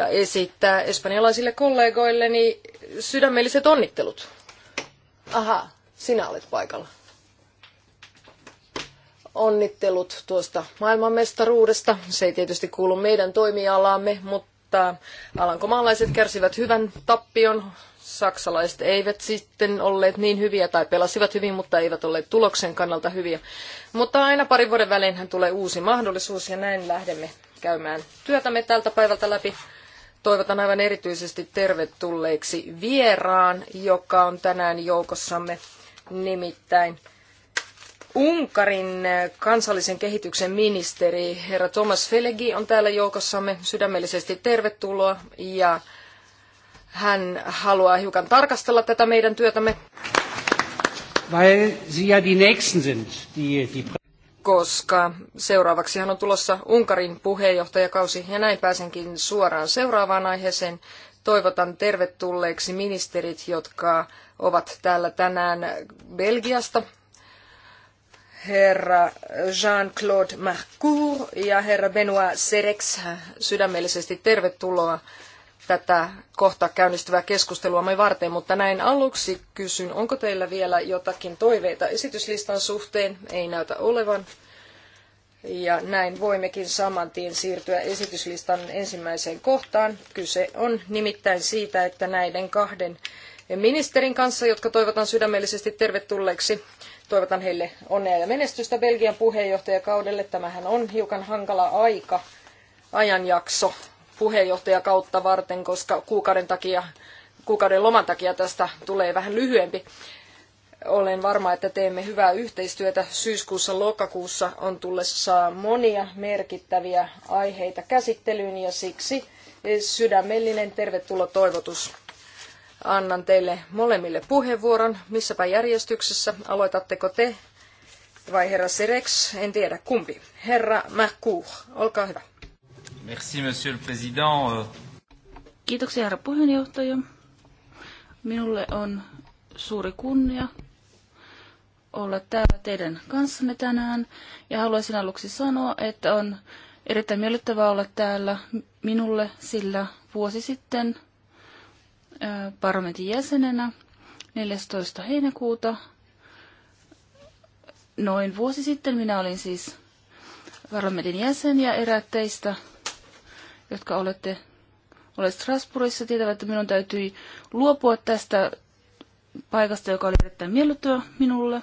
ja esittää espanjalaisille kollegoilleni niin sydämelliset onnittelut. Aha, sinä olet paikalla. Onnittelut tuosta maailmanmestaruudesta. Se ei tietysti kuulu meidän toimialaamme, mutta alankomaalaiset kärsivät hyvän tappion. Saksalaiset eivät sitten olleet niin hyviä tai pelasivat hyvin, mutta eivät olleet tuloksen kannalta hyviä. Mutta aina parin vuoden välein tulee uusi mahdollisuus ja näin lähdemme käymään työtämme tältä päivältä läpi toivotan aivan erityisesti tervetulleeksi vieraan, joka on tänään joukossamme nimittäin Unkarin kansallisen kehityksen ministeri herra Thomas Felegi on täällä joukossamme. Sydämellisesti tervetuloa ja hän haluaa hiukan tarkastella tätä meidän työtämme. Weil sie ja die Nächsten sind, die, die koska hän on tulossa Unkarin puheenjohtajakausi ja näin pääsenkin suoraan seuraavaan aiheeseen. Toivotan tervetulleeksi ministerit, jotka ovat täällä tänään Belgiasta. Herra Jean-Claude Marcour ja herra Benoit Serex, sydämellisesti tervetuloa tätä kohta käynnistyvää keskusteluamme varten, mutta näin aluksi kysyn, onko teillä vielä jotakin toiveita esityslistan suhteen? Ei näytä olevan. Ja näin voimmekin saman tien siirtyä esityslistan ensimmäiseen kohtaan. Kyse on nimittäin siitä, että näiden kahden ministerin kanssa, jotka toivotan sydämellisesti tervetulleeksi, toivotan heille onnea ja menestystä Belgian puheenjohtajakaudelle. Tämähän on hiukan hankala aika, ajanjakso puheenjohtajakautta varten, koska kuukauden, takia, kuukauden loman takia tästä tulee vähän lyhyempi. Olen varma, että teemme hyvää yhteistyötä. Syyskuussa lokakuussa on tullessa monia merkittäviä aiheita käsittelyyn ja siksi sydämellinen tervetulo toivotus. Annan teille molemmille puheenvuoron. Missäpä järjestyksessä? Aloitatteko te vai herra Sirex? En tiedä kumpi. Herra Mäkuh, olkaa hyvä. Merci, monsieur le président. Euh, Kiitoksia, herra puheenjohtaja. Minulle on suuri kunnia olla täällä teidän kanssanne tänään. Ja haluaisin aluksi sanoa, että on erittäin miellyttävää olla täällä minulle, sillä vuosi sitten parlamentin jäsenenä 14. heinäkuuta. Noin vuosi sitten minä olin siis parlamentin jäsen ja eräät teistä jotka olette olleet Strasbourgissa, tietävät, että minun täytyi luopua tästä paikasta, joka oli erittäin miellyttävä minulle,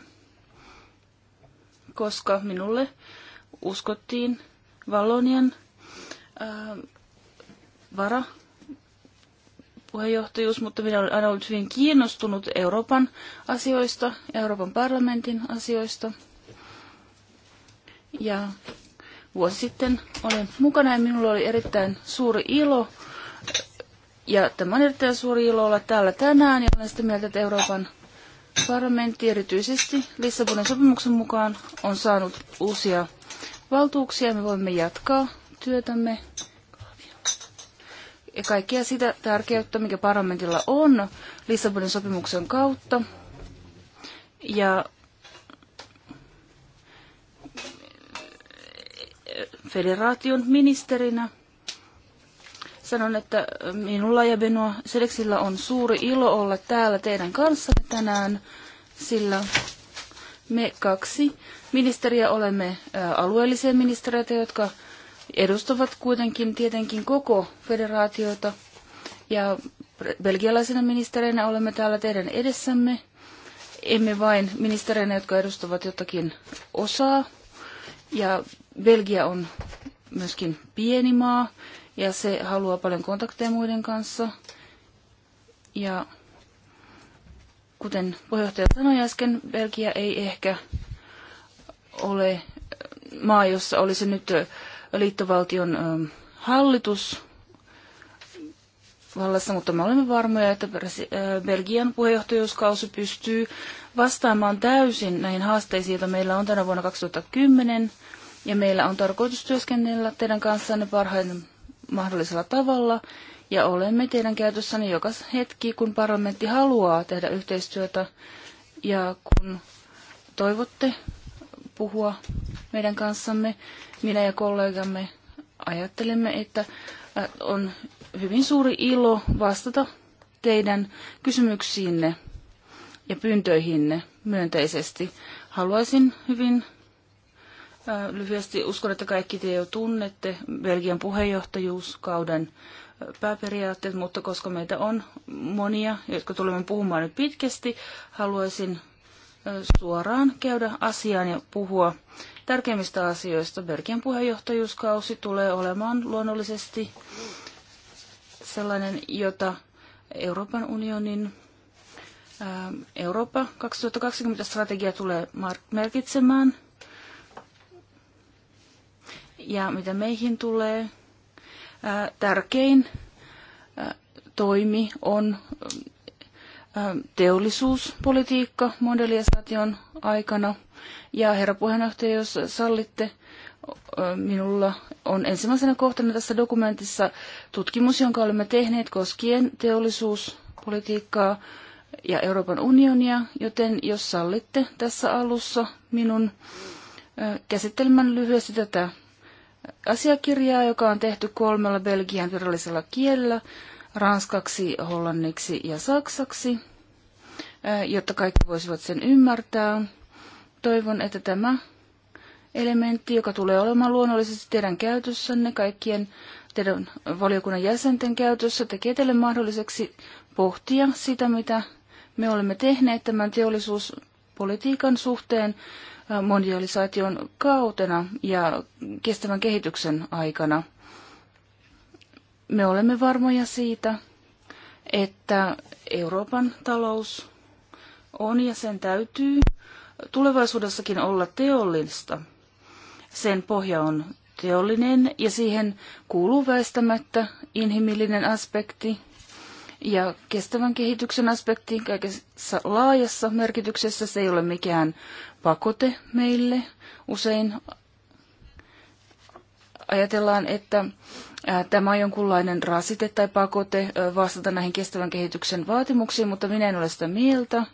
koska minulle uskottiin Vallonian ää, äh, vara puheenjohtajuus, mutta minä olen aina ollut hyvin kiinnostunut Euroopan asioista, Euroopan parlamentin asioista. Ja vuosi sitten olin mukana ja minulla oli erittäin suuri ilo. Ja tämä on erittäin suuri ilo olla täällä tänään ja olen sitä mieltä, että Euroopan parlamentti erityisesti Lissabonin sopimuksen mukaan on saanut uusia valtuuksia. Me voimme jatkaa työtämme ja kaikkia sitä tärkeyttä, mikä parlamentilla on Lissabonin sopimuksen kautta. Ja federaation ministerinä sanon, että minulla ja Benoit Sedeksillä on suuri ilo olla täällä teidän kanssanne tänään, sillä me kaksi ministeriä olemme alueellisia ministeriöitä, jotka edustavat kuitenkin tietenkin koko federaatiota. Ja belgialaisena ministereinä olemme täällä teidän edessämme. Emme vain ministereinä, jotka edustavat jotakin osaa ja Belgia on myöskin pieni maa ja se haluaa paljon kontakteja muiden kanssa. Ja kuten puheenjohtaja sanoi äsken, Belgia ei ehkä ole maa, jossa olisi nyt liittovaltion hallitus, vallassa, mutta me olemme varmoja, että äh, Belgian puheenjohtajuuskausi pystyy vastaamaan täysin näihin haasteisiin, joita meillä on tänä vuonna 2010. Ja meillä on tarkoitus työskennellä teidän kanssanne parhaiten mahdollisella tavalla. Ja olemme teidän käytössänne joka hetki, kun parlamentti haluaa tehdä yhteistyötä ja kun toivotte puhua meidän kanssamme, minä ja kollegamme ajattelemme, että äh, on hyvin suuri ilo vastata teidän kysymyksiinne ja pyyntöihinne myönteisesti. Haluaisin hyvin lyhyesti, uskon, että kaikki te jo tunnette Belgian puheenjohtajuuskauden pääperiaatteet, mutta koska meitä on monia, jotka tulemme puhumaan nyt pitkästi, haluaisin suoraan käydä asiaan ja puhua tärkeimmistä asioista. Belgian puheenjohtajuuskausi tulee olemaan luonnollisesti sellainen, jota Euroopan unionin Eurooppa 2020-strategia tulee merkitsemään. Ja mitä meihin tulee, tärkein toimi on teollisuuspolitiikka modelisaation aikana. Ja herra puheenjohtaja, jos sallitte, minulla on ensimmäisenä kohtana tässä dokumentissa tutkimus, jonka olemme tehneet koskien teollisuuspolitiikkaa ja Euroopan unionia, joten jos sallitte tässä alussa minun käsittelemään lyhyesti tätä asiakirjaa, joka on tehty kolmella Belgian virallisella kielellä, ranskaksi, hollanniksi ja saksaksi, jotta kaikki voisivat sen ymmärtää. Toivon, että tämä elementti, joka tulee olemaan luonnollisesti teidän käytössänne, kaikkien teidän valiokunnan jäsenten käytössä, tekee teille mahdolliseksi pohtia sitä, mitä me olemme tehneet tämän teollisuuspolitiikan suhteen mondialisaation kautena ja kestävän kehityksen aikana. Me olemme varmoja siitä, että Euroopan talous on ja sen täytyy tulevaisuudessakin olla teollista. Sen pohja on teollinen ja siihen kuuluu väistämättä inhimillinen aspekti ja kestävän kehityksen aspekti kaikessa laajassa merkityksessä. Se ei ole mikään pakote meille. Usein ajatellaan, että tämä on jonkunlainen rasite tai pakote vastata näihin kestävän kehityksen vaatimuksiin, mutta minä en ole sitä mieltä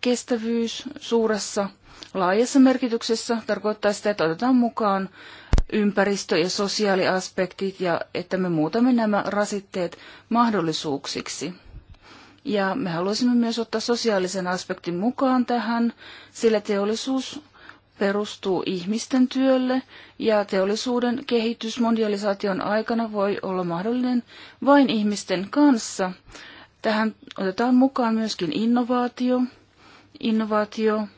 kestävyys suuressa laajassa merkityksessä tarkoittaa sitä, että otetaan mukaan ympäristö- ja sosiaaliaspektit ja että me muutamme nämä rasitteet mahdollisuuksiksi. Ja me haluaisimme myös ottaa sosiaalisen aspektin mukaan tähän, sillä teollisuus perustuu ihmisten työlle ja teollisuuden kehitys mondialisaation aikana voi olla mahdollinen vain ihmisten kanssa. Tähän otetaan mukaan myöskin innovaatio, innovaatio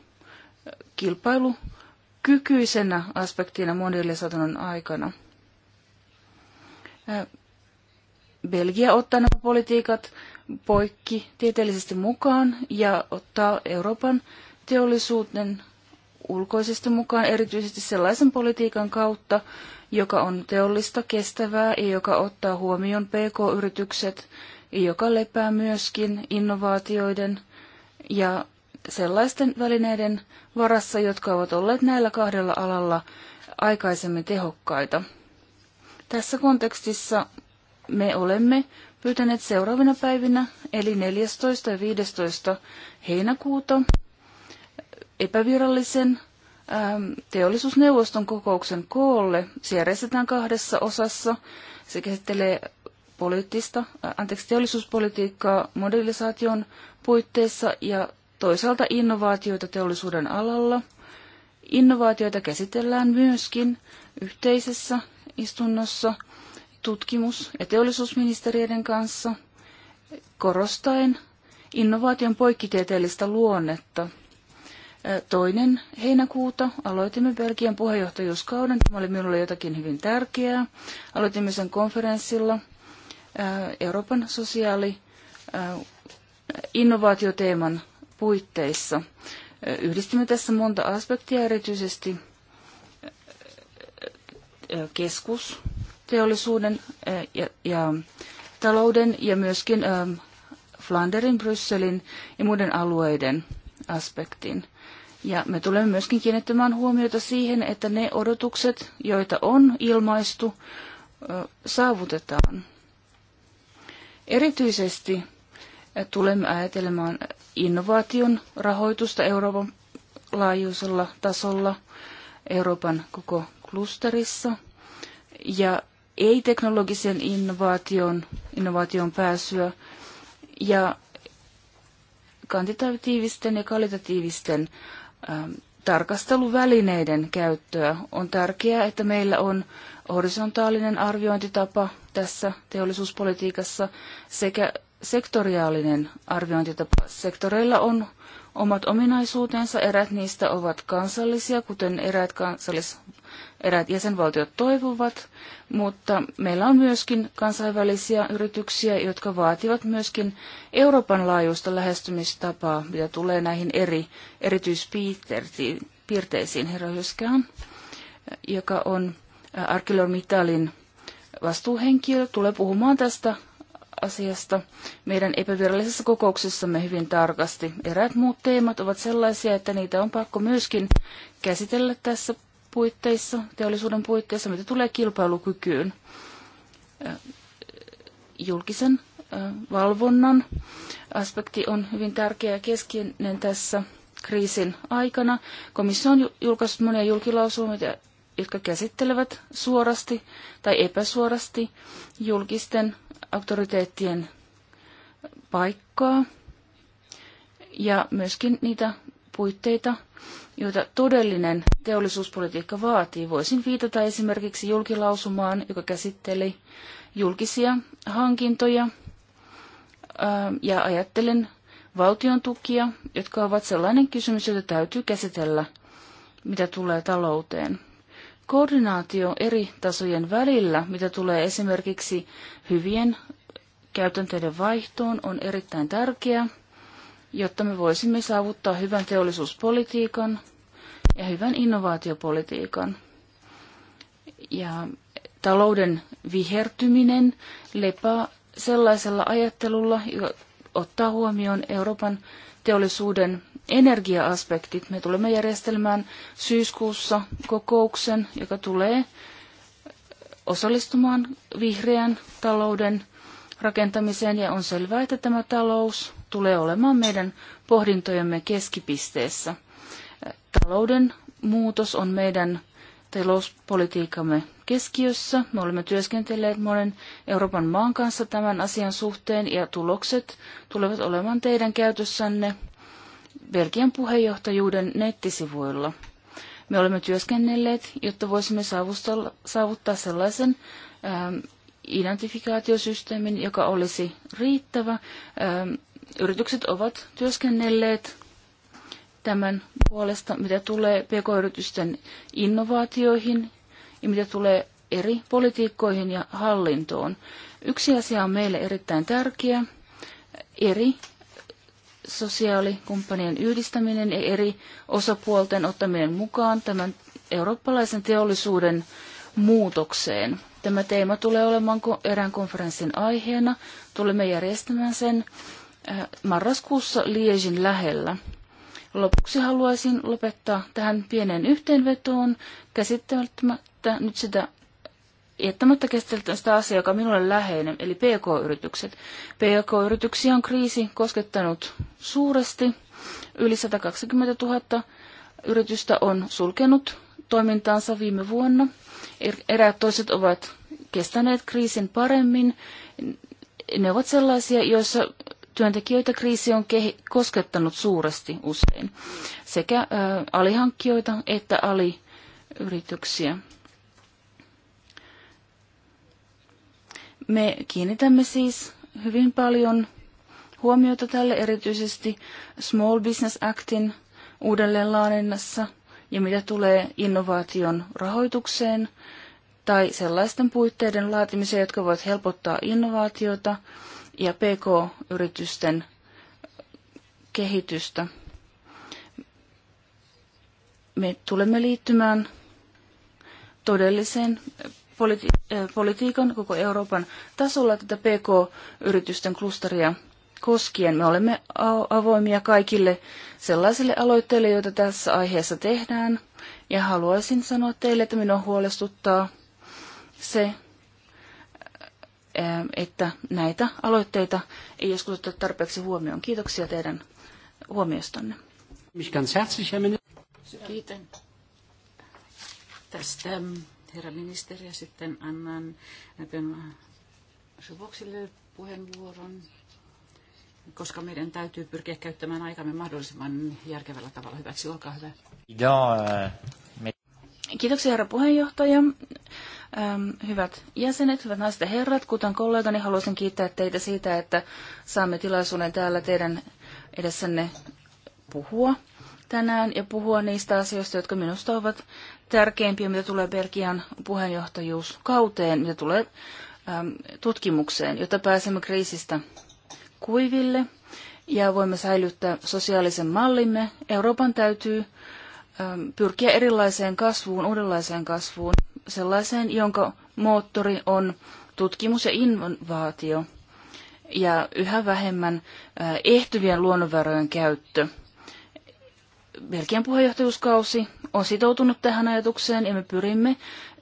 kilpailukykyisenä aspektina modernisaation aikana. Belgia ottaa nämä politiikat poikki tieteellisesti mukaan ja ottaa Euroopan teollisuuden ulkoisesti mukaan erityisesti sellaisen politiikan kautta, joka on teollista, kestävää ja joka ottaa huomioon PK-yritykset, joka lepää myöskin innovaatioiden ja sellaisten välineiden varassa, jotka ovat olleet näillä kahdella alalla aikaisemmin tehokkaita. Tässä kontekstissa me olemme pyytäneet seuraavina päivinä, eli 14. ja 15. heinäkuuta, epävirallisen ähm, teollisuusneuvoston kokouksen koolle. Se järjestetään kahdessa osassa. Se käsittelee poliittista, äh, anteeksi, teollisuuspolitiikkaa modernisaation puitteissa ja toisaalta innovaatioita teollisuuden alalla. Innovaatioita käsitellään myöskin yhteisessä istunnossa tutkimus- ja teollisuusministeriöiden kanssa korostaen innovaation poikkitieteellistä luonnetta. Toinen heinäkuuta aloitimme Belgian puheenjohtajuuskauden. Tämä oli minulle jotakin hyvin tärkeää. Aloitimme sen konferenssilla Euroopan sosiaali- innovaatioteeman puitteissa. Yhdistimme tässä monta aspektia, erityisesti keskusteollisuuden ja, ja talouden ja myöskin Flanderin, Brysselin ja muiden alueiden aspektin. Ja me tulemme myöskin kiinnittämään huomiota siihen, että ne odotukset, joita on ilmaistu, saavutetaan. Erityisesti tulemme ajatelemaan innovaation rahoitusta Euroopan laajuisella tasolla, Euroopan koko klusterissa ja ei-teknologisen innovaation, innovaation pääsyä ja kvantitatiivisten ja kvalitatiivisten ähm, tarkasteluvälineiden käyttöä. On tärkeää, että meillä on horisontaalinen arviointitapa tässä teollisuuspolitiikassa sekä sektoriaalinen arviointitapa. Sektoreilla on omat ominaisuutensa, erät niistä ovat kansallisia, kuten erät, kansallis, jäsenvaltiot toivovat, mutta meillä on myöskin kansainvälisiä yrityksiä, jotka vaativat myöskin Euroopan laajuista lähestymistapaa, mitä tulee näihin eri erityispiirteisiin. Herra Hyskään, joka on ArcelorMittalin vastuuhenkilö, tulee puhumaan tästä asiasta meidän epävirallisessa kokouksessamme hyvin tarkasti. Eräät muut teemat ovat sellaisia, että niitä on pakko myöskin käsitellä tässä puitteissa, teollisuuden puitteissa, mitä tulee kilpailukykyyn, julkisen valvonnan aspekti on hyvin tärkeä ja keskeinen tässä kriisin aikana. Komissio on julkaissut monia julkilausumia, jotka käsittelevät suorasti tai epäsuorasti julkisten auktoriteettien paikkaa ja myöskin niitä puitteita, joita todellinen teollisuuspolitiikka vaatii. Voisin viitata esimerkiksi julkilausumaan, joka käsitteli julkisia hankintoja ja ajattelen valtion tukia, jotka ovat sellainen kysymys, jota täytyy käsitellä, mitä tulee talouteen. Koordinaatio eri tasojen välillä, mitä tulee esimerkiksi hyvien käytänteiden vaihtoon, on erittäin tärkeää, jotta me voisimme saavuttaa hyvän teollisuuspolitiikan ja hyvän innovaatiopolitiikan. Ja talouden vihertyminen lepää sellaisella ajattelulla, joka ottaa huomioon Euroopan teollisuuden energiaaspektit. Me tulemme järjestelmään syyskuussa kokouksen, joka tulee osallistumaan vihreän talouden rakentamiseen ja on selvää, että tämä talous tulee olemaan meidän pohdintojemme keskipisteessä. Talouden muutos on meidän talouspolitiikamme keskiössä. Me olemme työskentelleet monen Euroopan maan kanssa tämän asian suhteen ja tulokset tulevat olemaan teidän käytössänne Belgian puheenjohtajuuden nettisivuilla. Me olemme työskennelleet, jotta voisimme saavuttaa sellaisen ähm, identifikaatiosysteemin, joka olisi riittävä. Ähm, yritykset ovat työskennelleet tämän puolesta, mitä tulee pk-yritysten innovaatioihin ja mitä tulee eri politiikkoihin ja hallintoon. Yksi asia on meille erittäin tärkeä. Eri sosiaalikumppanien yhdistäminen ja eri osapuolten ottaminen mukaan tämän eurooppalaisen teollisuuden muutokseen. Tämä teema tulee olemaan erään konferenssin aiheena. Tulemme järjestämään sen äh, marraskuussa Liegin lähellä. Lopuksi haluaisin lopettaa tähän pienen yhteenvetoon käsittämättä nyt sitä jättämättä käsiteltään sitä asiaa, joka minulle läheinen, eli PK-yritykset. PK-yrityksiä on kriisi koskettanut suuresti. Yli 120 000 yritystä on sulkenut toimintaansa viime vuonna. Er-, eräät toiset ovat kestäneet kriisin paremmin. Ne ovat sellaisia, joissa työntekijöitä kriisi on koskettanut suuresti usein, sekä alihankkijoita että aliyrityksiä. Me kiinnitämme siis hyvin paljon huomiota tälle erityisesti Small Business Actin uudelleenlaadinnassa ja mitä tulee innovaation rahoitukseen tai sellaisten puitteiden laatimiseen, jotka voivat helpottaa innovaatiota ja PK-yritysten kehitystä. Me tulemme liittymään todelliseen Äh, politiikan koko Euroopan tasolla tätä PK-yritysten klusteria koskien. Me olemme avoimia kaikille sellaisille aloitteille, joita tässä aiheessa tehdään. Ja haluaisin sanoa teille, että minua huolestuttaa se, äh, että näitä aloitteita ei joskus oteta tarpeeksi huomioon. Kiitoksia teidän huomiostanne. Kiitän tästä ähm, herra ministeri, ja sitten annan näiden suvoksille puheenvuoron, koska meidän täytyy pyrkiä käyttämään aikamme mahdollisimman järkevällä tavalla hyväksi. Olkaa hyvä. Joo, äh, me... Kiitoksia herra puheenjohtaja. Ähm, hyvät jäsenet, hyvät naiset ja herrat, kuten kollegani, haluaisin kiittää teitä siitä, että saamme tilaisuuden täällä teidän edessänne puhua tänään ja puhua niistä asioista, jotka minusta ovat tärkeimpiä, mitä tulee Belgian puheenjohtajuuskauteen, mitä tulee tutkimukseen, jotta pääsemme kriisistä kuiville ja voimme säilyttää sosiaalisen mallimme. Euroopan täytyy pyrkiä erilaiseen kasvuun, uudenlaiseen kasvuun, sellaiseen, jonka moottori on tutkimus ja innovaatio ja yhä vähemmän ehtyvien luonnonvarojen käyttö. Belgian puheenjohtajuuskausi on sitoutunut tähän ajatukseen ja me pyrimme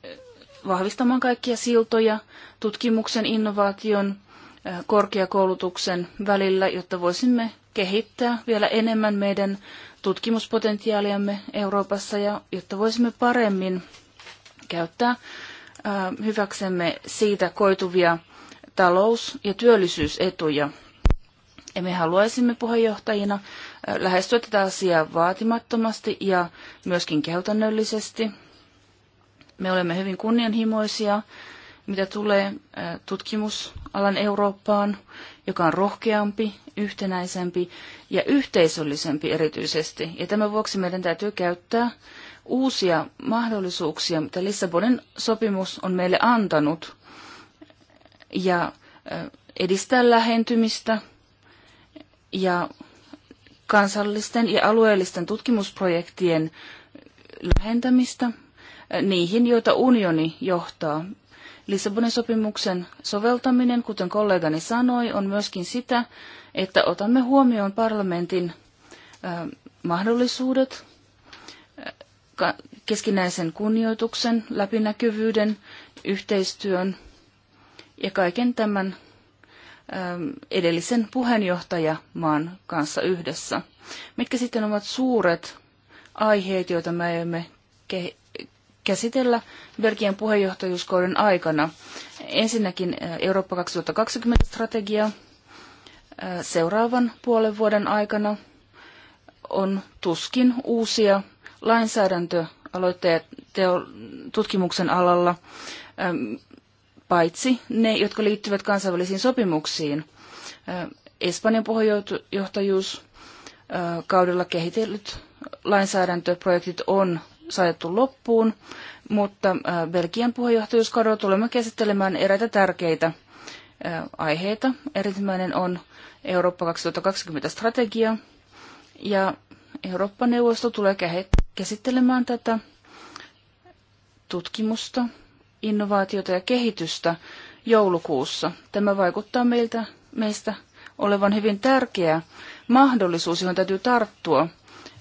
eh, vahvistamaan kaikkia siltoja tutkimuksen, innovaation, eh, korkeakoulutuksen välillä, jotta voisimme kehittää vielä enemmän meidän tutkimuspotentiaaliamme Euroopassa ja jotta voisimme paremmin käyttää eh, hyväksemme siitä koituvia talous- ja työllisyysetuja ja me haluaisimme puheenjohtajina lähestyä tätä asiaa vaatimattomasti ja myöskin käytännöllisesti. Me olemme hyvin kunnianhimoisia, mitä tulee tutkimusalan Eurooppaan, joka on rohkeampi, yhtenäisempi ja yhteisöllisempi erityisesti. Ja tämän vuoksi meidän täytyy käyttää uusia mahdollisuuksia, mitä Lissabonin sopimus on meille antanut, ja edistää lähentymistä – ja kansallisten ja alueellisten tutkimusprojektien lähentämistä eh, niihin, joita unioni johtaa. Lissabonin sopimuksen soveltaminen, kuten kollegani sanoi, on myöskin sitä, että otamme huomioon parlamentin eh, mahdollisuudet, eh, keskinäisen kunnioituksen, läpinäkyvyyden, yhteistyön ja kaiken tämän Ähm, edellisen puheenjohtajamaan kanssa yhdessä. Mitkä sitten ovat suuret aiheet, joita me aiomme käsitellä Belgian puheenjohtajuuskauden aikana? Ensinnäkin äh, Eurooppa 2020-strategia äh, seuraavan puolen vuoden aikana on tuskin uusia lainsäädäntöaloitteet tutkimuksen alalla ähm, paitsi ne, jotka liittyvät kansainvälisiin sopimuksiin. Espanjan puheenjohtajuus kaudella kehitellyt lainsäädäntöprojektit on saatettu loppuun, mutta Belgian puheenjohtajuuskaudella tulemme käsittelemään eräitä tärkeitä aiheita. Ensimmäinen on Eurooppa 2020 strategia ja Eurooppa-neuvosto tulee käsittelemään tätä tutkimusta innovaatiota ja kehitystä joulukuussa. Tämä vaikuttaa meiltä, meistä olevan hyvin tärkeä mahdollisuus, johon täytyy tarttua.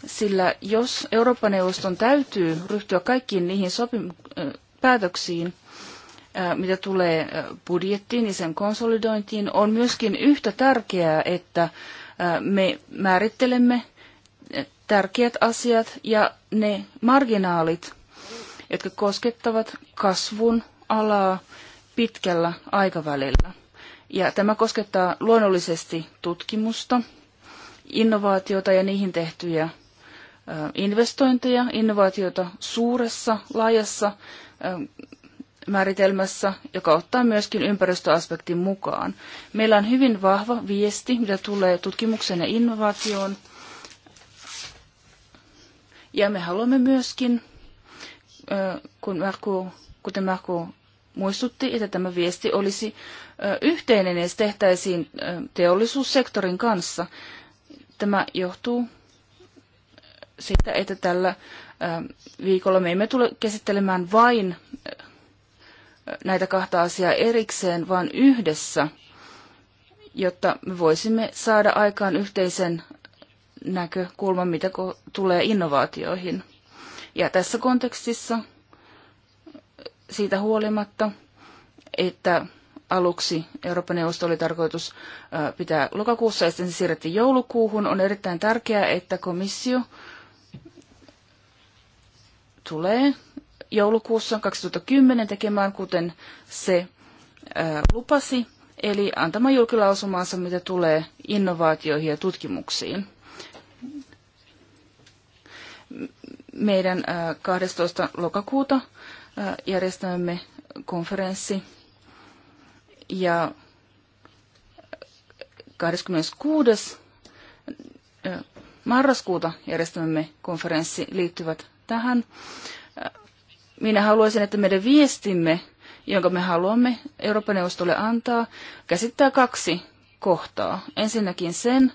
Sillä jos Euroopan neuvoston täytyy ryhtyä kaikkiin niihin sopim- päätöksiin, mitä tulee budjettiin ja sen konsolidointiin, on myöskin yhtä tärkeää, että me määrittelemme tärkeät asiat ja ne marginaalit, jotka koskettavat kasvun alaa pitkällä aikavälillä. Ja tämä koskettaa luonnollisesti tutkimusta, innovaatiota ja niihin tehtyjä investointeja, innovaatiota suuressa, laajassa määritelmässä, joka ottaa myöskin ympäristöaspektin mukaan. Meillä on hyvin vahva viesti, mitä tulee tutkimukseen ja innovaatioon. Ja me haluamme myöskin kun Marku, kuten Marku muistutti, että tämä viesti olisi yhteinen ja se tehtäisiin teollisuussektorin kanssa. Tämä johtuu siitä, että tällä viikolla me emme tule käsittelemään vain näitä kahta asiaa erikseen, vaan yhdessä, jotta me voisimme saada aikaan yhteisen näkökulman, mitä tulee innovaatioihin. Ja tässä kontekstissa siitä huolimatta, että aluksi Euroopan neuvosto oli tarkoitus pitää lokakuussa ja sitten se siirrettiin joulukuuhun, on erittäin tärkeää, että komissio tulee joulukuussa 2010 tekemään, kuten se lupasi, eli antamaan julkilausumaansa, mitä tulee innovaatioihin ja tutkimuksiin. meidän 12. lokakuuta järjestämme konferenssi ja 26. marraskuuta järjestämme konferenssi liittyvät tähän. Minä haluaisin, että meidän viestimme, jonka me haluamme Euroopan neuvostolle antaa, käsittää kaksi kohtaa. Ensinnäkin sen,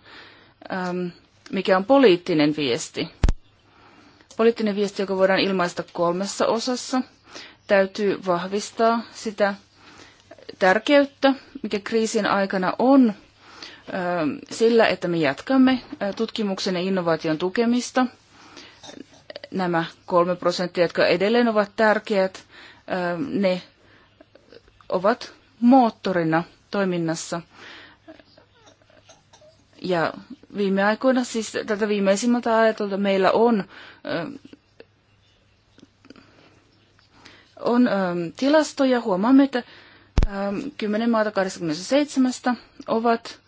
mikä on poliittinen viesti Poliittinen viesti, joka voidaan ilmaista kolmessa osassa, täytyy vahvistaa sitä tärkeyttä, mikä kriisin aikana on sillä, että me jatkamme tutkimuksen ja innovaation tukemista. Nämä kolme prosenttia, jotka edelleen ovat tärkeät, ne ovat moottorina toiminnassa ja viime aikoina, siis tältä viimeisimmältä ajatolta meillä on, on tilastoja. Huomaamme, että 10 maata 27 ovat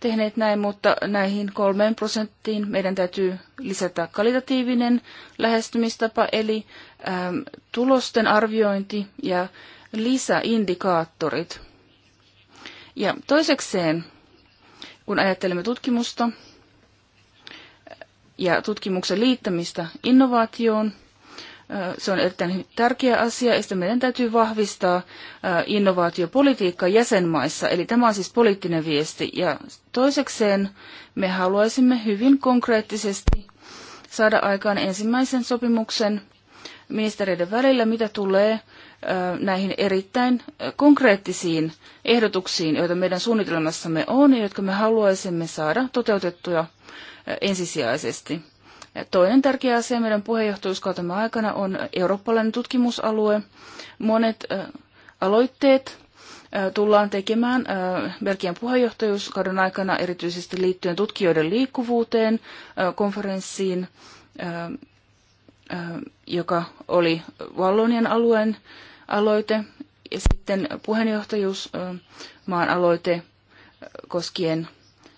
tehneet näin, mutta näihin kolmeen prosenttiin meidän täytyy lisätä kvalitatiivinen lähestymistapa, eli tulosten arviointi ja lisäindikaattorit. Ja toisekseen kun ajattelemme tutkimusta ja tutkimuksen liittämistä innovaatioon, se on erittäin tärkeä asia, ja meidän täytyy vahvistaa innovaatiopolitiikka jäsenmaissa. Eli tämä on siis poliittinen viesti. Ja toisekseen me haluaisimme hyvin konkreettisesti saada aikaan ensimmäisen sopimuksen ministeriöiden välillä, mitä tulee näihin erittäin konkreettisiin ehdotuksiin, joita meidän suunnitelmassamme on ja jotka me haluaisimme saada toteutettuja ensisijaisesti. Toinen tärkeä asia meidän puheenjohtajuuskautemme aikana on eurooppalainen tutkimusalue. Monet aloitteet tullaan tekemään Belgian puheenjohtajuuskauden aikana erityisesti liittyen tutkijoiden liikkuvuuteen, konferenssiin, joka oli Vallonian alueen aloite, ja sitten puheenjohtajuusmaan aloite koskien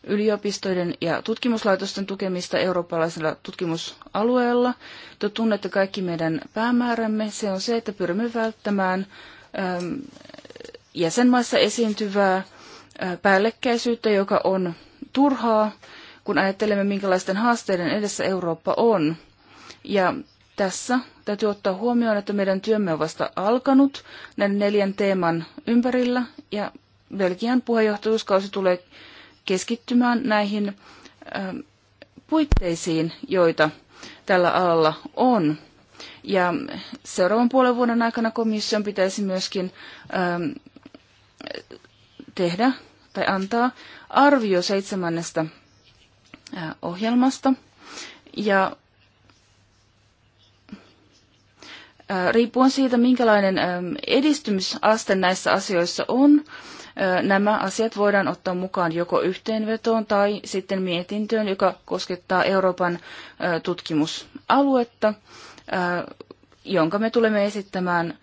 yliopistoiden ja tutkimuslaitosten tukemista eurooppalaisella tutkimusalueella. Te tunnette kaikki meidän päämäärämme. Se on se, että pyrimme välttämään jäsenmaissa esiintyvää päällekkäisyyttä, joka on turhaa, kun ajattelemme, minkälaisten haasteiden edessä Eurooppa on. Ja tässä täytyy ottaa huomioon, että meidän työmme on vasta alkanut näiden neljän teeman ympärillä ja Belgian puheenjohtajuuskausi tulee keskittymään näihin ähm, puitteisiin, joita tällä alalla on. Ja seuraavan puolen vuoden aikana komission pitäisi myöskin ähm, tehdä tai antaa arvio seitsemännestä äh, ohjelmasta. Ja Riippuen siitä, minkälainen edistymisaste näissä asioissa on, nämä asiat voidaan ottaa mukaan joko yhteenvetoon tai sitten mietintöön, joka koskettaa Euroopan tutkimusaluetta, jonka me tulemme esittämään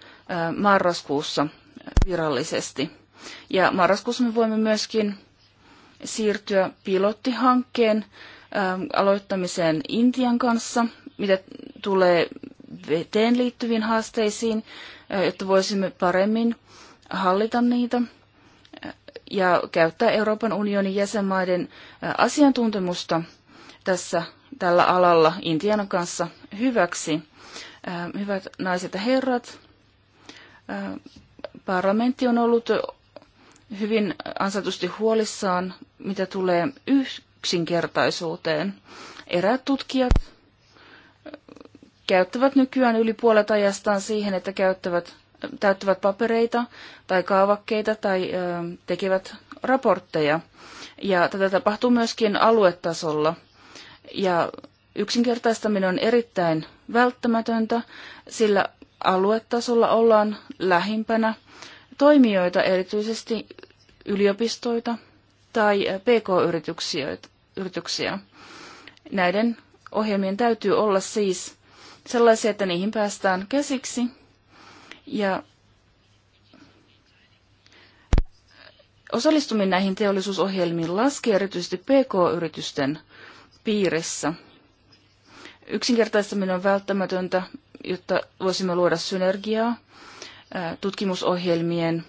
marraskuussa virallisesti. Ja marraskuussa me voimme myöskin siirtyä pilottihankkeen aloittamiseen Intian kanssa, mitä tulee veteen liittyviin haasteisiin, että voisimme paremmin hallita niitä ja käyttää Euroopan unionin jäsenmaiden asiantuntemusta tässä tällä alalla Intian kanssa hyväksi. Hyvät naiset ja herrat, parlamentti on ollut hyvin ansaitusti huolissaan, mitä tulee yksinkertaisuuteen. Erät tutkijat käyttävät nykyään yli puolet ajastaan siihen, että käyttävät, täyttävät papereita tai kaavakkeita tai ö, tekevät raportteja. Ja tätä tapahtuu myöskin aluetasolla. Ja yksinkertaistaminen on erittäin välttämätöntä, sillä aluetasolla ollaan lähimpänä toimijoita, erityisesti yliopistoita tai pk-yrityksiä. Näiden ohjelmien täytyy olla siis sellaisia, että niihin päästään käsiksi. Ja osallistuminen näihin teollisuusohjelmiin laski erityisesti PK-yritysten piirissä. Yksinkertaistaminen on välttämätöntä, jotta voisimme luoda synergiaa tutkimusohjelmien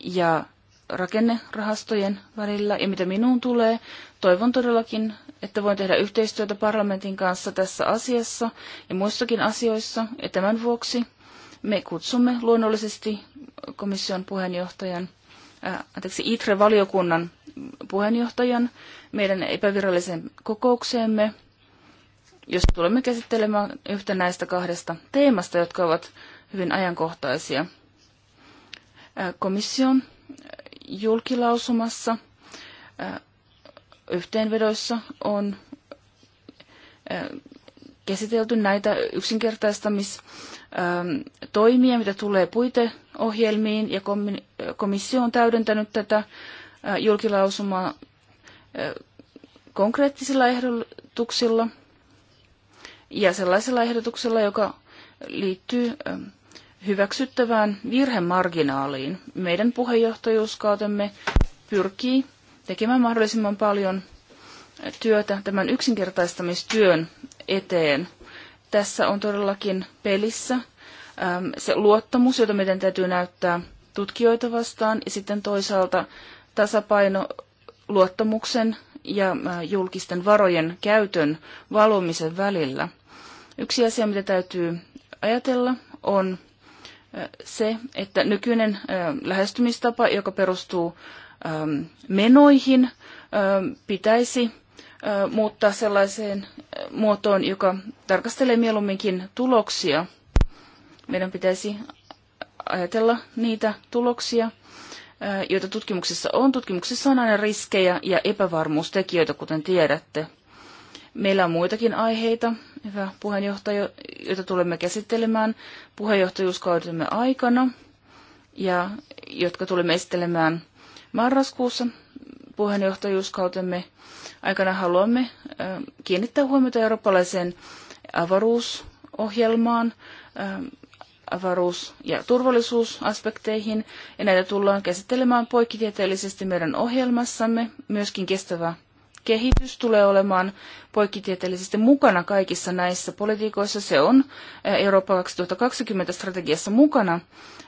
ja rakennerahastojen välillä. Ja mitä minuun tulee, toivon todellakin, että voin tehdä yhteistyötä parlamentin kanssa tässä asiassa ja muissakin asioissa. Ja tämän vuoksi me kutsumme luonnollisesti komission puheenjohtajan, ää, äh, anteeksi, ITRE-valiokunnan puheenjohtajan meidän epäviralliseen kokoukseemme, jos tulemme käsittelemään yhtä näistä kahdesta teemasta, jotka ovat hyvin ajankohtaisia. Äh, komission julkilausumassa yhteenvedoissa on käsitelty näitä yksinkertaistamistoimia, mitä tulee puiteohjelmiin, ja komissio on täydentänyt tätä julkilausumaa konkreettisilla ehdotuksilla ja sellaisella ehdotuksella, joka liittyy hyväksyttävään virhemarginaaliin. Meidän puheenjohtajuuskautemme pyrkii tekemään mahdollisimman paljon työtä tämän yksinkertaistamistyön eteen. Tässä on todellakin pelissä ähm, se luottamus, jota meidän täytyy näyttää tutkijoita vastaan, ja sitten toisaalta tasapaino luottamuksen ja äh, julkisten varojen käytön valumisen välillä. Yksi asia, mitä täytyy ajatella, on se, että nykyinen lähestymistapa, joka perustuu menoihin, pitäisi muuttaa sellaiseen muotoon, joka tarkastelee mieluumminkin tuloksia. Meidän pitäisi ajatella niitä tuloksia, joita tutkimuksissa on. Tutkimuksissa on aina riskejä ja epävarmuustekijöitä, kuten tiedätte. Meillä on muitakin aiheita, hyvä puheenjohtaja, joita tulemme käsittelemään puheenjohtajuuskautemme aikana ja jotka tulemme esittelemään marraskuussa puheenjohtajuuskautemme aikana haluamme kiinnittää huomiota eurooppalaiseen avaruusohjelmaan, avaruus- ja turvallisuusaspekteihin, ja näitä tullaan käsittelemään poikkitieteellisesti meidän ohjelmassamme, myöskin kestävä kehitys tulee olemaan poikkitieteellisesti mukana kaikissa näissä politiikoissa. Se on eh, Eurooppa 2020 strategiassa mukana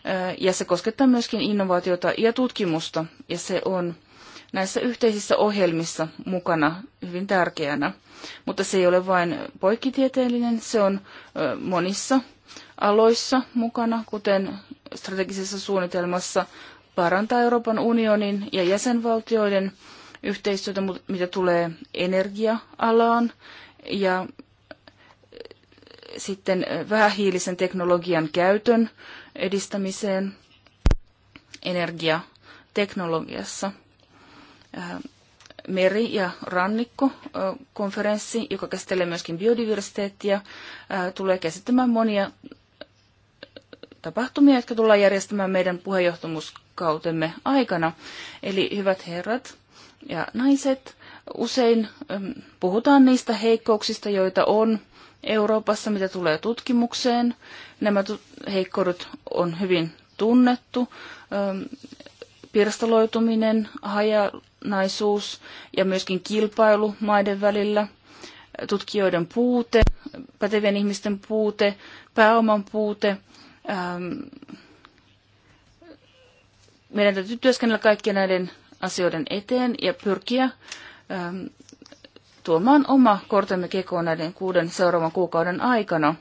eh, ja se koskettaa myöskin innovaatiota ja tutkimusta ja se on näissä yhteisissä ohjelmissa mukana hyvin tärkeänä. Mutta se ei ole vain poikkitieteellinen, se on eh, monissa aloissa mukana, kuten strategisessa suunnitelmassa parantaa Euroopan unionin ja jäsenvaltioiden yhteistyötä, mitä tulee energia-alaan ja äh, sitten äh, vähähiilisen teknologian käytön edistämiseen energiateknologiassa. Äh, meri- ja rannikkokonferenssi, joka käsittelee myöskin biodiversiteettia, tulee käsittämään monia tapahtumia, jotka tullaan järjestämään meidän puheenjohtamuuskautemme aikana. Eli hyvät herrat, ja naiset. Usein puhutaan niistä heikkouksista, joita on Euroopassa, mitä tulee tutkimukseen. Nämä heikkoudet on hyvin tunnettu. Pirstaloituminen, hajanaisuus ja myöskin kilpailu maiden välillä, tutkijoiden puute, pätevien ihmisten puute, pääoman puute. Meidän täytyy työskennellä kaikkien näiden asioiden eteen ja pyrkiä ähm, tuomaan oma kortemme kekoon näiden kuuden seuraavan kuukauden aikana.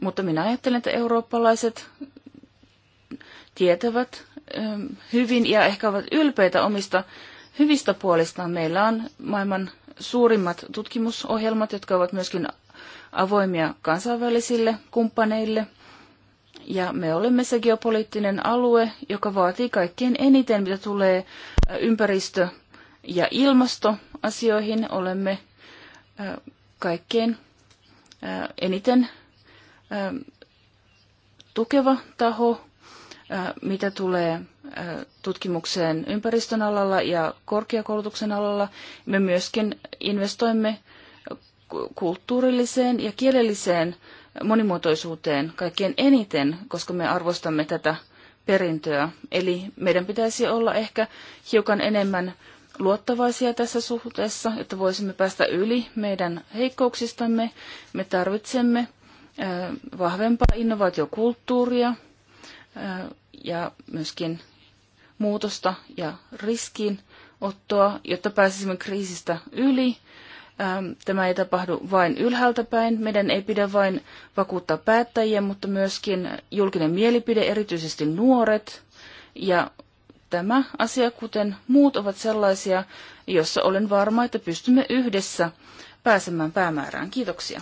Mutta minä ajattelen, että eurooppalaiset tietävät ähm, hyvin ja ehkä ovat ylpeitä omista hyvistä puolistaan. Meillä on maailman suurimmat tutkimusohjelmat, jotka ovat myöskin avoimia kansainvälisille kumppaneille – ja me olemme se geopoliittinen alue, joka vaatii kaikkein eniten, mitä tulee ympäristö- ja ilmastoasioihin. Olemme kaikkein eniten tukeva taho, mitä tulee tutkimukseen ympäristön alalla ja korkeakoulutuksen alalla. Me myöskin investoimme kulttuurilliseen ja kielelliseen monimuotoisuuteen kaikkein eniten, koska me arvostamme tätä perintöä. Eli meidän pitäisi olla ehkä hiukan enemmän luottavaisia tässä suhteessa, että voisimme päästä yli meidän heikkouksistamme. Me tarvitsemme vahvempaa innovaatiokulttuuria ja myöskin muutosta ja riskiin ottoa, jotta pääsisimme kriisistä yli Ähm, tämä ei tapahdu vain ylhäältä päin. Meidän ei pidä vain vakuuttaa päättäjiä, mutta myöskin julkinen mielipide, erityisesti nuoret. Ja tämä asia, kuten muut, ovat sellaisia, jossa olen varma, että pystymme yhdessä pääsemään päämäärään. Kiitoksia.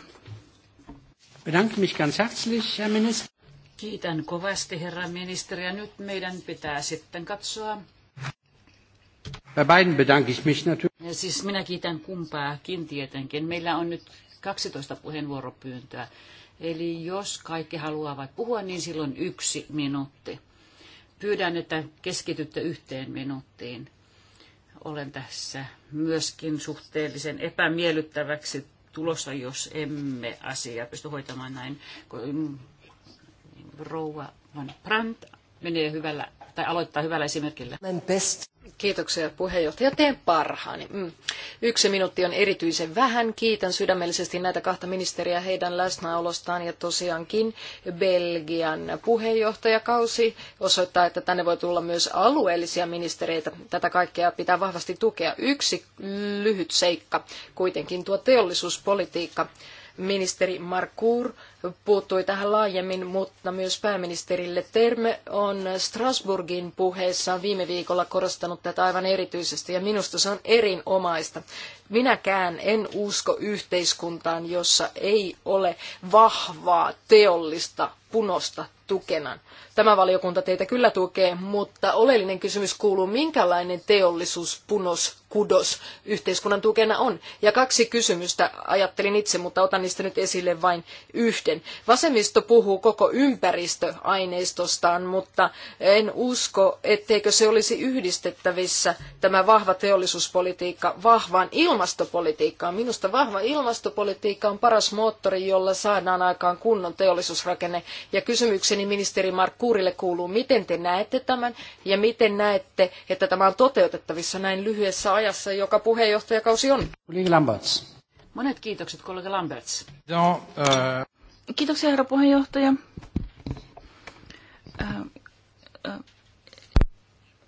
Kiitän kovasti, herra ministeri. Ja nyt meidän pitää sitten katsoa Bei beiden bedanke ich mich natürlich. Siis minä kiitän kumpaakin tietenkin. Meillä on nyt 12 puheenvuoropyyntöä. Eli jos kaikki haluavat puhua, niin silloin yksi minuutti. Pyydän, että keskitytte yhteen minuuttiin. Olen tässä myöskin suhteellisen epämiellyttäväksi tulossa, jos emme asiaa pysty hoitamaan näin. Mm, rouva Van Brandt menee hyvällä, tai aloittaa hyvällä esimerkillä. Best. Kiitoksia puheenjohtaja. Teen parhaani. Mm. Yksi minuutti on erityisen vähän. Kiitän sydämellisesti näitä kahta ministeriä heidän läsnäolostaan ja tosiaankin Belgian puheenjohtajakausi osoittaa, että tänne voi tulla myös alueellisia ministereitä. Tätä kaikkea pitää vahvasti tukea. Yksi lyhyt seikka kuitenkin tuo teollisuuspolitiikka. Ministeri Markur puuttui tähän laajemmin, mutta myös pääministerille. Terme on Strasbourgin puheessaan viime viikolla korostanut tätä aivan erityisesti ja minusta se on erinomaista. Minäkään en usko yhteiskuntaan, jossa ei ole vahvaa teollista punosta tukena. Tämä valiokunta teitä kyllä tukee, mutta oleellinen kysymys kuuluu, minkälainen teollisuus, punos, kudos yhteiskunnan tukena on. Ja kaksi kysymystä ajattelin itse, mutta otan niistä nyt esille vain yhden usein. Vasemmisto puhuu koko ympäristöaineistostaan, mutta en usko, etteikö se olisi yhdistettävissä tämä vahva teollisuuspolitiikka vahvaan ilmastopolitiikkaan. Minusta vahva ilmastopolitiikka on paras moottori, jolla saadaan aikaan kunnon teollisuusrakenne. Ja kysymykseni ministeri Mark Kuurille kuuluu, miten te näette tämän ja miten näette, että tämä on toteutettavissa näin lyhyessä ajassa, joka puheenjohtajakausi on? Monet kiitokset kollega Lamberts. No, Kiitoksia, herra puheenjohtaja. Äh, äh,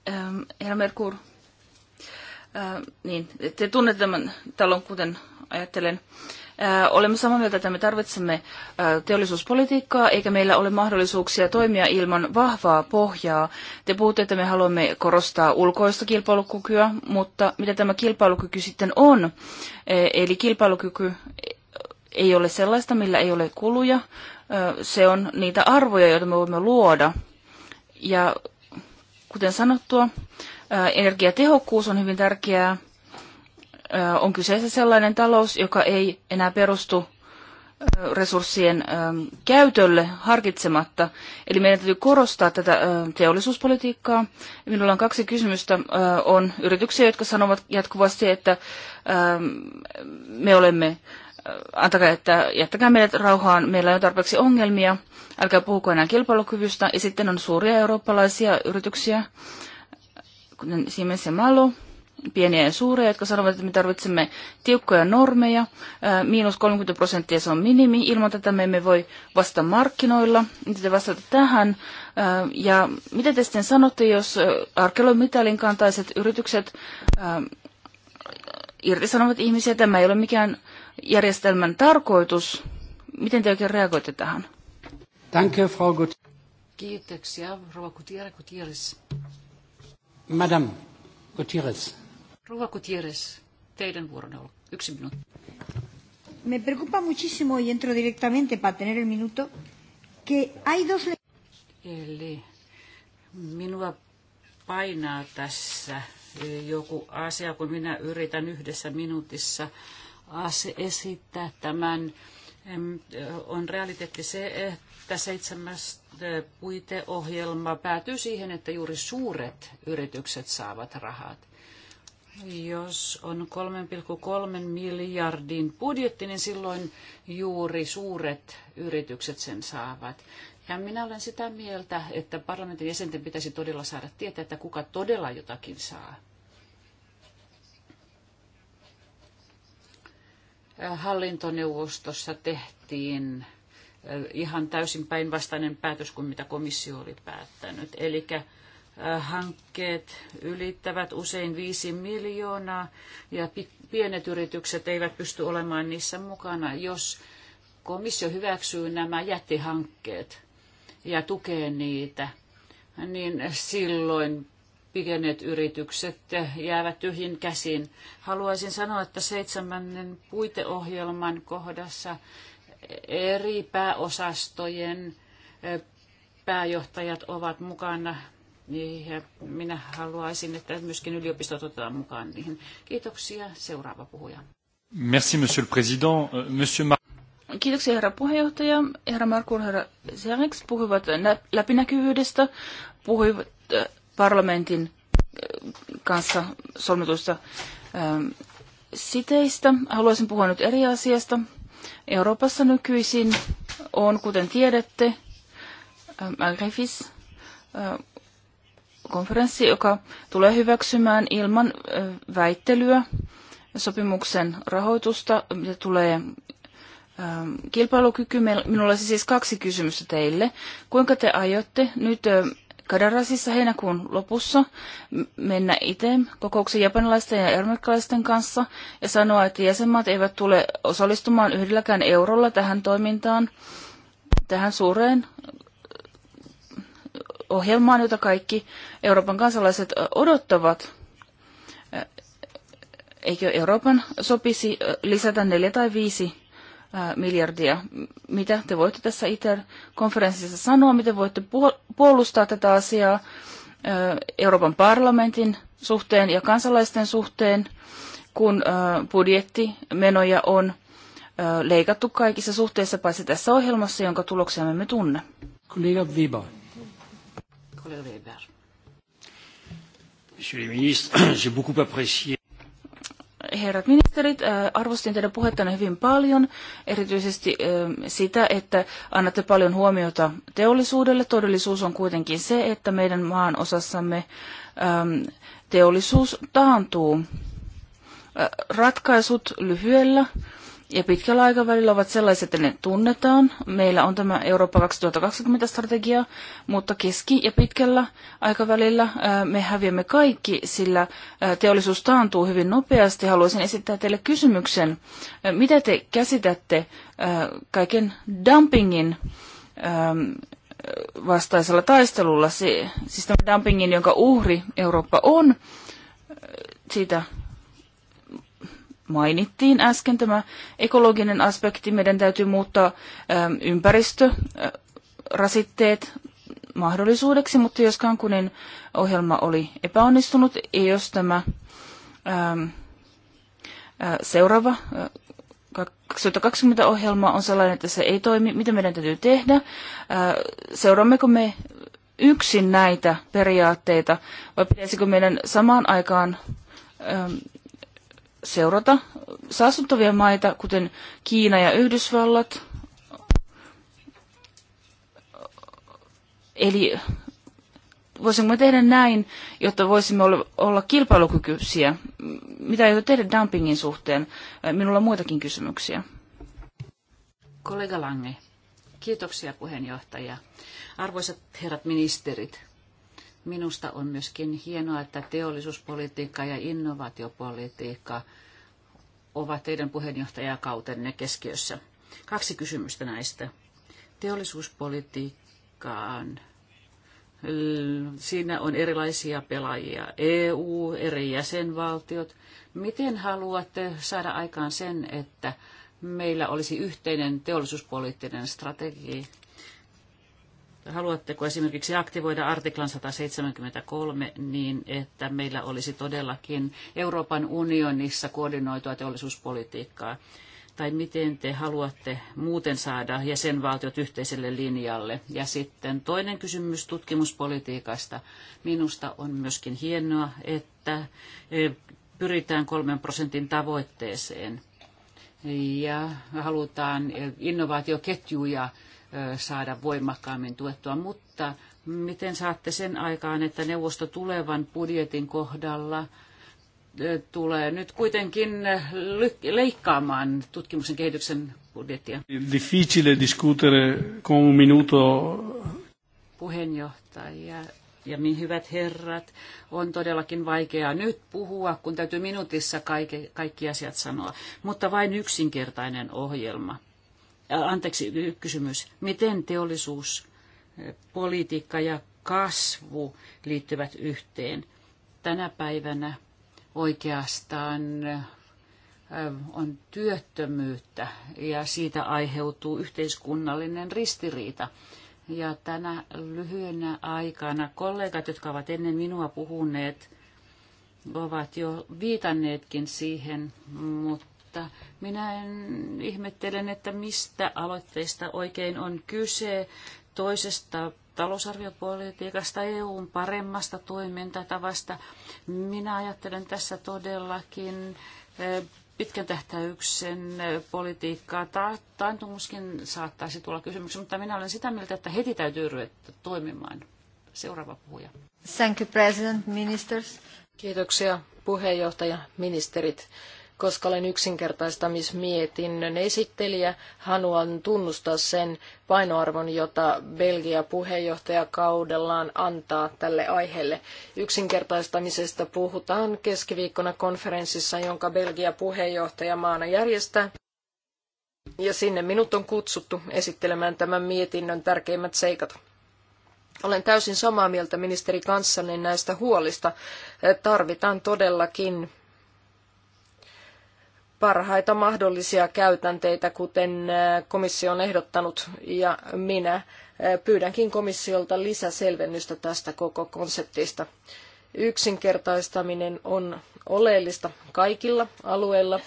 äh, herra Merkur, niin, te tunnette tämän talon, kuten ajattelen. Olemme samaa mieltä, että me tarvitsemme teollisuuspolitiikkaa, eikä meillä ole mahdollisuuksia toimia ilman vahvaa pohjaa. Te puhutte, että me haluamme korostaa ulkoista kilpailukykyä, mutta mitä tämä kilpailukyky sitten on? Eli kilpailukyky ei ole sellaista, millä ei ole kuluja. Se on niitä arvoja, joita me voimme luoda. Ja kuten sanottua, energiatehokkuus on hyvin tärkeää. On kyseessä sellainen talous, joka ei enää perustu resurssien käytölle harkitsematta. Eli meidän täytyy korostaa tätä teollisuuspolitiikkaa. Minulla on kaksi kysymystä. On yrityksiä, jotka sanovat jatkuvasti, että me olemme antakaa, että jättäkää meidät rauhaan, meillä on tarpeeksi ongelmia, älkää puhuko enää kilpailukyvystä. Ja sitten on suuria eurooppalaisia yrityksiä, kuten Siemens ja Malu, pieniä ja suuria, jotka sanovat, että me tarvitsemme tiukkoja normeja. Miinus 30 prosenttia se on minimi. Ilman tätä me emme voi vastata markkinoilla. Miten te vastaatte tähän? Ja mitä te sitten sanotte, jos arkelomitalin kantaiset yritykset irtisanovat ihmisiä? Tämä ei ole mikään järjestelmän tarkoitus. Miten te oikein reagoitte tähän? Danke, Frau Gut. Kiitoksia, rouva Gutierrez. Gutierrez. Madame Gutierrez. Rouva Gutierrez, teidän vuoronne on yksi minuutti. Me preocupa muchísimo, y entro directamente para tener el minuto, que hay dos... Eli minua painaa tässä joku asia, kun minä yritän yhdessä minuutissa esittää tämän. On realiteetti se, että seitsemäs puiteohjelma päätyy siihen, että juuri suuret yritykset saavat rahat. Jos on 3,3 miljardin budjetti, niin silloin juuri suuret yritykset sen saavat. Ja minä olen sitä mieltä, että parlamentin jäsenten pitäisi todella saada tietää, että kuka todella jotakin saa. hallintoneuvostossa tehtiin eh, ihan täysin päinvastainen päätös kuin mitä komissio oli päättänyt. Eli eh, hankkeet ylittävät usein 5 miljoonaa ja pienet yritykset eivät pysty olemaan niissä mukana, jos komissio hyväksyy nämä jättihankkeet ja tukee niitä, niin silloin pienet yritykset jäävät tyhjin käsin Haluaisin sanoa, että seitsemännen puiteohjelman kohdassa eri pääosastojen pääjohtajat ovat mukana. Niin, ja minä haluaisin, että myöskin yliopistot otetaan mukaan niihin. Kiitoksia. Seuraava puhuja. Merci, monsieur le président. Euh, monsieur Mar- Kiitoksia herra puheenjohtaja. Herra Markku herra Sereks puhuivat läpinäkyvyydestä, puhuivat parlamentin äh, kanssa solmituista ähm, siteistä. Haluaisin puhua nyt eri asiasta. Euroopassa nykyisin on, kuten tiedätte, ähm, Agrifis äh, konferenssi, joka tulee hyväksymään ilman äh, väittelyä sopimuksen rahoitusta, mitä tulee ähm, kilpailukyky. Minulla olisi siis kaksi kysymystä teille. Kuinka te aiotte nyt Kadarasissa heinäkuun lopussa mennä itse kokouksen japanilaisten ja amerikkalaisten kanssa ja sanoa, että jäsenmaat eivät tule osallistumaan yhdelläkään eurolla tähän toimintaan, tähän suureen ohjelmaan, jota kaikki Euroopan kansalaiset odottavat. Eikö Euroopan sopisi lisätä neljä tai viisi miljardia. Mitä te voitte tässä ITER-konferenssissa sanoa, miten voitte puolustaa tätä asiaa Euroopan parlamentin suhteen ja kansalaisten suhteen, kun budjettimenoja on leikattu kaikissa suhteissa, paitsi tässä ohjelmassa, jonka tuloksia me emme tunne. Kollega Weber. Kollega Weber. Monsieur le ministre, j'ai beaucoup apprécié herrat ministerit, äh, arvostin teidän puhettanne hyvin paljon, erityisesti äh, sitä, että annatte paljon huomiota teollisuudelle. Todellisuus on kuitenkin se, että meidän maan osassamme ähm, teollisuus taantuu. Äh, ratkaisut lyhyellä ja pitkällä aikavälillä ovat sellaiset, että ne tunnetaan. Meillä on tämä Eurooppa 2020-strategia, mutta keski- ja pitkällä aikavälillä me häviämme kaikki, sillä teollisuus taantuu hyvin nopeasti. Haluaisin esittää teille kysymyksen, mitä te käsitätte kaiken dumpingin vastaisella taistelulla, siis tämän dumpingin, jonka uhri Eurooppa on, siitä mainittiin äsken, tämä ekologinen aspekti. Meidän täytyy muuttaa ähm, ympäristörasitteet äh, mahdollisuudeksi, mutta jos Kankunin ohjelma oli epäonnistunut, ja jos tämä ähm, äh, seuraava 2020 äh, ohjelma on sellainen, että se ei toimi, mitä meidän täytyy tehdä? Seuraammeko me yksin näitä periaatteita vai pitäisikö meidän samaan aikaan ähm, seurata saastuttavia maita, kuten Kiina ja Yhdysvallat. Eli voisimme tehdä näin, jotta voisimme olla kilpailukykyisiä? Mitä aiotte tehdä dumpingin suhteen? Minulla on muitakin kysymyksiä. Kollega Lange, kiitoksia puheenjohtaja. Arvoisat herrat ministerit, Minusta on myöskin hienoa, että teollisuuspolitiikka ja innovaatiopolitiikka ovat teidän puheenjohtajakautenne keskiössä. Kaksi kysymystä näistä. Teollisuuspolitiikkaan. Mm, siinä on erilaisia pelaajia. EU, eri jäsenvaltiot. Miten haluatte saada aikaan sen, että meillä olisi yhteinen teollisuuspoliittinen strategia, haluatteko esimerkiksi aktivoida artiklan 173 niin, että meillä olisi todellakin Euroopan unionissa koordinoitua teollisuuspolitiikkaa? Tai miten te haluatte muuten saada jäsenvaltiot yhteiselle linjalle? Ja sitten toinen kysymys tutkimuspolitiikasta. Minusta on myöskin hienoa, että e, pyritään kolmen prosentin tavoitteeseen ja halutaan e, innovaatioketjuja saada voimakkaammin tuettua, mutta miten saatte sen aikaan, että neuvosto tulevan budjetin kohdalla tulee nyt kuitenkin leikkaamaan tutkimuksen kehityksen budjettia? Difficile discutere con un minuto. Puheenjohtaja ja niin hyvät herrat, on todellakin vaikeaa nyt puhua, kun täytyy minuutissa kaikki, kaikki asiat sanoa, mutta vain yksinkertainen ohjelma Äh, anteeksi kysymys, miten äh, politiikka ja kasvu liittyvät yhteen? Tänä päivänä oikeastaan äh, on työttömyyttä ja siitä aiheutuu yhteiskunnallinen ristiriita. Ja tänä lyhyenä aikana kollegat, jotka ovat ennen minua puhuneet, ovat jo viitanneetkin siihen, mutta mutta minä en ihmettelen, että mistä aloitteista oikein on kyse toisesta talousarviopolitiikasta, EUn paremmasta toimintatavasta. Minä ajattelen tässä todellakin eh, pitkän tähtäyksen eh, politiikkaa. Taantumuskin saattaisi tulla kysymys, mutta minä olen sitä mieltä, että heti täytyy ryhtyä toimimaan. Seuraava puhuja. Thank you, President, ministers. Kiitoksia puheenjohtaja, ministerit koska olen yksinkertaistamismietinnön esittelijä, haluan tunnustaa sen painoarvon, jota Belgia puheenjohtajakaudellaan antaa tälle aiheelle. Yksinkertaistamisesta puhutaan keskiviikkona konferenssissa, jonka Belgia puheenjohtajamaana järjestää. Ja sinne minut on kutsuttu esittelemään tämän mietinnön tärkeimmät seikat. Olen täysin samaa mieltä ministeri kanssanne näistä huolista. Tarvitaan todellakin parhaita mahdollisia käytänteitä, kuten äh, komissio on ehdottanut, ja minä äh, pyydänkin komissiolta lisäselvennystä tästä koko konseptista. Yksinkertaistaminen on oleellista kaikilla alueilla,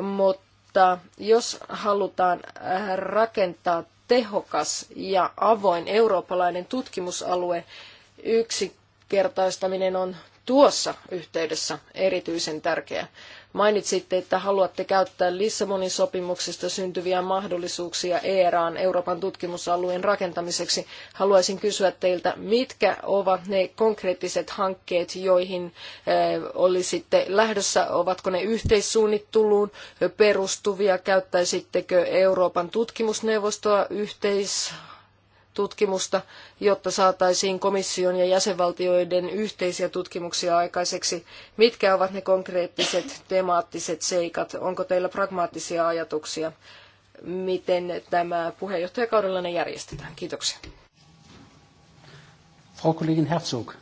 mutta jos halutaan äh, rakentaa tehokas ja avoin eurooppalainen tutkimusalue, yksinkertaistaminen on tuossa yhteydessä erityisen tärkeä. Mainitsitte, että haluatte käyttää Lissabonin sopimuksesta syntyviä mahdollisuuksia ERAan Euroopan tutkimusalueen rakentamiseksi. Haluaisin kysyä teiltä, mitkä ovat ne konkreettiset hankkeet, joihin eh, olisitte lähdössä? Ovatko ne yhteissuunnitteluun perustuvia? Käyttäisittekö Euroopan tutkimusneuvostoa yhteis tutkimusta, jotta saataisiin komission ja jäsenvaltioiden yhteisiä tutkimuksia aikaiseksi. Mitkä ovat ne konkreettiset temaattiset seikat? Onko teillä pragmaattisia ajatuksia, miten tämä puheenjohtajakaudella ne järjestetään? Kiitoksia. Frau Kollegin Herzog.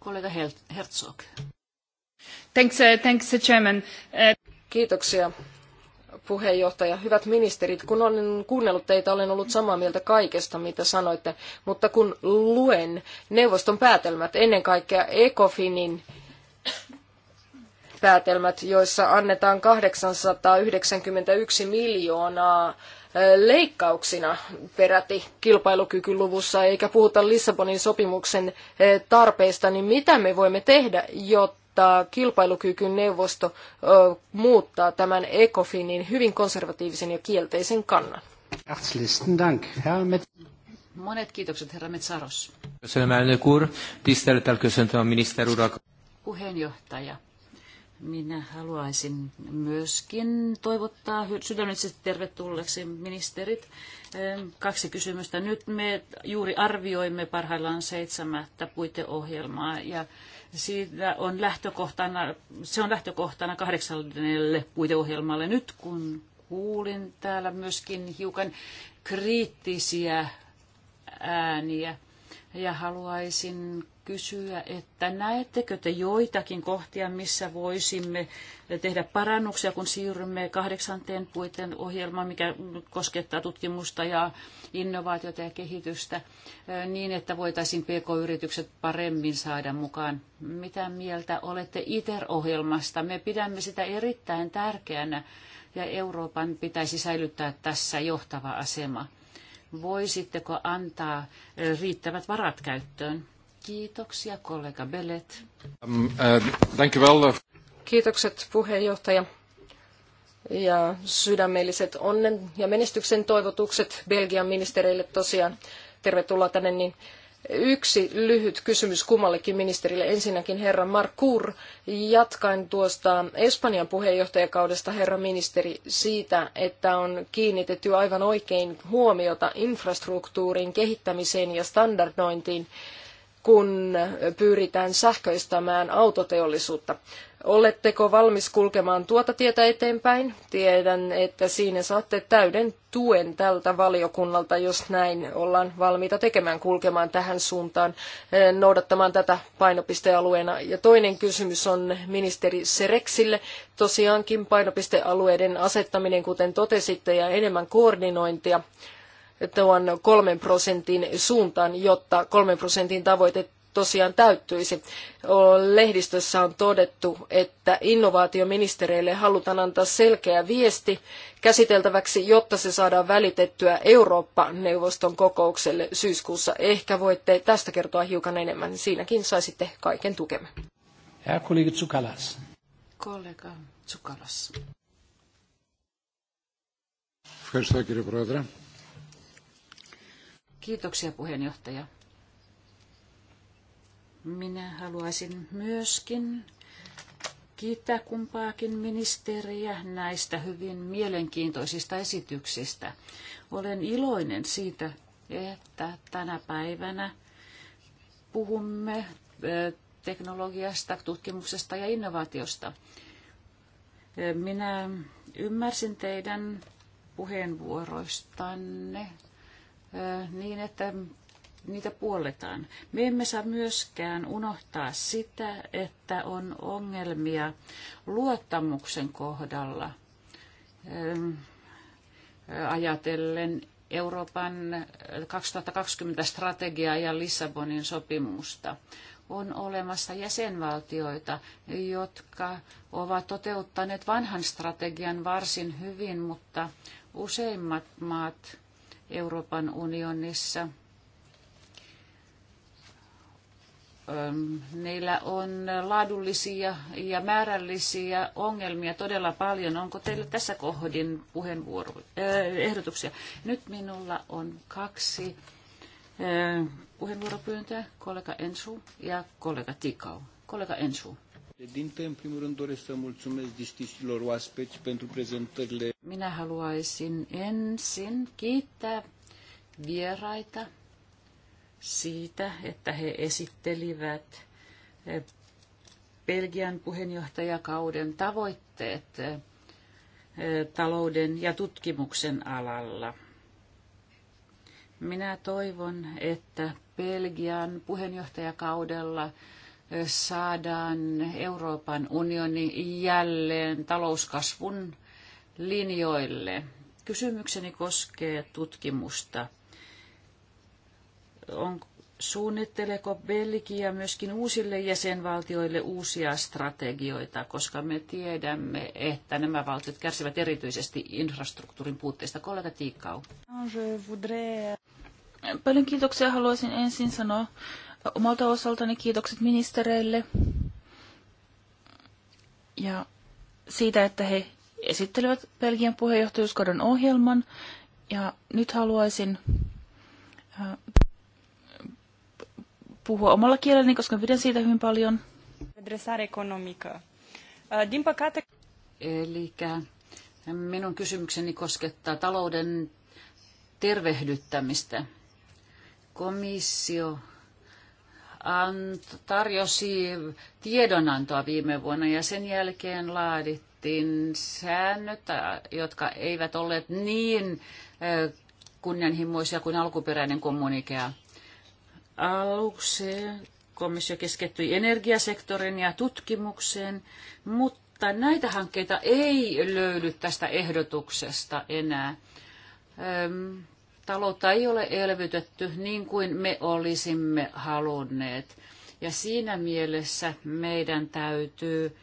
Kollega Herzog. Thanks, uh, thanks, uh, Chairman. Uh, Kiitoksia puheenjohtaja. Hyvät ministerit, kun olen kuunnellut teitä, olen ollut samaa mieltä kaikesta, mitä sanoitte. Mutta kun luen neuvoston päätelmät, ennen kaikkea ECOFINin päätelmät, joissa annetaan 891 miljoonaa leikkauksina peräti kilpailukykyluvussa, eikä puhuta Lissabonin sopimuksen tarpeista, niin mitä me voimme tehdä, jotta mutta kilpailukykyneuvosto muuttaa tämän ECOFINin hyvin konservatiivisen ja kielteisen kannan. Dank, Monet kiitokset, herra Metsaros. Puheenjohtaja, minä haluaisin myöskin toivottaa sydämellisesti tervetulleeksi ministerit. Kaksi kysymystä. Nyt me juuri arvioimme parhaillaan seitsemättä puiteohjelmaa ja siitä on lähtökohtana, se on lähtökohtana kahdeksannelle puiteohjelmalle. Nyt kun kuulin täällä myöskin hiukan kriittisiä ääniä, ja haluaisin kysyä, että näettekö te joitakin kohtia, missä voisimme tehdä parannuksia, kun siirrymme kahdeksanteen puiten ohjelmaan, mikä koskettaa tutkimusta ja innovaatiota ja kehitystä, niin että voitaisiin PK-yritykset paremmin saada mukaan. Mitä mieltä olette ITER-ohjelmasta? Me pidämme sitä erittäin tärkeänä ja Euroopan pitäisi säilyttää tässä johtava asema – Voisitteko antaa riittävät varat käyttöön? Kiitoksia, kollega Bellet. Um, uh, thank you well. Uh, Kiitokset, puheenjohtaja. Ja sydämelliset onnen ja menestyksen toivotukset Belgian ministereille tosiaan. Tervetuloa tänne, niin Yksi lyhyt kysymys kummallekin ministerille. Ensinnäkin herra Markur, jatkaen tuosta Espanjan puheenjohtajakaudesta herra ministeri siitä, että on kiinnitetty aivan oikein huomiota infrastruktuurin kehittämiseen ja standardointiin kun pyritään sähköistämään autoteollisuutta. Oletteko valmis kulkemaan tuota tietä eteenpäin? Tiedän, että siinä saatte täyden tuen tältä valiokunnalta, jos näin ollaan valmiita tekemään, kulkemaan tähän suuntaan, eh, noudattamaan tätä painopistealueena. Ja toinen kysymys on ministeri Sereksille. Tosiaankin painopistealueiden asettaminen, kuten totesitte, ja enemmän koordinointia tuon kolmen prosentin suuntaan, jotta kolmen prosentin tavoite tosiaan täyttyisi. Lehdistössä on todettu, että innovaatioministereille halutaan antaa selkeä viesti käsiteltäväksi, jotta se saadaan välitettyä Eurooppa-neuvoston kokoukselle syyskuussa. Ehkä voitte tästä kertoa hiukan enemmän. Siinäkin saisitte kaiken tukemme. Herr Kollege Zukalas. Kollega Zukalas. Ευχαριστώ κύριε Kiitoksia puheenjohtaja. Minä haluaisin myöskin kiittää kumpaakin ministeriä näistä hyvin mielenkiintoisista esityksistä. Olen iloinen siitä, että tänä päivänä puhumme teknologiasta, tutkimuksesta ja innovaatiosta. Minä ymmärsin teidän puheenvuoroistanne Äh, niin, että niitä puoletaan. Me emme saa myöskään unohtaa sitä, että on ongelmia luottamuksen kohdalla ähm, ajatellen Euroopan 2020-strategiaa ja Lissabonin sopimusta. On olemassa jäsenvaltioita, jotka ovat toteuttaneet vanhan strategian varsin hyvin, mutta useimmat maat Euroopan unionissa. Meillä on laadullisia ja määrällisiä ongelmia todella paljon. Onko teillä tässä kohdin puheenvuoro, ehdotuksia? Nyt minulla on kaksi puheenvuoropyyntöä, kollega Ensu ja kollega Tikau. Kollega Ensu. Președinte, în primul rând doresc să mulțumesc distinților oaspeți pentru prezentările minä haluaisin ensin kiittää vieraita siitä, että he esittelivät eh, Belgian puheenjohtajakauden tavoitteet eh, talouden ja tutkimuksen alalla. Minä toivon, että Belgian puheenjohtajakaudella eh, saadaan Euroopan unioni jälleen talouskasvun linjoille. Kysymykseni koskee tutkimusta. On, suunnitteleko Belgia myöskin uusille jäsenvaltioille uusia strategioita, koska me tiedämme, että nämä valtiot kärsivät erityisesti infrastruktuurin puutteista. Kollega Tiikkau. Paljon kiitoksia haluaisin ensin sanoa omalta osaltani kiitokset ministereille ja siitä, että he esittelevät Belgian puheenjohtajuuskauden ohjelman. Ja nyt haluaisin puhua omalla kielelläni, koska pidän siitä hyvin paljon. Eli minun kysymykseni koskettaa talouden tervehdyttämistä. Komissio tarjosi tiedonantoa viime vuonna ja sen jälkeen laadittiin asetettiin säännöt, äh, jotka eivät olleet niin äh, kunnianhimoisia kuin alkuperäinen kommunikea. Aluksi komissio keskittyi energiasektorin ja tutkimukseen, mutta näitä hankkeita ei löydy tästä ehdotuksesta enää. Ähm, taloutta ei ole elvytetty niin kuin me olisimme halunneet. Ja siinä mielessä meidän täytyy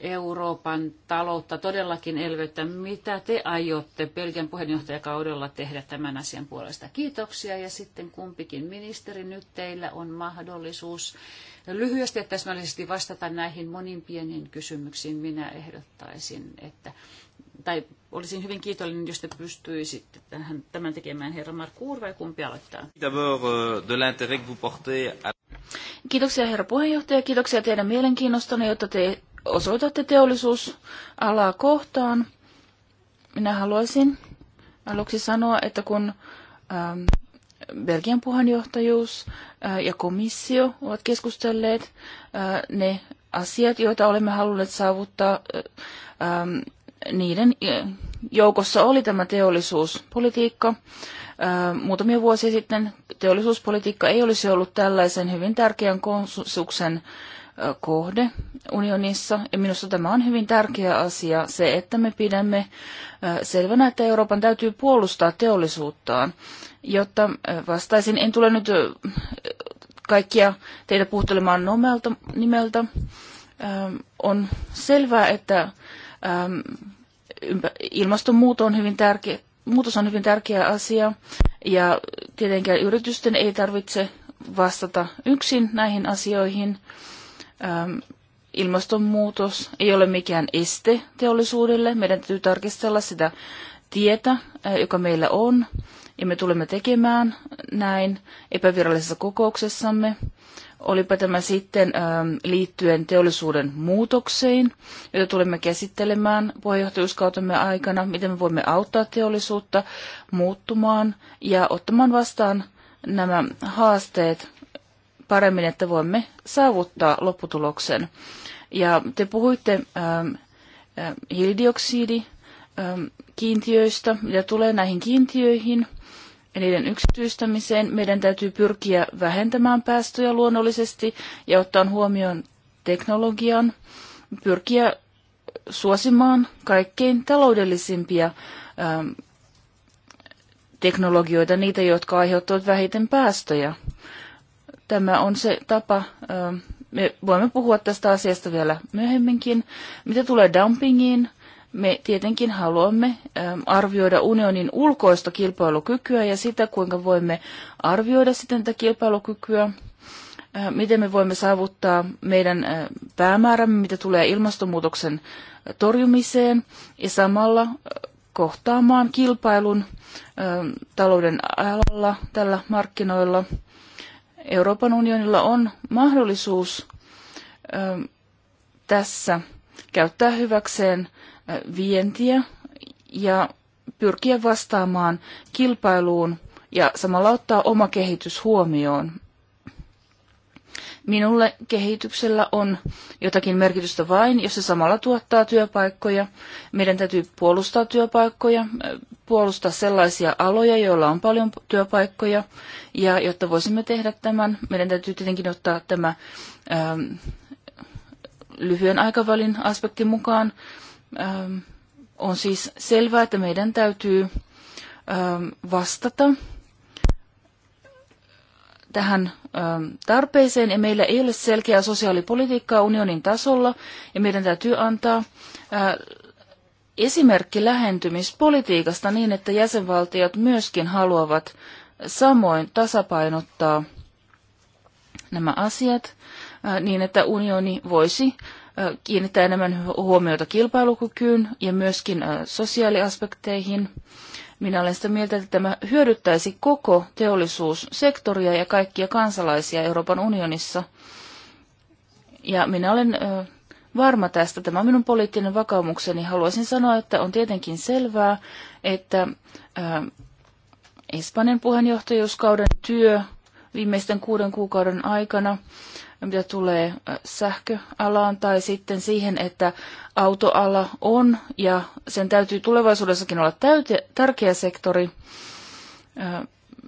Euroopan taloutta todellakin elvyttää. Mitä te aiotte Belgian puheenjohtajakaudella tehdä tämän asian puolesta? Kiitoksia ja sitten kumpikin ministeri, nyt teillä on mahdollisuus lyhyesti ja täsmällisesti vastata näihin monin pieniin kysymyksiin. Minä ehdottaisin, että tai olisin hyvin kiitollinen, jos te pystyisitte tähän, tämän tekemään, herra Markuur, vai kumpi aloittaa? Euh, kiitoksia herra puheenjohtaja, kiitoksia teidän mielenkiinnostanne, jotta te osoitatte teollisuusalaa kohtaan. Minä haluaisin aluksi sanoa, että kun ähm, Belgian puheenjohtajuus äh, ja komissio ovat keskustelleet, äh, ne asiat, joita olemme halunneet saavuttaa, äh, ähm, niiden äh, joukossa oli tämä teollisuuspolitiikka. Äh, muutamia vuosia sitten teollisuuspolitiikka ei olisi ollut tällaisen hyvin tärkeän konsuksen kohde unionissa. Ja minusta tämä on hyvin tärkeä asia, se, että me pidämme selvänä, että Euroopan täytyy puolustaa teollisuuttaan, jotta vastaisin, en tule nyt kaikkia teitä puhuttelemaan nomelta, nimeltä. On selvää, että ilmastonmuutos on hyvin tärkeä, muutos on hyvin tärkeä asia ja tietenkään yritysten ei tarvitse vastata yksin näihin asioihin. Ähm, ilmastonmuutos ei ole mikään este teollisuudelle. Meidän täytyy tarkistella sitä tietä, äh, joka meillä on, ja me tulemme tekemään näin epävirallisessa kokouksessamme. Olipa tämä sitten ähm, liittyen teollisuuden muutoksiin, joita tulemme käsittelemään puheenjohtajuuskautemme aikana, miten me voimme auttaa teollisuutta muuttumaan ja ottamaan vastaan nämä haasteet paremmin, että voimme saavuttaa lopputuloksen. Ja te puhuitte ähm, äh, hiilidioksidikiintiöistä, ähm, kiintiöistä, mitä tulee näihin kiintiöihin ja niiden yksityistämiseen. Meidän täytyy pyrkiä vähentämään päästöjä luonnollisesti ja ottaa huomioon teknologian, pyrkiä suosimaan kaikkein taloudellisimpia ähm, teknologioita, niitä, jotka aiheuttavat vähiten päästöjä. Tämä on se tapa, me voimme puhua tästä asiasta vielä myöhemminkin. Mitä tulee dumpingiin, me tietenkin haluamme arvioida unionin ulkoista kilpailukykyä ja sitä, kuinka voimme arvioida sitten tätä kilpailukykyä, miten me voimme saavuttaa meidän päämäärämme, mitä tulee ilmastonmuutoksen torjumiseen ja samalla kohtaamaan kilpailun talouden alalla tällä markkinoilla – Euroopan unionilla on mahdollisuus tässä käyttää hyväkseen vientiä ja pyrkiä vastaamaan kilpailuun ja samalla ottaa oma kehitys huomioon. Minulle kehityksellä on jotakin merkitystä vain, jos se samalla tuottaa työpaikkoja. Meidän täytyy puolustaa työpaikkoja, puolustaa sellaisia aloja, joilla on paljon työpaikkoja. Ja jotta voisimme tehdä tämän, meidän täytyy tietenkin ottaa tämä ähm, lyhyen aikavälin aspekti mukaan. Ähm, on siis selvää, että meidän täytyy ähm, vastata tähän tarpeeseen ja meillä ei ole selkeää sosiaalipolitiikkaa unionin tasolla ja meidän täytyy antaa esimerkki lähentymispolitiikasta niin, että jäsenvaltiot myöskin haluavat samoin tasapainottaa nämä asiat niin, että unioni voisi kiinnittää enemmän huomiota kilpailukykyyn ja myöskin sosiaaliaspekteihin minä olen sitä mieltä, että tämä hyödyttäisi koko teollisuussektoria ja kaikkia kansalaisia Euroopan unionissa. Ja minä olen varma tästä. Tämä on minun poliittinen vakaumukseni. Haluaisin sanoa, että on tietenkin selvää, että Espanjan puheenjohtajuuskauden työ viimeisten kuuden kuukauden aikana – mitä tulee äh, sähköalaan tai sitten siihen, että autoala on ja sen täytyy tulevaisuudessakin olla täyte, tärkeä sektori. Äh,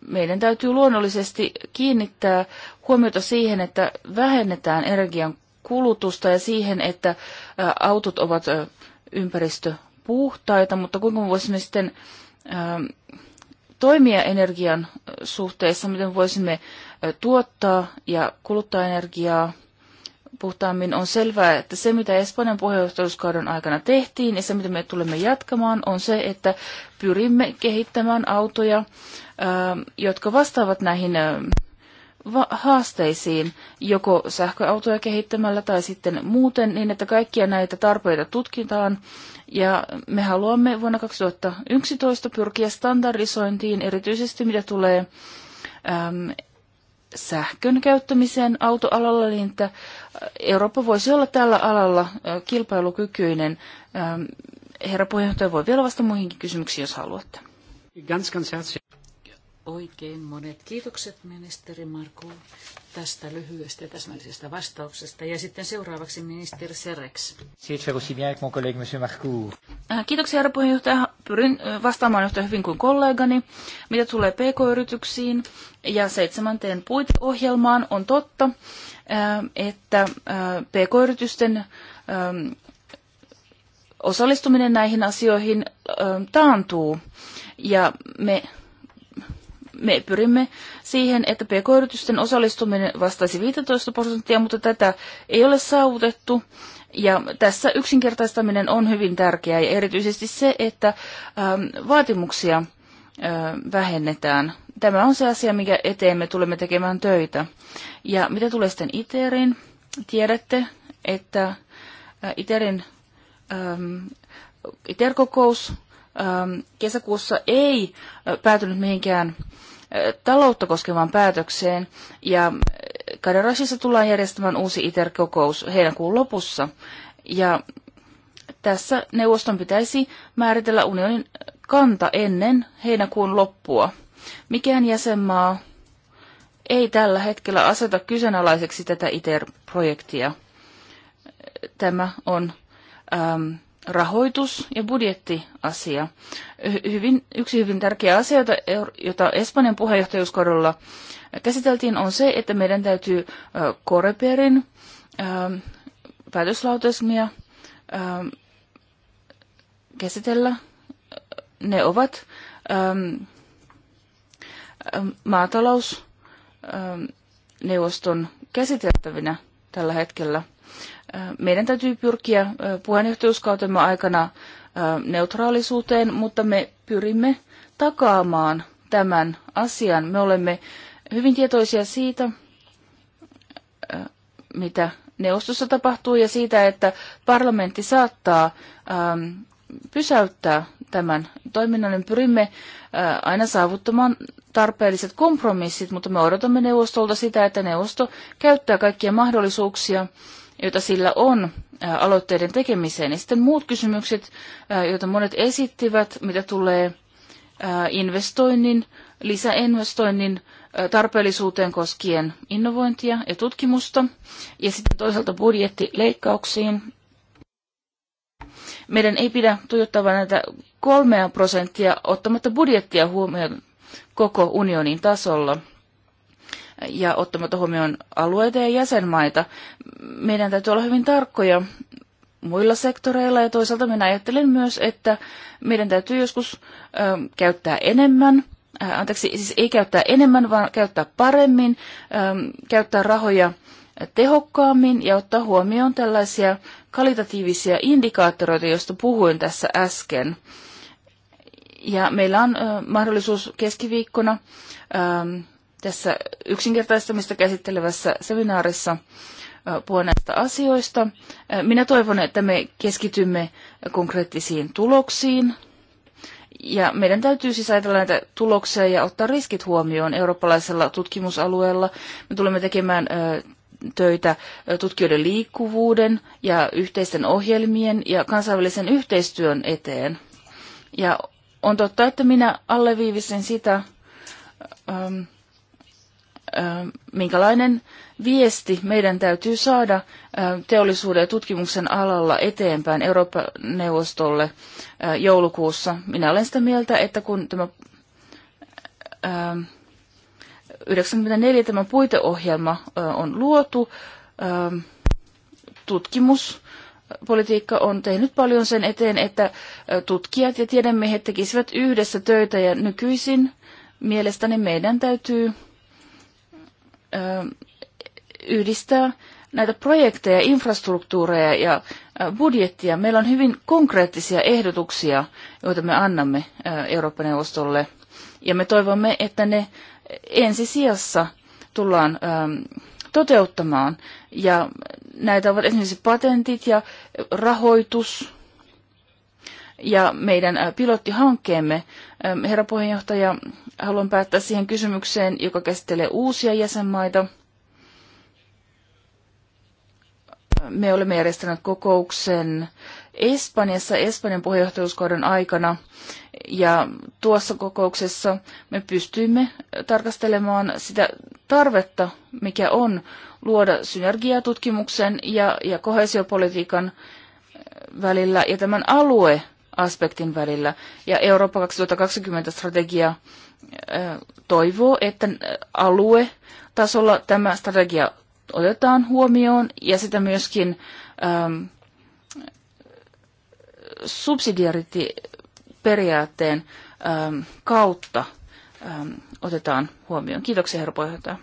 meidän täytyy luonnollisesti kiinnittää huomiota siihen, että vähennetään energian kulutusta ja siihen, että äh, autot ovat ympäristöpuhtaita, mutta kuinka me voisimme sitten ähm, toimia energian suhteessa, miten voisimme tuottaa ja kuluttaa energiaa puhtaammin, on selvää, että se mitä Espanjan puheenjohtajuuskauden aikana tehtiin ja se mitä me tulemme jatkamaan on se, että pyrimme kehittämään autoja, jotka vastaavat näihin haasteisiin, joko sähköautoja kehittämällä tai sitten muuten, niin että kaikkia näitä tarpeita tutkitaan. Ja me haluamme vuonna 2011 pyrkiä standardisointiin, erityisesti mitä tulee sähkön käyttämiseen autoalalla, niin että äh, Eurooppa voisi olla tällä alalla äh, kilpailukykyinen. Ähm, herra puheenjohtaja, voi vielä vastata muihinkin kysymyksiin, jos haluatte. Ganz, ganz oikein monet kiitokset ministeri Marku tästä lyhyestä ja täsmällisestä vastauksesta. Ja sitten seuraavaksi ministeri Sereks. Äh, kiitoksia herra puheenjohtaja. Pyrin äh, vastaamaan yhtä hyvin kuin kollegani. Mitä tulee PK-yrityksiin ja seitsemänteen puiteohjelmaan, on totta, äh, että PK-yritysten ähm, osallistuminen näihin asioihin taantuu. Ja me me pyrimme siihen, että pk-yritysten osallistuminen vastaisi 15 prosenttia, mutta tätä ei ole saavutettu. Ja tässä yksinkertaistaminen on hyvin tärkeää ja erityisesti se, että ähm, vaatimuksia äh, vähennetään. Tämä on se asia, mikä eteen me tulemme tekemään töitä. Ja mitä tulee sitten ITERin, tiedätte, että äh, ITERin ähm, ITER-kokous Ähm, kesäkuussa ei päätynyt mihinkään taloutta koskevaan päätökseen ja Kadarashissa tullaan järjestämään uusi ITER-kokous heinäkuun lopussa. Ja tässä neuvoston pitäisi määritellä unionin kanta ennen heinäkuun loppua. Mikään jäsenmaa ei tällä hetkellä aseta kyseenalaiseksi tätä ITER-projektia. Tämä on ähm, rahoitus- ja budjettiasia. Hyvin, yksi hyvin tärkeä asia, jota, jota Espanjan puheenjohtajuuskaudella käsiteltiin, on se, että meidän täytyy Coreperin päätöslautasmia käsitellä. Ne ovat maatalousneuvoston käsiteltävinä tällä hetkellä – meidän täytyy pyrkiä puheenjohtajuuskautemme aikana neutraalisuuteen, mutta me pyrimme takaamaan tämän asian. Me olemme hyvin tietoisia siitä, mitä neuvostossa tapahtuu ja siitä, että parlamentti saattaa pysäyttää tämän toiminnan. Me pyrimme aina saavuttamaan tarpeelliset kompromissit, mutta me odotamme neuvostolta sitä, että neuvosto käyttää kaikkia mahdollisuuksia joita sillä on aloitteiden tekemiseen. Ja sitten muut kysymykset, joita monet esittivät, mitä tulee investoinnin, lisäinvestoinnin tarpeellisuuteen koskien innovointia ja tutkimusta, ja sitten toisaalta budjettileikkauksiin. Meidän ei pidä tuijottaa näitä kolmea prosenttia ottamatta budjettia huomioon koko unionin tasolla – ja ottamatta huomioon alueita ja jäsenmaita. Meidän täytyy olla hyvin tarkkoja muilla sektoreilla ja toisaalta minä ajattelen myös, että meidän täytyy joskus ö, käyttää enemmän, ö, anteeksi, siis ei käyttää enemmän, vaan käyttää paremmin, ö, käyttää rahoja tehokkaammin ja ottaa huomioon tällaisia kvalitatiivisia indikaattoreita, joista puhuin tässä äsken. Ja meillä on ö, mahdollisuus keskiviikkona ö, tässä yksinkertaistamista käsittelevässä seminaarissa puhua näistä asioista. Minä toivon, että me keskitymme konkreettisiin tuloksiin. Ja meidän täytyy siis ajatella näitä tuloksia ja ottaa riskit huomioon eurooppalaisella tutkimusalueella. Me tulemme tekemään töitä tutkijoiden liikkuvuuden ja yhteisten ohjelmien ja kansainvälisen yhteistyön eteen. Ja on totta, että minä alleviivisin sitä, ähm, minkälainen viesti meidän täytyy saada teollisuuden ja tutkimuksen alalla eteenpäin Euroopan neuvostolle joulukuussa. Minä olen sitä mieltä, että kun tämä 94 tämä puiteohjelma on luotu, tutkimus politiikka on tehnyt paljon sen eteen, että tutkijat ja tiedemiehet tekisivät yhdessä töitä ja nykyisin mielestäni meidän täytyy yhdistää näitä projekteja, infrastruktuureja ja budjettia. Meillä on hyvin konkreettisia ehdotuksia, joita me annamme Eurooppa-neuvostolle. Ja me toivomme, että ne ensisijassa tullaan toteuttamaan. Ja näitä ovat esimerkiksi patentit ja rahoitus ja meidän pilottihankkeemme. Herra puheenjohtaja, haluan päättää siihen kysymykseen, joka käsittelee uusia jäsenmaita. Me olemme järjestäneet kokouksen Espanjassa Espanjan puheenjohtajuuskauden aikana ja tuossa kokouksessa me pystyimme tarkastelemaan sitä tarvetta, mikä on luoda synergiaa tutkimuksen ja, ja kohesiopolitiikan välillä ja tämän alueaspektin välillä ja Eurooppa 2020 strategia toivoo, että alue tasolla tämä strategia otetaan huomioon ja sitä myöskin ähm, subsidiariteettiperiaatteen ähm, kautta ähm, otetaan huomioon. Kiitoksia, herra puheenjohtaja.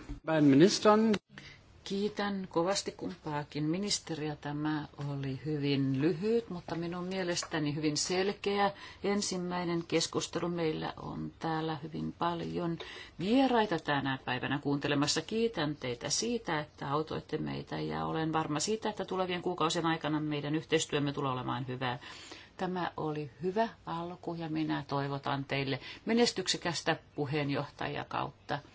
Kiitän kovasti kumpaakin ministeriä. Tämä oli hyvin lyhyt, mutta minun mielestäni hyvin selkeä ensimmäinen keskustelu. Meillä on täällä hyvin paljon vieraita tänä päivänä kuuntelemassa. Kiitän teitä siitä, että autoitte meitä ja olen varma siitä, että tulevien kuukausien aikana meidän yhteistyömme tulee olemaan hyvää. Tämä oli hyvä alku ja minä toivotan teille menestyksekästä puheenjohtajakautta. kautta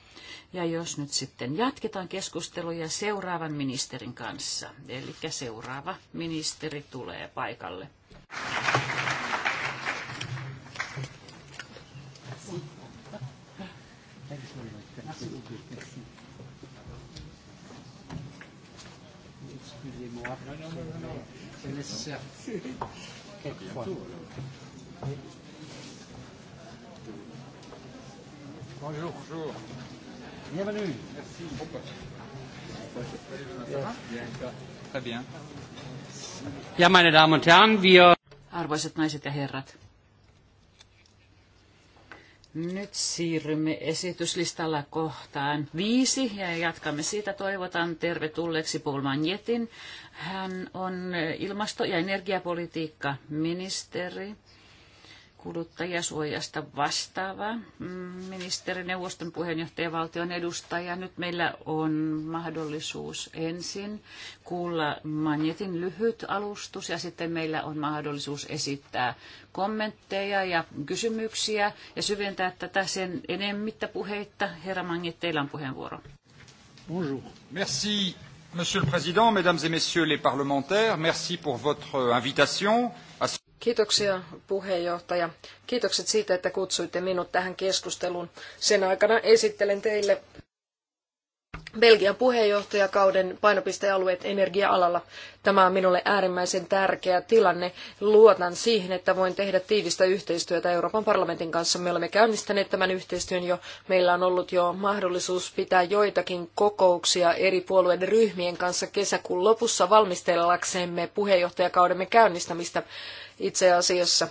ja jos nyt sitten jatketaan keskusteluja seuraavan ministerin kanssa, eli seuraava ministeri tulee paikalle. Bonjour. Bonjour. Bienvenue. Merci. Très bien. Ja, meine Damen und Herren, wir... Arvoisat naiset ja herrat. Nyt siirrymme esityslistalla kohtaan viisi ja jatkamme siitä. Toivotan tervetulleeksi Paul Magnetin. Hän on ilmasto- ja energiapolitiikka ministeri kuluttajasuojasta vastaava ministerineuvoston puheenjohtaja valtion edustaja. Nyt meillä on mahdollisuus ensin kuulla Magnetin lyhyt alustus ja sitten meillä on mahdollisuus esittää kommentteja ja kysymyksiä ja syventää tätä sen enemmittä puheitta. Herra Magnet, teillä on puheenvuoro. Bonjour. Merci. Monsieur le Président, Mesdames et Messieurs les parlementaires, merci pour votre invitation. Kiitoksia puheenjohtaja. Kiitokset siitä, että kutsuitte minut tähän keskusteluun. Sen aikana esittelen teille Belgian puheenjohtajakauden painopistealueet energia-alalla. Tämä on minulle äärimmäisen tärkeä tilanne. Luotan siihen, että voin tehdä tiivistä yhteistyötä Euroopan parlamentin kanssa. Me olemme käynnistäneet tämän yhteistyön jo. Meillä on ollut jo mahdollisuus pitää joitakin kokouksia eri puolueiden ryhmien kanssa kesäkuun lopussa valmistellaksemme puheenjohtajakaudemme käynnistämistä itse asiassa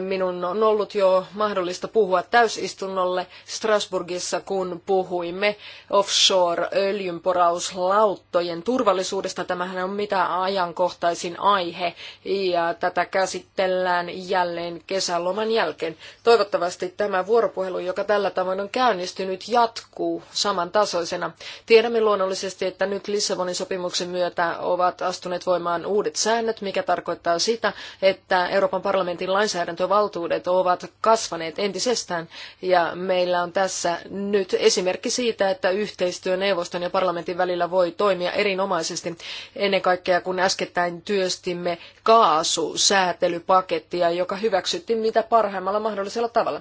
minun on ollut jo mahdollista puhua täysistunnolle Strasbourgissa, kun puhuimme offshore-öljynporauslauttojen turvallisuudesta. Tämähän on mitä ajankohtaisin aihe ja tätä käsitellään jälleen kesäloman jälkeen. Toivottavasti tämä vuoropuhelu, joka tällä tavoin on käynnistynyt, jatkuu samantasoisena. Tiedämme luonnollisesti, että nyt Lissabonin sopimuksen myötä ovat astuneet voimaan uudet säännöt, mikä tarkoittaa sitä, että Euroopan parlamentin lainsäädäntö täytäntövaltuudet ovat kasvaneet entisestään ja meillä on tässä nyt esimerkki siitä, että yhteistyö neuvoston ja parlamentin välillä voi toimia erinomaisesti ennen kaikkea kun äskettäin työstimme kaasusäätelypakettia, joka hyväksyttiin mitä parhaimmalla mahdollisella tavalla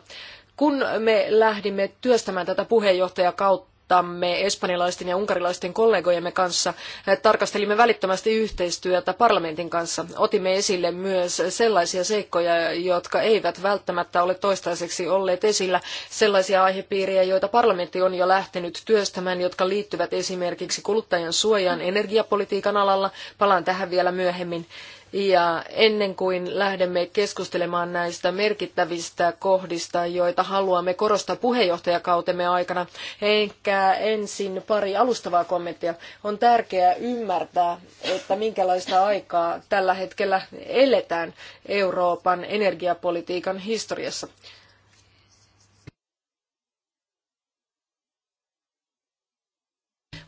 kun me lähdimme työstämään tätä puheenjohtajakautta, kanssamme, espanjalaisten ja unkarilaisten kollegojemme kanssa tarkastelimme välittömästi yhteistyötä parlamentin kanssa. Otimme esille myös sellaisia seikkoja, jotka eivät välttämättä ole toistaiseksi olleet esillä, sellaisia aihepiirejä, joita parlamentti on jo lähtenyt työstämään, jotka liittyvät esimerkiksi kuluttajan suojaan energiapolitiikan alalla. Palaan tähän vielä myöhemmin. Ja ennen kuin lähdemme keskustelemaan näistä merkittävistä kohdista, joita haluamme korostaa puheenjohtajakautemme aikana, ehkä ensin pari alustavaa kommenttia. On tärkeää ymmärtää, että minkälaista aikaa tällä hetkellä eletään Euroopan energiapolitiikan historiassa.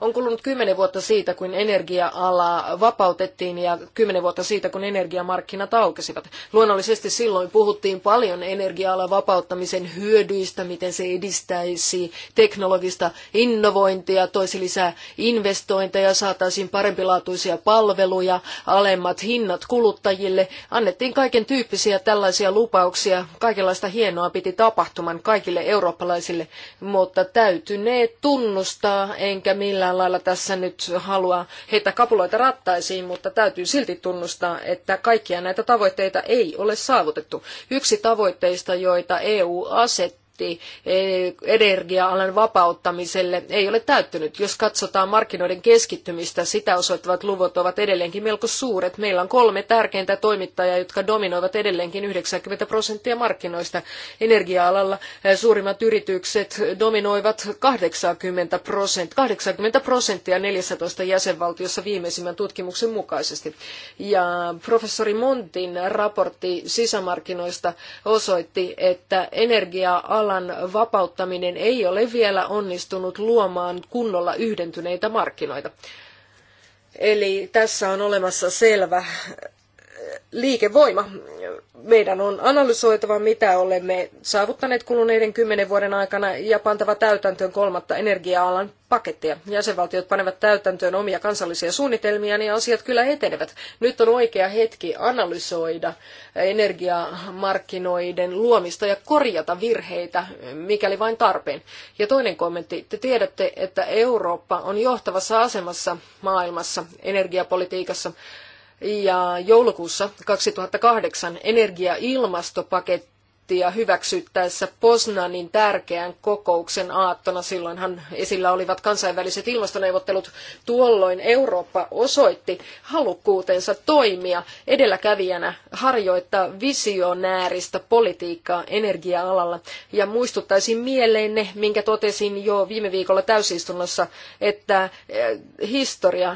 On kulunut kymmenen vuotta siitä, kun energia-ala vapautettiin ja kymmenen vuotta siitä, kun energiamarkkinat aukesivat. Luonnollisesti silloin puhuttiin paljon energia-alan vapauttamisen hyödyistä, miten se edistäisi teknologista innovointia, toisi lisää investointeja, saataisiin parempilaatuisia palveluja, alemmat hinnat kuluttajille. Annettiin kaiken tyyppisiä tällaisia lupauksia. Kaikenlaista hienoa piti tapahtuman kaikille eurooppalaisille, mutta täytynee tunnustaa enkä millään millään lailla tässä nyt halua heittää kapuloita rattaisiin, mutta täytyy silti tunnustaa, että kaikkia näitä tavoitteita ei ole saavutettu. Yksi tavoitteista, joita EU asetti, prosentti eh, energia-alan vapauttamiselle ei ole täyttynyt. Jos katsotaan markkinoiden keskittymistä, sitä osoittavat luvut ovat edelleenkin melko suuret. Meillä on kolme tärkeintä toimittajaa, jotka dominoivat edelleenkin 90 prosenttia markkinoista. Energia-alalla eh, suurimmat yritykset dominoivat 80 prosenttia, 80 prosenttia 14 jäsenvaltiossa viimeisimmän tutkimuksen mukaisesti. Ja professori Montin raportti sisämarkkinoista osoitti, että energia-alalla vallan vapauttaminen ei ole vielä onnistunut luomaan kunnolla yhdentyneitä markkinoita. Eli tässä on olemassa selvä liikevoima. Meidän on analysoitava, mitä olemme saavuttaneet kuluneiden kymmenen vuoden aikana ja pantava täytäntöön kolmatta energia-alan pakettia. Jäsenvaltiot panevat täytäntöön omia kansallisia suunnitelmia, niin asiat kyllä etenevät. Nyt on oikea hetki analysoida energiamarkkinoiden luomista ja korjata virheitä, mikäli vain tarpeen. Ja toinen kommentti. Te tiedätte, että Eurooppa on johtavassa asemassa maailmassa energiapolitiikassa ja joulukuussa 2008 energia- ja ilmastopaketti prosenttia hyväksyttäessä Poznanin tärkeän kokouksen aattona. Silloinhan esillä olivat kansainväliset ilmastoneuvottelut. Tuolloin Eurooppa osoitti halukkuutensa toimia edelläkävijänä harjoittaa visionääristä politiikkaa energia-alalla. Ja muistuttaisin mieleenne, minkä totesin jo viime viikolla täysistunnossa, että eh, historia,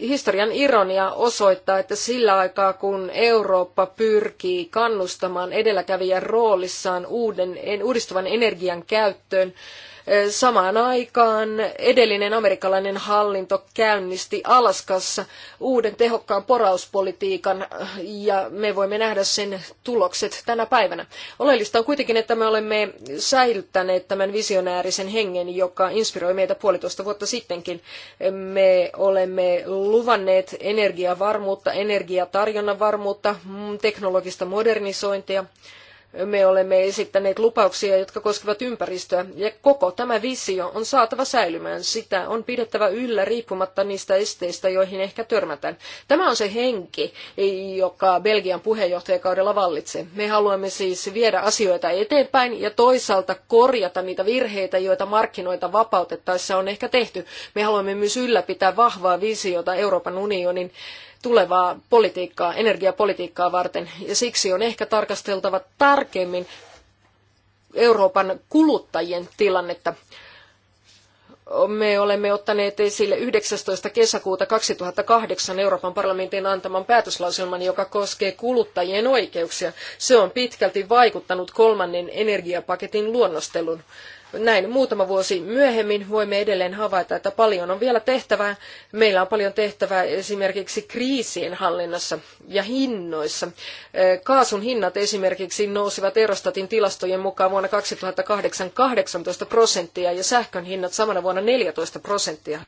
historian ironia osoittaa, että sillä aikaa kun Eurooppa pyrkii kannustamaan edelläkävijän roolissaan uuden, uudistuvan energian käyttöön. Samaan aikaan edellinen amerikkalainen hallinto käynnisti Alaskassa uuden tehokkaan porauspolitiikan ja me voimme nähdä sen tulokset tänä päivänä. Oleellista on kuitenkin, että me olemme säilyttäneet tämän visionäärisen hengen, joka inspiroi meitä puolitoista vuotta sittenkin. Me olemme luvanneet energiavarmuutta, energiatarjonnan varmuutta, teknologista modernisointia me olemme esittäneet lupauksia, jotka koskevat ympäristöä, ja koko tämä visio on saatava säilymään. Sitä on pidettävä yllä riippumatta niistä esteistä, joihin ehkä törmätään. Tämä on se henki, joka Belgian puheenjohtajakaudella vallitsee. Me haluamme siis viedä asioita eteenpäin ja toisaalta korjata niitä virheitä, joita markkinoita vapautettaessa on ehkä tehty. Me haluamme myös ylläpitää vahvaa visiota Euroopan unionin tulevaa politiikkaa, energiapolitiikkaa varten. Ja siksi on ehkä tarkasteltava tarkemmin Euroopan kuluttajien tilannetta. Me olemme ottaneet esille 19. kesäkuuta 2008 Euroopan parlamentin antaman päätöslauselman, joka koskee kuluttajien oikeuksia. Se on pitkälti vaikuttanut kolmannen energiapaketin luonnostelun näin muutama vuosi myöhemmin voimme edelleen havaita, että paljon on vielä tehtävää. Meillä on paljon tehtävää esimerkiksi kriisien hallinnassa ja hinnoissa. Kaasun hinnat esimerkiksi nousivat Erostatin tilastojen mukaan vuonna 2008 18 prosenttia ja sähkön hinnat samana vuonna 14 prosenttia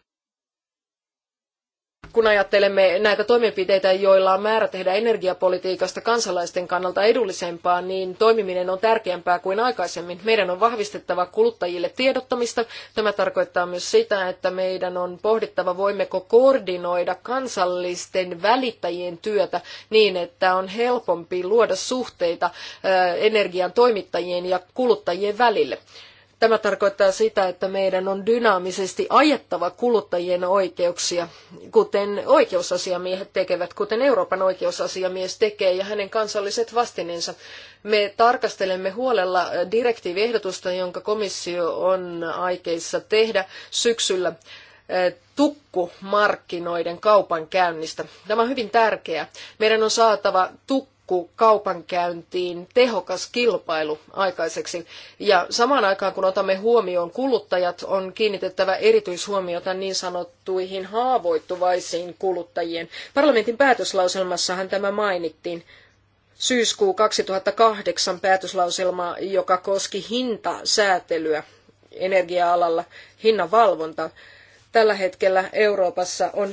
kun ajattelemme näitä toimenpiteitä, joilla on määrä tehdä energiapolitiikasta kansalaisten kannalta edullisempaa, niin toimiminen on tärkeämpää kuin aikaisemmin. Meidän on vahvistettava kuluttajille tiedottamista. Tämä tarkoittaa myös sitä, että meidän on pohdittava, voimmeko koordinoida kansallisten välittäjien työtä niin, että on helpompi luoda suhteita energian toimittajien ja kuluttajien välille. Tämä tarkoittaa sitä, että meidän on dynaamisesti ajettava kuluttajien oikeuksia, kuten oikeusasiamiehet tekevät, kuten Euroopan oikeusasiamies tekee ja hänen kansalliset vastineensa. Me tarkastelemme huolella direktiiviehdotusta, jonka komissio on aikeissa tehdä syksyllä eh, tukkumarkkinoiden kaupan käynnistä. Tämä on hyvin tärkeää. Meidän on saatava tukku kaupankäyntiin tehokas kilpailu aikaiseksi. Ja samaan aikaan, kun otamme huomioon kuluttajat, on kiinnitettävä erityishuomiota niin sanottuihin haavoittuvaisiin kuluttajien. Parlamentin päätöslauselmassahan tämä mainittiin syyskuu 2008 päätöslauselma, joka koski hintasäätelyä energia-alalla, hinnanvalvonta. Tällä hetkellä Euroopassa on 50-125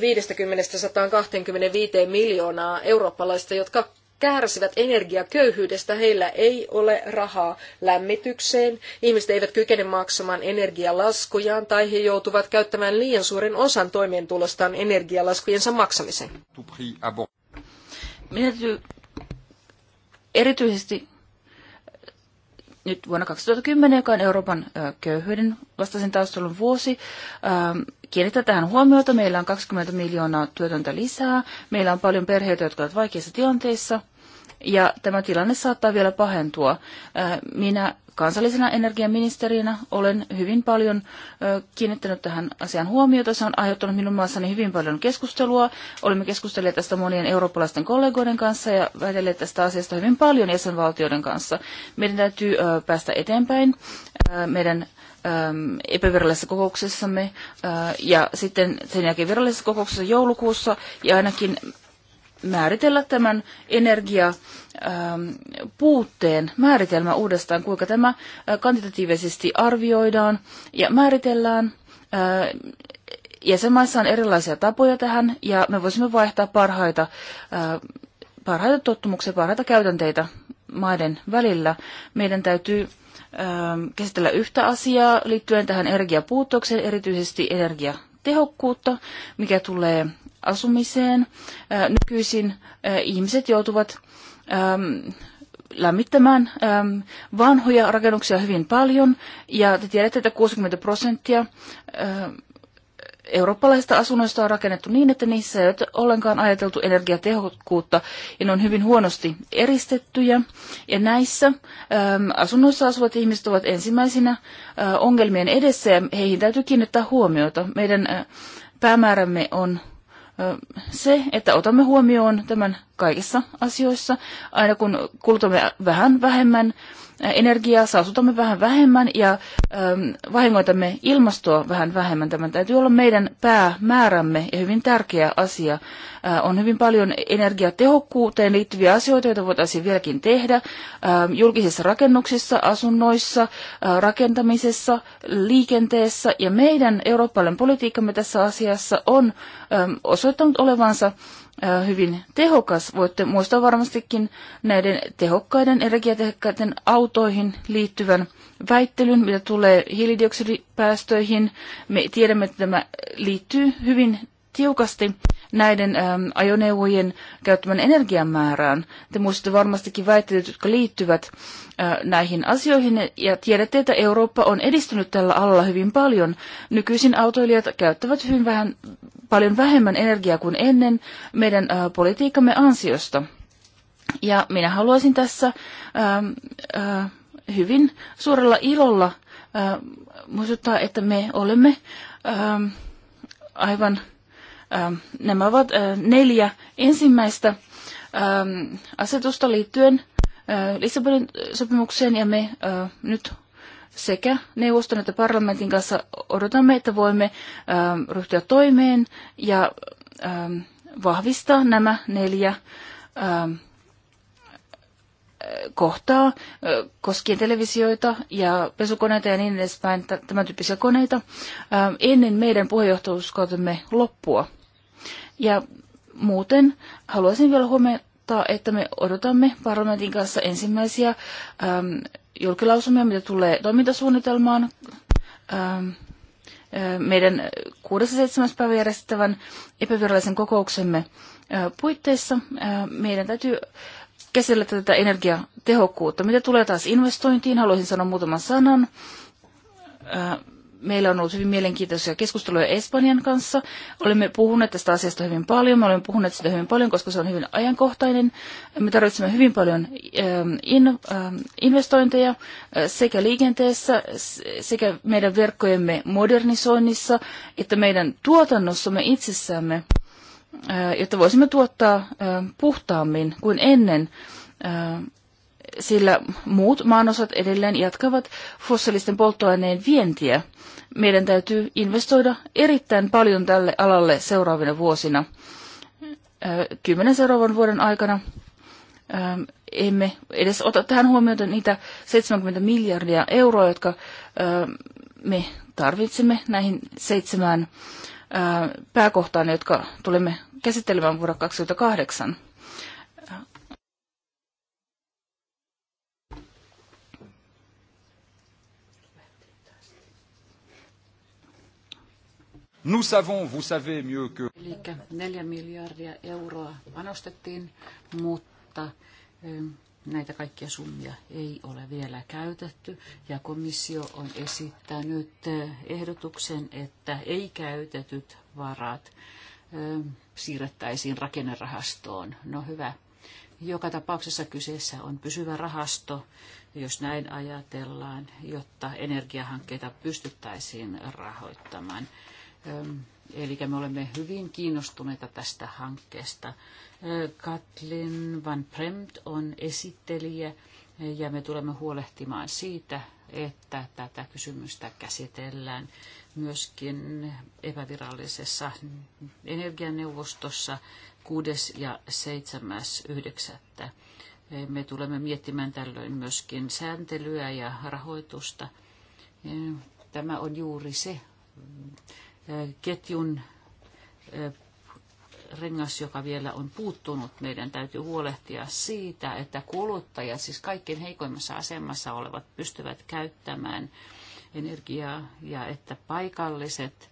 miljoonaa eurooppalaista, jotka kärsivät energiaköyhyydestä, heillä ei ole rahaa lämmitykseen, ihmiset eivät kykene maksamaan energialaskujaan tai he joutuvat käyttämään liian suuren osan toimeentulostaan energialaskujensa maksamiseen. Minä täytyy erityisesti nyt vuonna 2010, joka on Euroopan köyhyyden vastaisen taustelun vuosi. Kiinnittää tähän huomiota. Meillä on 20 miljoonaa työtöntä lisää. Meillä on paljon perheitä, jotka ovat vaikeissa tilanteissa ja tämä tilanne saattaa vielä pahentua. Äh, minä kansallisena energiaministerinä olen hyvin paljon äh, kiinnittänyt tähän asian huomiota. Se on aiheuttanut minun maassani hyvin paljon keskustelua. Olemme keskustelleet tästä monien eurooppalaisten kollegoiden kanssa ja väitelleet tästä asiasta hyvin paljon jäsenvaltioiden kanssa. Meidän täytyy äh, päästä eteenpäin. Meidän ähm, epävirallisessa kokouksessamme ja sitten sen jälkeen virallisessa kokouksessa joulukuussa ja ainakin määritellä tämän energiapuutteen ähm, määritelmä uudestaan, kuinka tämä äh, kvantitatiivisesti arvioidaan ja määritellään. Äh, jäsenmaissa on erilaisia tapoja tähän ja me voisimme vaihtaa parhaita, äh, parhaita tottumuksia, parhaita käytänteitä maiden välillä. Meidän täytyy ähm, käsitellä yhtä asiaa liittyen tähän energiapuutokseen, erityisesti energiatehokkuutta, mikä tulee asumiseen. Nykyisin ihmiset joutuvat lämmittämään vanhoja rakennuksia hyvin paljon, ja te tiedätte, että 60 prosenttia eurooppalaisista asunnoista on rakennettu niin, että niissä ei ole ollenkaan ajateltu energiatehokkuutta ja ne on hyvin huonosti eristettyjä. Ja näissä äm, asunnoissa asuvat ihmiset ovat ensimmäisinä ä, ongelmien edessä ja heihin täytyy kiinnittää huomiota. Meidän ä, päämäärämme on se, että otamme huomioon tämän kaikissa asioissa, aina kun kulutamme vähän vähemmän energiaa, saastutamme vähän vähemmän ja ähm, vahingoitamme ilmastoa vähän vähemmän. Tämän täytyy olla meidän päämäärämme ja hyvin tärkeä asia. Äh, on hyvin paljon energiatehokkuuteen liittyviä asioita, joita voitaisiin vieläkin tehdä ä, ähm, julkisissa rakennuksissa, asunnoissa, äh, rakentamisessa, liikenteessä ja meidän eurooppalainen politiikkamme tässä asiassa on ä, ähm, osoittanut olevansa hyvin tehokas. Voitte muistaa varmastikin näiden tehokkaiden, energiatehokkaiden autoihin liittyvän väittelyn, mitä tulee hiilidioksidipäästöihin. Me tiedämme, että tämä liittyy hyvin tiukasti näiden äm, ajoneuvojen käyttämän energian määrään. Te muistatte varmastikin väittelyt, jotka liittyvät ä, näihin asioihin, ja tiedätte, että Eurooppa on edistynyt tällä alalla hyvin paljon. Nykyisin autoilijat käyttävät hyvin vähän paljon vähemmän energiaa kuin ennen meidän äh, politiikkamme ansiosta. Ja minä haluaisin tässä äh, äh, hyvin suurella ilolla äh, muistuttaa, että me olemme äh, aivan, äh, nämä ovat äh, neljä ensimmäistä äh, asetusta liittyen äh, Lissabonin sopimukseen ja me äh, nyt sekä neuvoston että parlamentin kanssa odotamme, että voimme ähm, ryhtyä toimeen ja ähm, vahvistaa nämä neljä ähm, kohtaa äh, koskien televisioita ja pesukoneita ja niin edespäin, tämän tyyppisiä koneita, ennen meidän puheenjohtajuuskautemme loppua. Ja muuten haluaisin vielä huomata, että me odotamme parlamentin kanssa ensimmäisiä julkilausumia, mitä tulee toimintasuunnitelmaan. Ähm, äh, meidän kuudes ja 7. päivä järjestettävän epävirallisen kokouksemme äh, puitteissa äh, meidän täytyy käsitellä tätä energiatehokkuutta. Mitä tulee taas investointiin, haluaisin sanoa muutaman sanan meillä on ollut hyvin mielenkiintoisia keskusteluja Espanjan kanssa. Olemme puhuneet tästä asiasta hyvin paljon. Me olemme puhuneet sitä hyvin paljon, koska se on hyvin ajankohtainen. Me tarvitsemme hyvin paljon ähm, ähm, investointeja äh, sekä liikenteessä, sekä meidän verkkojemme modernisoinnissa, että meidän tuotannossamme itsessämme, äh, jotta voisimme tuottaa äh, puhtaammin kuin ennen sillä muut maanosat edelleen jatkavat fossiilisten polttoaineen vientiä. Meidän täytyy investoida erittäin paljon tälle alalle seuraavina vuosina. Kymmenen seuraavan vuoden aikana emme edes ota tähän huomioon niitä 70 miljardia euroa, jotka me tarvitsemme näihin seitsemään pääkohtaan, jotka tulemme käsittelemään vuonna 2008. Nous savons, vous savez mieux que... Eli 4 miljardia euroa panostettiin, mutta näitä kaikkia summia ei ole vielä käytetty. Ja komissio on esittänyt eh, ehdotuksen, että ei käytetyt varat siirrettäisiin rakennerahastoon. No hyvä. Joka tapauksessa kyseessä on pysyvä rahasto, jos näin ajatellaan, jotta energiahankkeita pystyttäisiin rahoittamaan. Eli me olemme hyvin kiinnostuneita tästä hankkeesta. Katlin Van Premt on esittelijä ja me tulemme huolehtimaan siitä, että tätä kysymystä käsitellään myöskin epävirallisessa energianeuvostossa 6. ja 7.9. Me tulemme miettimään tällöin myöskin sääntelyä ja rahoitusta. Tämä on juuri se ketjun rengas, joka vielä on puuttunut. Meidän täytyy huolehtia siitä, että kuluttajat, siis kaikkein heikoimmassa asemassa olevat, pystyvät käyttämään energiaa ja että paikalliset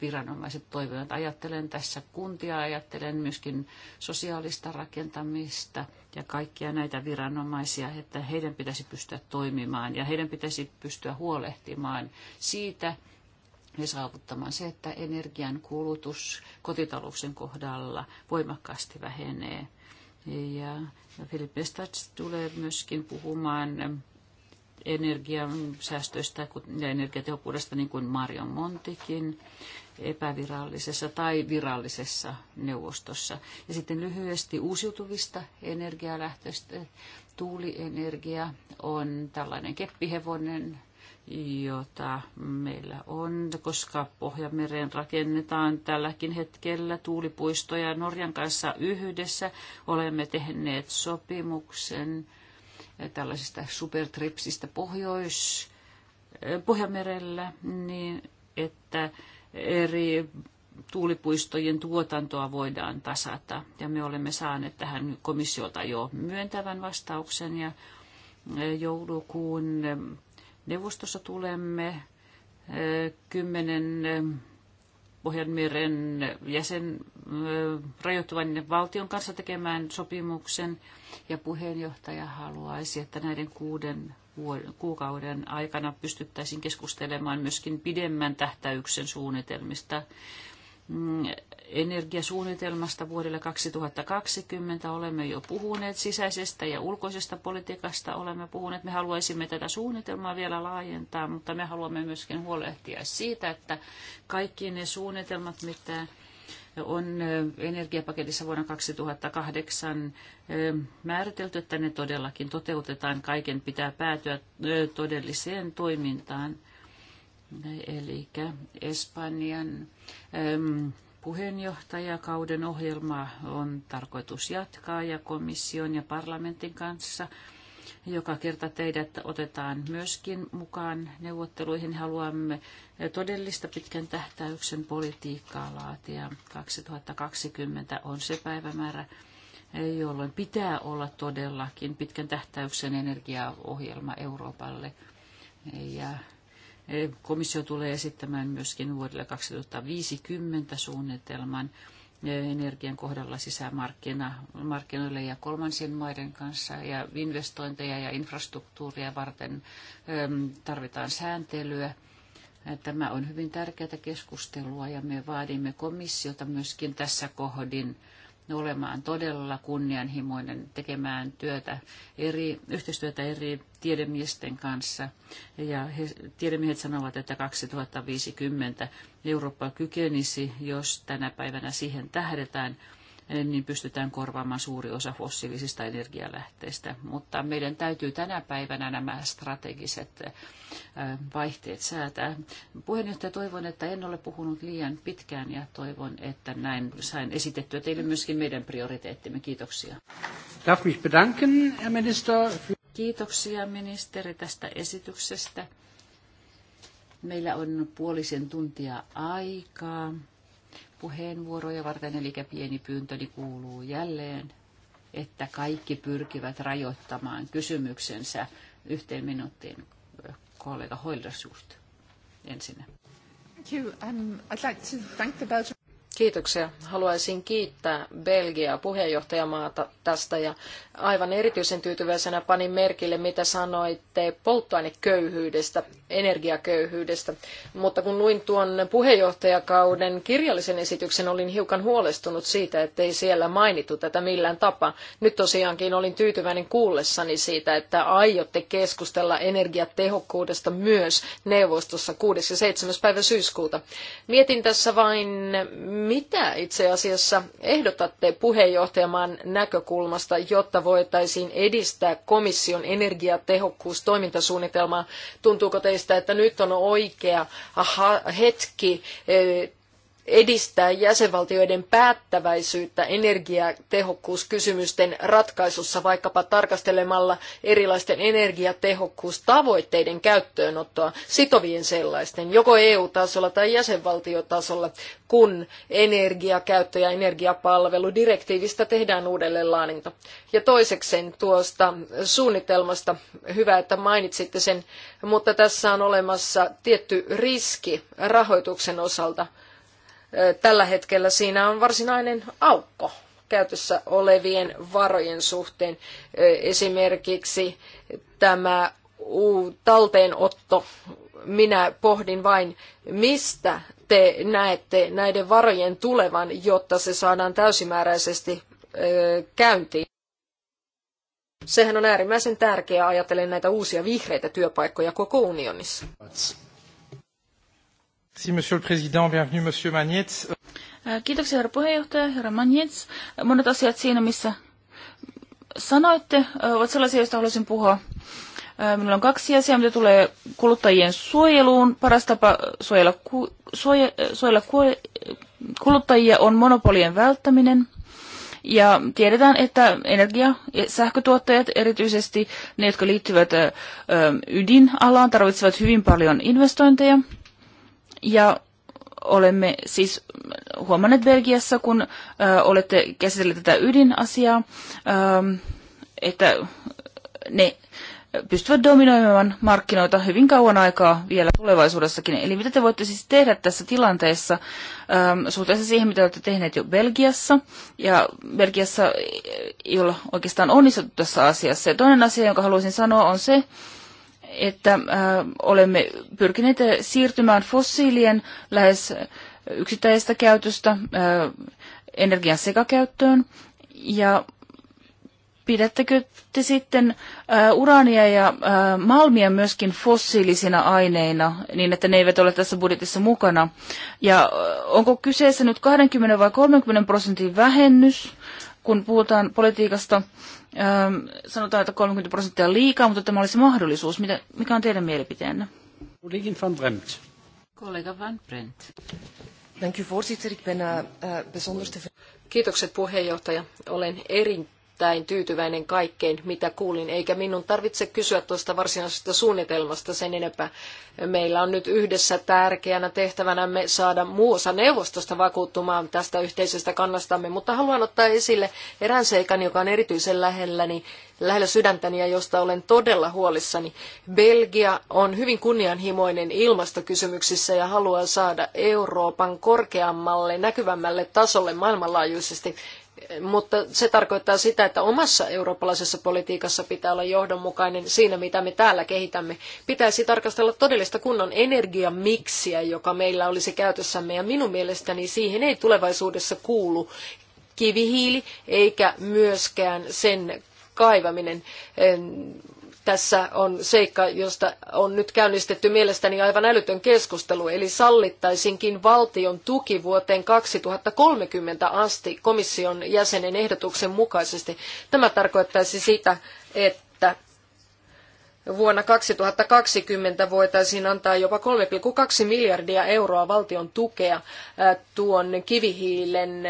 viranomaiset toimivat. Ajattelen tässä kuntia, ajattelen myöskin sosiaalista rakentamista ja kaikkia näitä viranomaisia, että heidän pitäisi pystyä toimimaan ja heidän pitäisi pystyä huolehtimaan siitä, ja saavuttamaan se, että energian kulutus kotitalouksen kohdalla voimakkaasti vähenee. Ja Philip Stats tulee myöskin puhumaan energian säästöistä ja energiatehokkuudesta, niin kuin Marion Montikin epävirallisessa tai virallisessa neuvostossa. Ja sitten lyhyesti uusiutuvista energialähtöistä. Tuulienergia on tällainen keppihevonen jota meillä on, koska Pohjanmereen rakennetaan tälläkin hetkellä tuulipuistoja Norjan kanssa yhdessä. Olemme tehneet sopimuksen eh, tällaisista supertripsistä Pohjois, eh, Pohjanmerellä, niin että eri tuulipuistojen tuotantoa voidaan tasata. Ja me olemme saaneet tähän komissiolta jo myöntävän vastauksen ja eh, joulukuun Neuvostossa tulemme eh, kymmenen eh, Pohjanmeren jäsen eh, rajoittuvan valtion kanssa tekemään sopimuksen ja puheenjohtaja haluaisi, että näiden kuuden kuukauden aikana pystyttäisiin keskustelemaan myöskin pidemmän tähtäyksen suunnitelmista Mm, energiasuunnitelmasta vuodelle 2020. Olemme jo puhuneet sisäisestä ja ulkoisesta politiikasta. Olemme puhuneet, me haluaisimme tätä suunnitelmaa vielä laajentaa, mutta me haluamme myöskin huolehtia siitä, että kaikki ne suunnitelmat, mitä on energiapaketissa vuonna 2008 määritelty, että ne todellakin toteutetaan. Kaiken pitää päätyä todelliseen toimintaan eli Espanjan äm, puheenjohtajakauden ohjelmaa on tarkoitus jatkaa ja komission ja parlamentin kanssa. Joka kerta teidät otetaan myöskin mukaan neuvotteluihin. Haluamme todellista pitkän tähtäyksen politiikkaa laatia. 2020 on se päivämäärä, jolloin pitää olla todellakin pitkän tähtäyksen energiaohjelma Euroopalle. Ja Komissio tulee esittämään myöskin vuodelle 2050 suunnitelman eh, energian kohdalla sisämarkkinoille ja kolmansien maiden kanssa. Ja investointeja ja infrastruktuuria varten tarvitaan sääntelyä. Eh, tämä on hyvin tärkeää keskustelua ja me vaadimme komissiota myöskin tässä kohdin olemaan todella kunnianhimoinen tekemään työtä eri, yhteistyötä eri tiedemiesten kanssa. Ja he, tiedemiehet sanovat, että 2050 Eurooppa kykenisi, jos tänä päivänä siihen tähdetään, niin pystytään korvaamaan suuri osa fossiilisista energialähteistä. Mutta meidän täytyy tänä päivänä nämä strategiset vaihteet säätää. Puheenjohtaja, toivon, että en ole puhunut liian pitkään ja toivon, että näin sain esitettyä teille myöskin meidän prioriteettimme. Kiitoksia. Darf mich bedanken, Herr Minister. Kiitoksia ministeri tästä esityksestä. Meillä on puolisen tuntia aikaa puheenvuoroja varten, eli pieni pyyntöni kuuluu jälleen, että kaikki pyrkivät rajoittamaan kysymyksensä yhteen minuuttiin kollega Hoildersuust ensinnä. Thank you. Um, I'd like to thank the Belgian... Kiitoksia. Haluaisin kiittää Belgiaa puheenjohtajamaata tästä ja aivan erityisen tyytyväisenä panin merkille, mitä sanoitte polttoaineköyhyydestä, energiaköyhyydestä. Mutta kun luin tuon puheenjohtajakauden kirjallisen esityksen, olin hiukan huolestunut siitä, ettei siellä mainittu tätä millään tapaa. Nyt tosiaankin olin tyytyväinen kuullessani siitä, että aiotte keskustella energiatehokkuudesta myös neuvostossa 6. ja 7. päivä syyskuuta. Mietin tässä vain, mitä itse asiassa ehdotatte puheenjohtajamaan näkökulmasta, jotta voitaisiin edistää komission energiatehokkuustoimintasuunnitelmaa? Tuntuuko teistä, että nyt on oikea hetki eh, edistää jäsenvaltioiden päättäväisyyttä energiatehokkuuskysymysten ratkaisussa vaikkapa tarkastelemalla erilaisten energiatehokkuustavoitteiden käyttöönottoa sitovien sellaisten, joko EU-tasolla tai jäsenvaltiotasolla, kun energiakäyttö- ja energiapalveludirektiivistä tehdään uudelleen laaninta. Ja toisekseen tuosta suunnitelmasta, hyvä, että mainitsitte sen, mutta tässä on olemassa tietty riski rahoituksen osalta – tällä hetkellä siinä on varsinainen aukko käytössä olevien varojen suhteen. Esimerkiksi tämä talteenotto. Minä pohdin vain, mistä te näette näiden varojen tulevan, jotta se saadaan täysimääräisesti käyntiin. Sehän on äärimmäisen tärkeää ajatellen näitä uusia vihreitä työpaikkoja koko unionissa. Äh, kiitoksia, herra puheenjohtaja, herra Monet asiat siinä, missä sanoitte, äh, ovat sellaisia, joista haluaisin puhua. Äh, minulla on kaksi asiaa, mitä tulee kuluttajien suojeluun. Paras tapa suojella, ku, suojella ku, kuluttajia on monopolien välttäminen. Ja tiedetään, että energia- ja sähkötuottajat, erityisesti ne, jotka liittyvät ydinalaan, tarvitsevat hyvin paljon investointeja. Ja olemme siis huomanneet Belgiassa, kun ö, olette käsitelleet tätä ydinasiaa, ö, että ne pystyvät dominoimaan markkinoita hyvin kauan aikaa vielä tulevaisuudessakin. Eli mitä te voitte siis tehdä tässä tilanteessa äm, suhteessa siihen, mitä olette tehneet jo Belgiassa? Ja Belgiassa ei ole oikeastaan onnistuttu tässä asiassa. Ja toinen asia, jonka haluaisin sanoa, on se, että äh, olemme pyrkineet siirtymään fossiilien lähes yksittäisestä käytöstä äh, energian sekakäyttöön. Ja pidättekö te sitten äh, uraania ja malmia myöskin fossiilisina aineina, niin että ne eivät ole tässä budjetissa mukana? Ja onko kyseessä nyt 20 vai 30 prosentin vähennys, kun puhutaan politiikasta sanotaan, että 30 prosenttia on liikaa, mutta tämä olisi mahdollisuus. Mitä, mikä on teidän mielipiteenne? Kollegin van Bremt. Kollega van Bremt. Dank u voorzitter. Ik ben uh, Kiitokset puheenjohtaja. Olen erittäin erittäin tyytyväinen kaikkeen, mitä kuulin, eikä minun tarvitse kysyä tuosta varsinaisesta suunnitelmasta sen enempää. Meillä on nyt yhdessä tärkeänä tehtävänämme saada muuosa neuvostosta vakuuttumaan tästä yhteisestä kannastamme, mutta haluan ottaa esille erään seikan, joka on erityisen lähelläni, lähellä sydäntäni ja josta olen todella huolissani. Belgia on hyvin kunnianhimoinen ilmastokysymyksissä ja haluaa saada Euroopan korkeammalle, näkyvämmälle tasolle maailmanlaajuisesti mutta se tarkoittaa sitä, että omassa eurooppalaisessa politiikassa pitää olla johdonmukainen siinä, mitä me täällä kehitämme. Pitäisi tarkastella todellista kunnon energiamiksiä, joka meillä olisi käytössämme, ja minun mielestäni siihen ei tulevaisuudessa kuulu kivihiili eikä myöskään sen kaivaminen tässä on seikka, josta on nyt käynnistetty mielestäni aivan älytön keskustelu, eli sallittaisinkin valtion tuki vuoteen 2030 asti komission jäsenen ehdotuksen mukaisesti. Tämä tarkoittaisi sitä, että vuonna 2020 voitaisiin antaa jopa 3,2 miljardia euroa valtion tukea tuon kivihiilen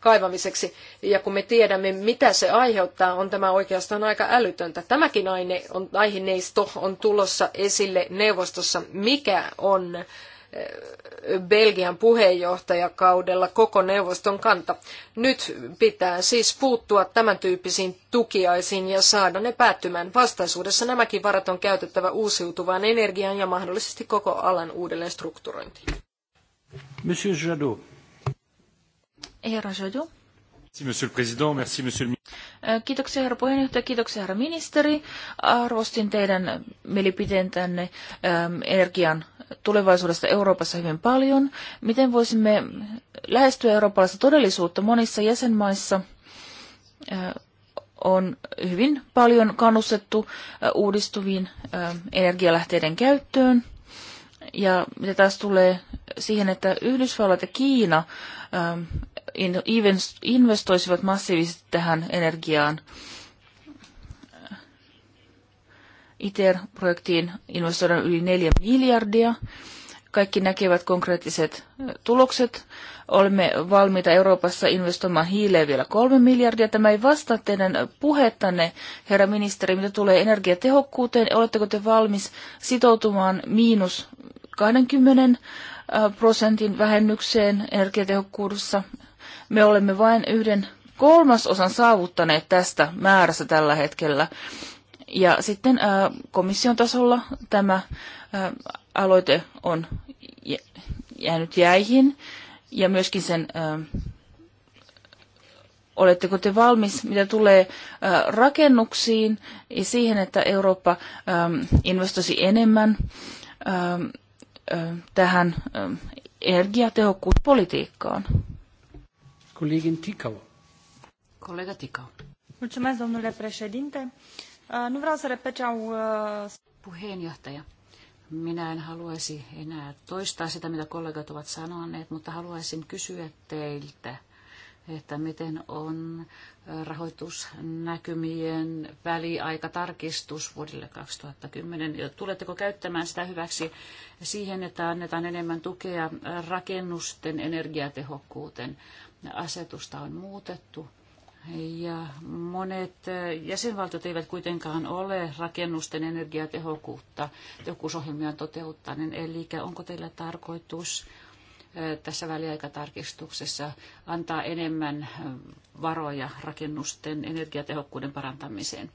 kaivamiseksi. Ja kun me tiedämme, mitä se aiheuttaa, on tämä oikeastaan aika älytöntä. Tämäkin aine on, aiheneisto on tulossa esille neuvostossa. Mikä on eh, Belgian puheenjohtajakaudella koko neuvoston kanta. Nyt pitää siis puuttua tämän tyyppisiin tukiaisiin ja saada ne päättymään. Vastaisuudessa nämäkin varat on käytettävä uusiutuvaan energiaan ja mahdollisesti koko alan uudelleen strukturointiin. Monsieur Jadot. Herra Kiitoksia herra puheenjohtaja, kiitoksia herra ministeri. Arvostin teidän mielipiteen tänne energian tulevaisuudesta Euroopassa hyvin paljon. Miten voisimme lähestyä eurooppalaista todellisuutta monissa jäsenmaissa? on hyvin paljon kannustettu uudistuviin energialähteiden käyttöön. Ja mitä taas tulee siihen, että Yhdysvallat ja Kiina investoisivat massiivisesti tähän energiaan. ITER-projektiin investoidaan yli 4 miljardia. Kaikki näkevät konkreettiset tulokset. Olemme valmiita Euroopassa investoimaan hiileen vielä 3 miljardia. Tämä ei vastaa teidän puhettanne, herra ministeri, mitä tulee energiatehokkuuteen. Oletteko te valmis sitoutumaan miinus 20 äh, prosentin vähennykseen energiatehokkuudessa me olemme vain yhden kolmasosan saavuttaneet tästä määrästä tällä hetkellä. Ja sitten ää, äh, komission tasolla tämä ää, äh, aloite on jäänyt jäihin ja myöskin sen ää, äh, oletteko te valmis, mitä tulee rakennuksiin ja siihen, että Eurooppa ähm, investoisi enemmän ähm, tähän ähm, energiatehokkuuspolitiikkaan? Kollegin Ticau. Colega Ticau. Mulțumesc, domnule președinte. Uh, nu vreau să repet ce au... Uh, Puheenjohtaja, minä en haluaisi enää toistaa sitä, mitä kollegat ovat sanoneet, mutta haluaisin kysyä teiltä, että miten on rahoitusnäkymien väliaikatarkistus vuodelle 2010. Tuletteko käyttämään sitä hyväksi siihen, että annetaan enemmän tukea rakennusten energiatehokkuuteen? asetusta on muutettu. Ja monet jäsenvaltiot eivät kuitenkaan ole rakennusten energiatehokkuutta tehokkuusohjelmia toteuttaneet. Eli onko teillä tarkoitus tässä väliaikatarkistuksessa antaa enemmän varoja rakennusten energiatehokkuuden parantamiseen?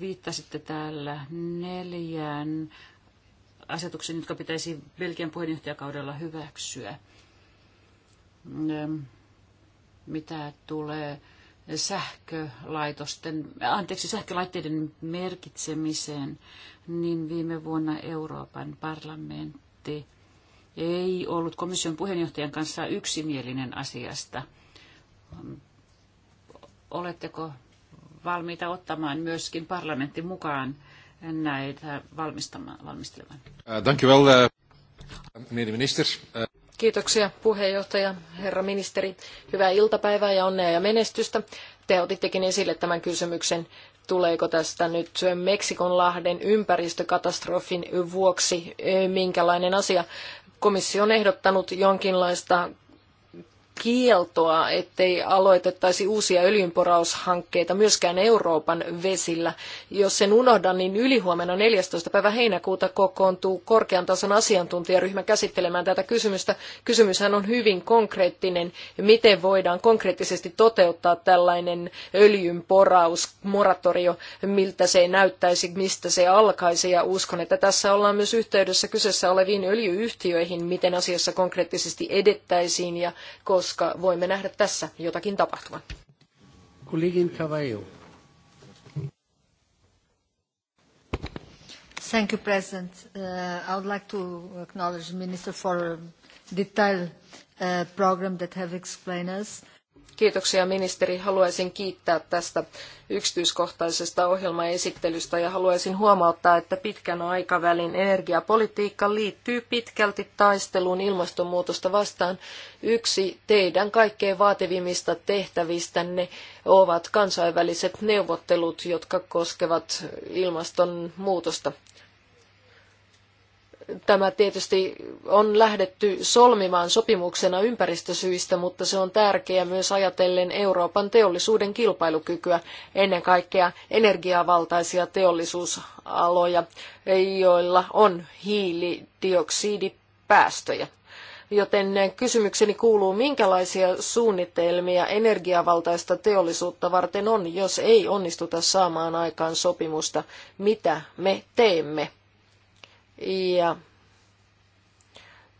Viittasitte täällä neljään asetuksen, jotka pitäisi Belgian puheenjohtajakaudella hyväksyä mitä tulee sähkölaitosten, anteeksi, sähkölaitteiden merkitsemiseen, niin viime vuonna Euroopan parlamentti ei ollut komission puheenjohtajan kanssa yksimielinen asiasta. Oletteko valmiita ottamaan myöskin parlamentti mukaan näitä valmistelemaan? Uh, äh, thank you well, uh, äh, minister. Äh, Kiitoksia puheenjohtaja, herra ministeri. Hyvää iltapäivää ja onnea ja menestystä. Te otittekin esille tämän kysymyksen, tuleeko tästä nyt Meksikonlahden ympäristökatastrofin vuoksi eh, minkälainen asia. Komissio on ehdottanut jonkinlaista kieltoa, ettei aloitettaisi uusia öljynporaushankkeita myöskään Euroopan vesillä. Jos sen unohdan, niin ylihuomenna 14. päivä heinäkuuta kokoontuu korkean tason asiantuntijaryhmä käsittelemään tätä kysymystä. Kysymyshän on hyvin konkreettinen, miten voidaan konkreettisesti toteuttaa tällainen öljynporaus, moratorio, miltä se näyttäisi, mistä se alkaisi ja uskon, että tässä ollaan myös yhteydessä kyseessä oleviin öljyyhtiöihin, miten asiassa konkreettisesti edettäisiin ja koska koska voimme nähdä tässä jotakin tapahtuvan. Kollegin Cavaio. Thank you, President. Uh, I would like to acknowledge Minister for detailed uh, program that have explained us. Kiitoksia ministeri. Haluaisin kiittää tästä yksityiskohtaisesta ohjelmaesittelystä ja haluaisin huomauttaa, että pitkän aikavälin energiapolitiikka liittyy pitkälti taisteluun ilmastonmuutosta vastaan. Yksi teidän kaikkein vaativimmista tehtävistänne ovat kansainväliset neuvottelut, jotka koskevat ilmastonmuutosta. Tämä tietysti on lähdetty solmimaan sopimuksena ympäristösyistä, mutta se on tärkeää myös ajatellen Euroopan teollisuuden kilpailukykyä, ennen kaikkea energiavaltaisia teollisuusaloja, joilla on hiilidioksidipäästöjä. Joten kysymykseni kuuluu, minkälaisia suunnitelmia energiavaltaista teollisuutta varten on, jos ei onnistuta saamaan aikaan sopimusta, mitä me teemme ja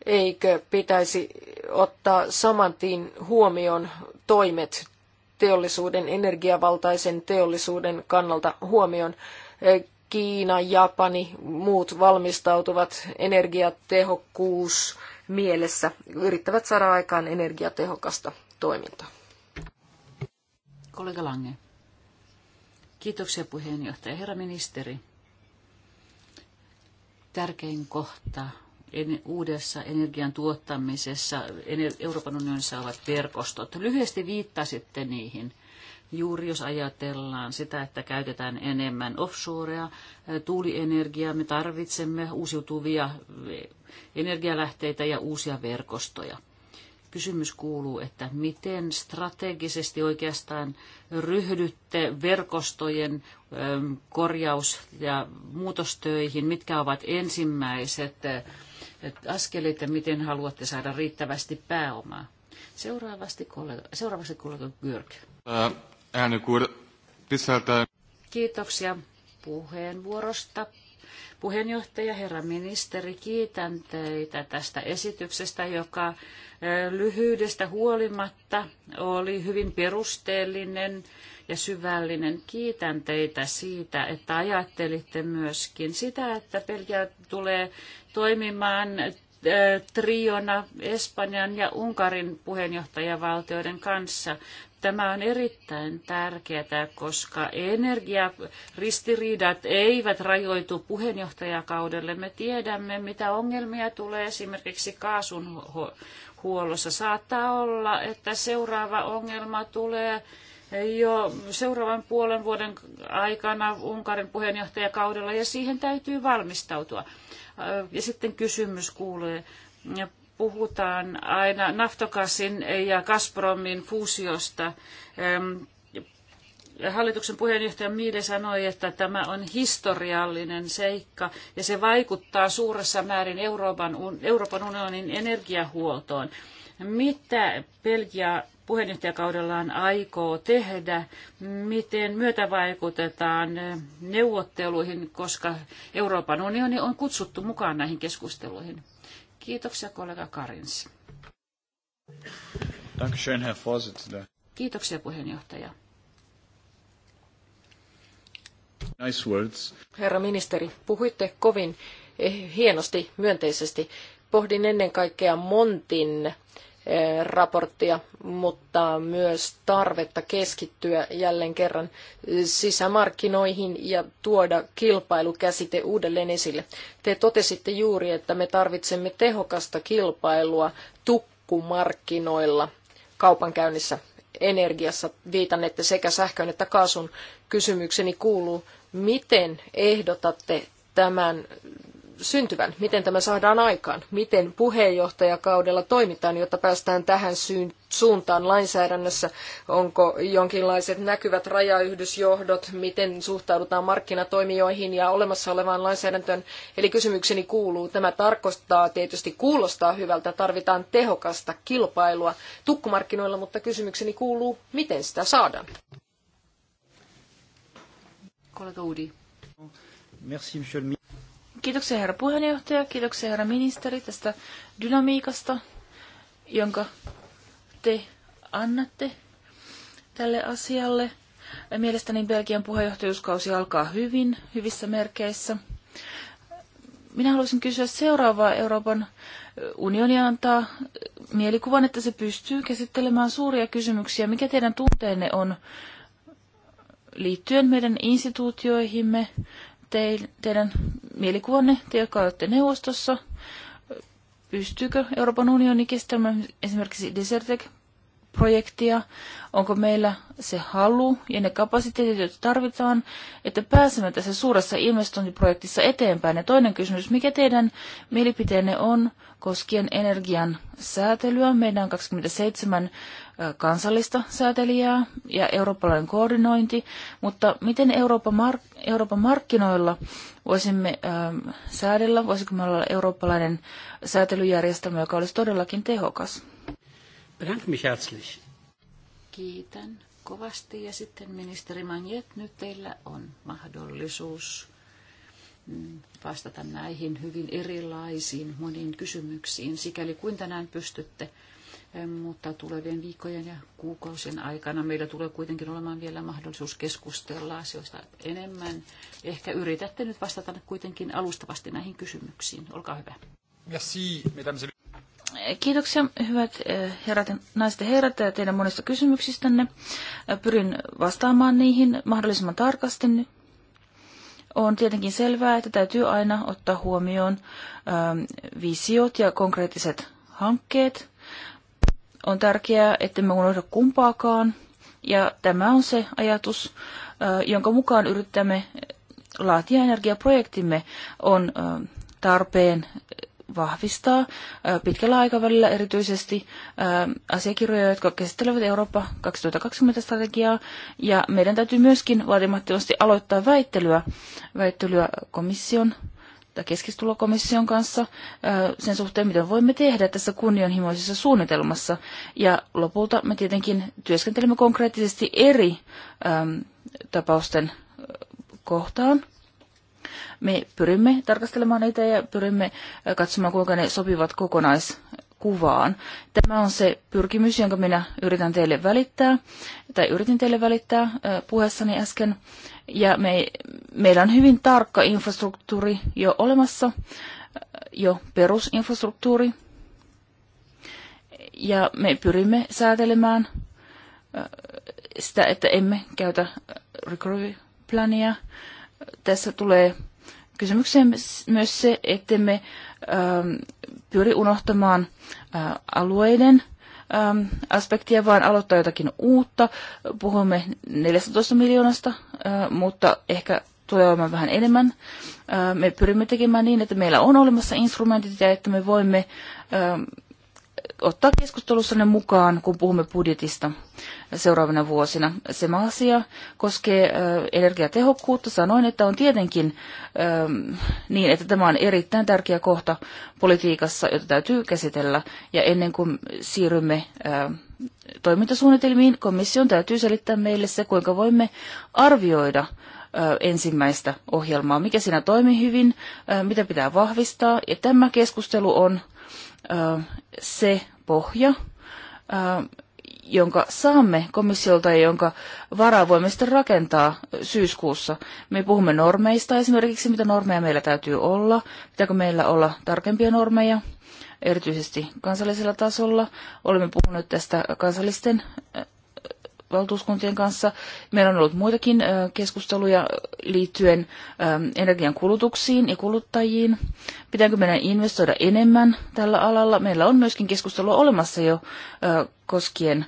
eikö pitäisi ottaa samantien huomioon toimet teollisuuden, energiavaltaisen teollisuuden kannalta huomioon. E, Kiina, Japani, muut valmistautuvat energiatehokkuus mielessä, yrittävät saada aikaan energiatehokasta toimintaa. Kollega Lange. Kiitoksia puheenjohtaja. Herra ministeri, tärkein kohta uudessa energian tuottamisessa Euroopan unionissa ovat verkostot. Lyhyesti viittasitte niihin. Juuri jos ajatellaan sitä, että käytetään enemmän offshorea, tuulienergiaa, me tarvitsemme uusiutuvia energialähteitä ja uusia verkostoja. Kysymys kuuluu, että miten strategisesti oikeastaan ryhdytte verkostojen ähm, korjaus- ja muutostöihin, mitkä ovat ensimmäiset äh, askelit ja miten haluatte saada riittävästi pääomaa. Seuraavasti kollega, seuraavaksi kollega Gyrk. Kiitoksia puheenvuorosta. Puheenjohtaja, herra ministeri, kiitän teitä tästä esityksestä, joka lyhyydestä huolimatta oli hyvin perusteellinen ja syvällinen. Kiitän teitä siitä, että ajattelitte myöskin sitä, että Belgia tulee toimimaan triona Espanjan ja Unkarin puheenjohtajavaltioiden kanssa. Tämä on erittäin tärkeää, koska energiaristiriidat eivät rajoitu puheenjohtajakaudelle. Me tiedämme, mitä ongelmia tulee esimerkiksi kaasun huollossa. Saattaa olla, että seuraava ongelma tulee jo seuraavan puolen vuoden aikana Unkarin puheenjohtajakaudella ja siihen täytyy valmistautua. Ja sitten kysymys kuulee, puhutaan aina Naftokasin ja Gazpromin fuusiosta. Hallituksen puheenjohtaja Miide sanoi, että tämä on historiallinen seikka ja se vaikuttaa suuressa määrin Euroopan, Euroopan unionin energiahuoltoon. Mitä Belgia puheenjohtajakaudellaan aikoo tehdä, miten myötävaikutetaan neuvotteluihin, koska Euroopan unioni on kutsuttu mukaan näihin keskusteluihin? Kiitoksia kollega Karins. Dankeschön, Herr Vorsitzender. Kiitoksia puheenjohtaja. Nice words. Herra ministeri, puhuitte kovin eh, hienosti myönteisesti. Pohdin ennen kaikkea Montin Eh, raporttia, mutta myös tarvetta keskittyä jälleen kerran sisämarkkinoihin ja tuoda kilpailukäsite uudelleen esille. Te totesitte juuri, että me tarvitsemme tehokasta kilpailua tukkumarkkinoilla kaupankäynnissä energiassa viitannette sekä sähkön että kaasun. Kysymykseni kuuluu, miten ehdotatte tämän syntyvän? Miten tämä saadaan aikaan? Miten puheenjohtajakaudella toimitaan, jotta päästään tähän suuntaan lainsäädännössä? Onko jonkinlaiset näkyvät rajayhdysjohdot? Miten suhtaudutaan markkinatoimijoihin ja olemassa olevaan lainsäädäntöön? Eli kysymykseni kuuluu, tämä tarkoittaa tietysti kuulostaa hyvältä, tarvitaan tehokasta kilpailua tukkumarkkinoilla, mutta kysymykseni kuuluu, miten sitä saadaan? Kollega Udi. Merci, monsieur Kiitoksia herra puheenjohtaja, kiitoksia herra ministeri tästä dynamiikasta, jonka te annatte tälle asialle. Mielestäni Belgian puheenjohtajuuskausi alkaa hyvin, hyvissä merkeissä. Minä haluaisin kysyä seuraavaa Euroopan unionia antaa mielikuvan, että se pystyy käsittelemään suuria kysymyksiä. Mikä teidän tunteenne on liittyen meidän instituutioihimme, teidän mielikuvanne, te jotka olette neuvostossa, pystyykö Euroopan unioni kestämään esimerkiksi Desertec projektia, onko meillä se halu ja ne kapasiteetit, joita tarvitaan, että pääsemme tässä suuressa investointiprojektissa eteenpäin. Ja toinen kysymys, mikä teidän mielipiteenne on koskien energian säätelyä? Meidän on 27 kansallista säätelijää ja eurooppalainen koordinointi, mutta miten Euroopan, mark- Euroopan markkinoilla voisimme ähm, säädellä, voisiko meillä olla eurooppalainen säätelyjärjestelmä, joka olisi todellakin tehokas? bedanke mich herzlich. Kiitän kovasti ja sitten ministeri Magnet, nyt teillä on mahdollisuus mm, vastata näihin hyvin erilaisiin moniin kysymyksiin, sikäli kuin tänään pystytte. Mutta tulevien viikkojen ja kuukausien aikana meillä tulee kuitenkin olemaan vielä mahdollisuus keskustella asioista enemmän. Ehkä yritätte nyt vastata kuitenkin alustavasti näihin kysymyksiin. Olkaa hyvä. Merci, mesdames Kiitoksia, hyvät eh, herrat, naiset ja herrat, teidän monista kysymyksistänne. Eh, pyrin vastaamaan niihin mahdollisimman tarkasti. On tietenkin selvää, että täytyy aina ottaa huomioon ähm, visiot ja konkreettiset hankkeet. On tärkeää, että me unohda kumpaakaan. Ja tämä on se ajatus, äh, jonka mukaan yritämme äh, laatia energiaprojektimme on äh, tarpeen vahvistaa pitkällä aikavälillä erityisesti asiakirjoja, jotka käsittelevät Eurooppa 2020-strategiaa. Ja meidän täytyy myöskin vaatimattomasti aloittaa väittelyä, väittelyä komission tai keskistulokomission kanssa sen suhteen, mitä voimme tehdä tässä kunnianhimoisessa suunnitelmassa. Ja lopulta me tietenkin työskentelemme konkreettisesti eri äm, tapausten kohtaan. Me pyrimme tarkastelemaan niitä ja pyrimme äh, katsomaan, kuinka ne sopivat kuvaan. Tämä on se pyrkimys, jonka minä yritän teille välittää, tai yritin teille välittää äh, puheessani äsken. Ja me, meillä on hyvin tarkka infrastruktuuri jo olemassa, äh, jo perusinfrastruktuuri. Ja me pyrimme säätelemään sitä, että emme käytä recovery plania tässä tulee kysymykseen myös se, että me ähm, pyri unohtamaan äh, alueiden ähm, aspektia, vaan aloittaa jotakin uutta. Puhumme 14 miljoonasta, äh, mutta ehkä tulee olemaan vähän enemmän. Äh, me pyrimme tekemään niin, että meillä on olemassa instrumentit ja että me voimme ähm, ottaa keskustelussanne mukaan, kun puhumme budjetista seuraavina vuosina. Se asia koskee energiatehokkuutta. Sanoin, että on tietenkin niin, että tämä on erittäin tärkeä kohta politiikassa, jota täytyy käsitellä. Ja ennen kuin siirrymme toimintasuunnitelmiin, komission täytyy selittää meille se, kuinka voimme arvioida ensimmäistä ohjelmaa, mikä siinä toimi hyvin, mitä pitää vahvistaa. Ja tämä keskustelu on se pohja, jonka saamme komissiolta ja jonka varaa voimme sitten rakentaa syyskuussa. Me puhumme normeista esimerkiksi, mitä normeja meillä täytyy olla, pitääkö meillä olla tarkempia normeja, erityisesti kansallisella tasolla. Olemme puhuneet tästä kansallisten valtuuskuntien kanssa. Meillä on ollut muitakin keskusteluja liittyen energian kulutuksiin ja kuluttajiin. Pitääkö meidän investoida enemmän tällä alalla? Meillä on myöskin keskustelua olemassa jo koskien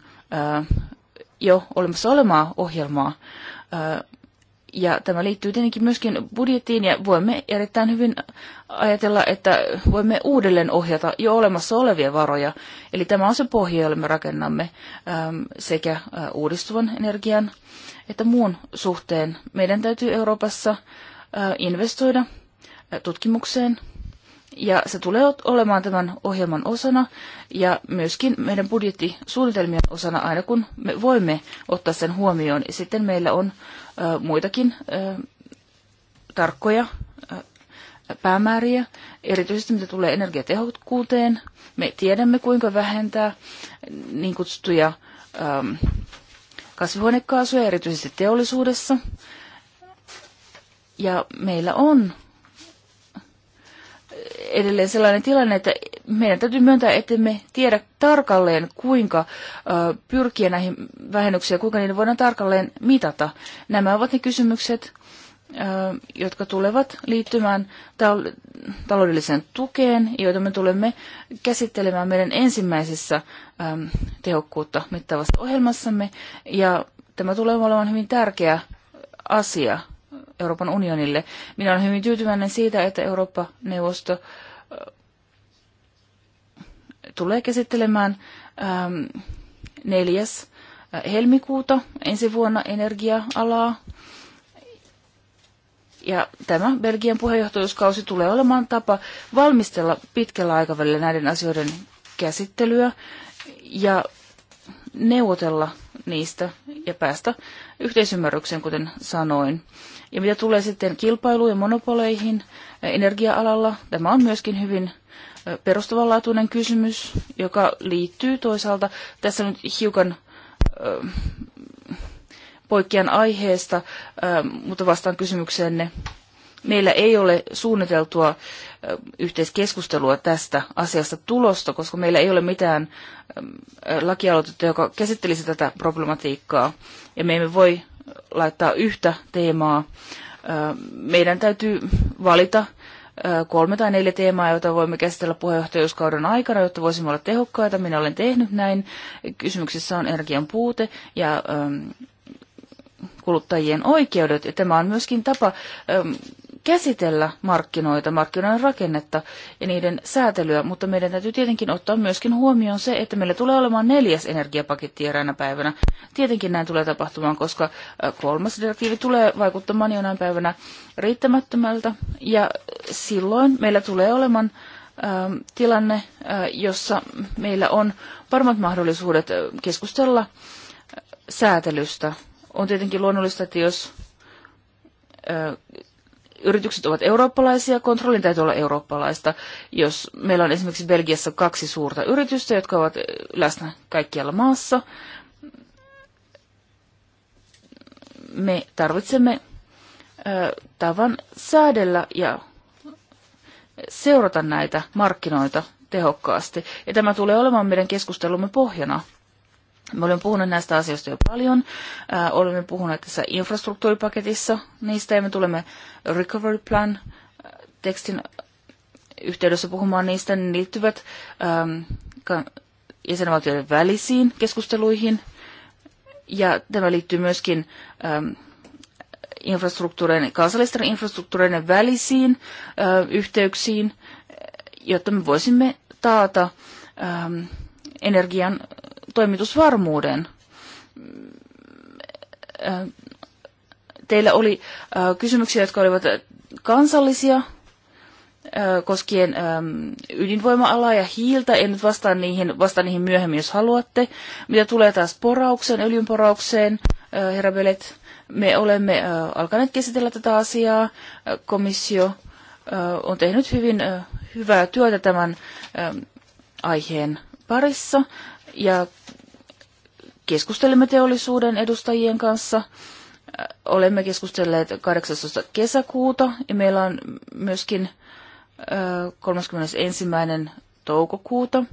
jo olemassa olemaa ohjelmaa ja tämä liittyy tietenkin myöskin budjettiin ja voimme erittäin hyvin ajatella, että voimme uudelleen ohjata jo olemassa olevia varoja. Eli tämä on se pohja, jolle me rakennamme ähm, sekä äh, uudistuvan energian että muun suhteen. Meidän täytyy Euroopassa äh, investoida äh, tutkimukseen, ja se tulee olemaan tämän ohjelman osana ja myöskin meidän budjettisuunnitelmien osana aina kun me voimme ottaa sen huomioon. Ja sitten meillä on ö, muitakin ö, tarkkoja päämääriä, erityisesti mitä tulee energiatehokkuuteen. Me tiedämme kuinka vähentää niin kutsuttuja kasvihuonekaasuja erityisesti teollisuudessa. Ja meillä on edelleen sellainen tilanne, että meidän täytyy myöntää, että me tiedä tarkalleen, kuinka pyrkiä näihin vähennyksiin kuinka niitä voidaan tarkalleen mitata. Nämä ovat ne kysymykset, jotka tulevat liittymään taloudelliseen tukeen, joita me tulemme käsittelemään meidän ensimmäisessä tehokkuutta mittavassa ohjelmassamme. Ja tämä tulee olemaan hyvin tärkeä asia Euroopan unionille. Minä olen hyvin tyytyväinen siitä, että Eurooppa-neuvosto äh, tulee käsittelemään ähm, 4. Äh, helmikuuta ensi vuonna energia-alaa. Ja tämä Belgian puheenjohtajuuskausi tulee olemaan tapa valmistella pitkällä aikavälillä näiden asioiden käsittelyä ja neuvotella niistä ja päästä yhteisymmärrykseen, kuten sanoin. Ja mitä tulee sitten kilpailuun ja monopoleihin eh, energia-alalla, tämä on myöskin hyvin eh, perustavanlaatuinen kysymys, joka liittyy toisaalta tässä nyt hiukan eh, poikkean aiheesta, mutta vastaan kysymykseenne meillä ei ole suunniteltua yhteiskeskustelua tästä asiasta tulosta, koska meillä ei ole mitään lakialoitetta, joka käsittelisi tätä problematiikkaa. Ja me emme voi laittaa yhtä teemaa. Meidän täytyy valita kolme tai neljä teemaa, joita voimme käsitellä puheenjohtajuuskauden aikana, jotta voisimme olla tehokkaita. Minä olen tehnyt näin. Kysymyksessä on energian puute ja kuluttajien oikeudet. Ja tämä on myöskin tapa käsitellä markkinoita, markkinoiden rakennetta ja niiden säätelyä, mutta meidän täytyy tietenkin ottaa myöskin huomioon se, että meillä tulee olemaan neljäs energiapaketti eräänä päivänä. Tietenkin näin tulee tapahtumaan, koska äh, kolmas direktiivi tulee vaikuttamaan jonain päivänä riittämättömältä ja silloin meillä tulee olemaan ähm, tilanne, äh, jossa meillä on paremmat mahdollisuudet äh, keskustella säätelystä. On tietenkin luonnollista, että jos yritykset ovat eurooppalaisia, kontrollin täytyy olla eurooppalaista. Jos meillä on esimerkiksi Belgiassa kaksi suurta yritystä, jotka ovat läsnä kaikkialla maassa, me tarvitsemme tavan säädellä ja seurata näitä markkinoita tehokkaasti. Ja tämä tulee olemaan meidän keskustelumme pohjana. Me olemme puhuneet näistä asioista jo paljon. Äh, olemme puhuneet tässä infrastruktuuripaketissa niistä ja me tulemme Recovery Plan äh, tekstin yhteydessä puhumaan niistä. Ne liittyvät ähm, jäsenvaltioiden välisiin keskusteluihin ja tämä liittyy myöskin äm, infrastruktuurien, kansallisten infrastruktuurien välisiin äh, yhteyksiin, jotta me voisimme taata ähm, energian toimitusvarmuuden. Teillä oli kysymyksiä, jotka olivat kansallisia koskien ydinvoima-alaa ja hiiltä. En nyt vastaa niihin, vastaa niihin myöhemmin, jos haluatte. Mitä tulee taas poraukseen, öljynporaukseen, herra Belet, me olemme alkaneet käsitellä tätä asiaa. Komissio on tehnyt hyvin hyvää työtä tämän aiheen parissa ja keskustelemme teollisuuden edustajien kanssa. Olemme keskustelleet 18. kesäkuuta ja meillä on myöskin 31. toukokuuta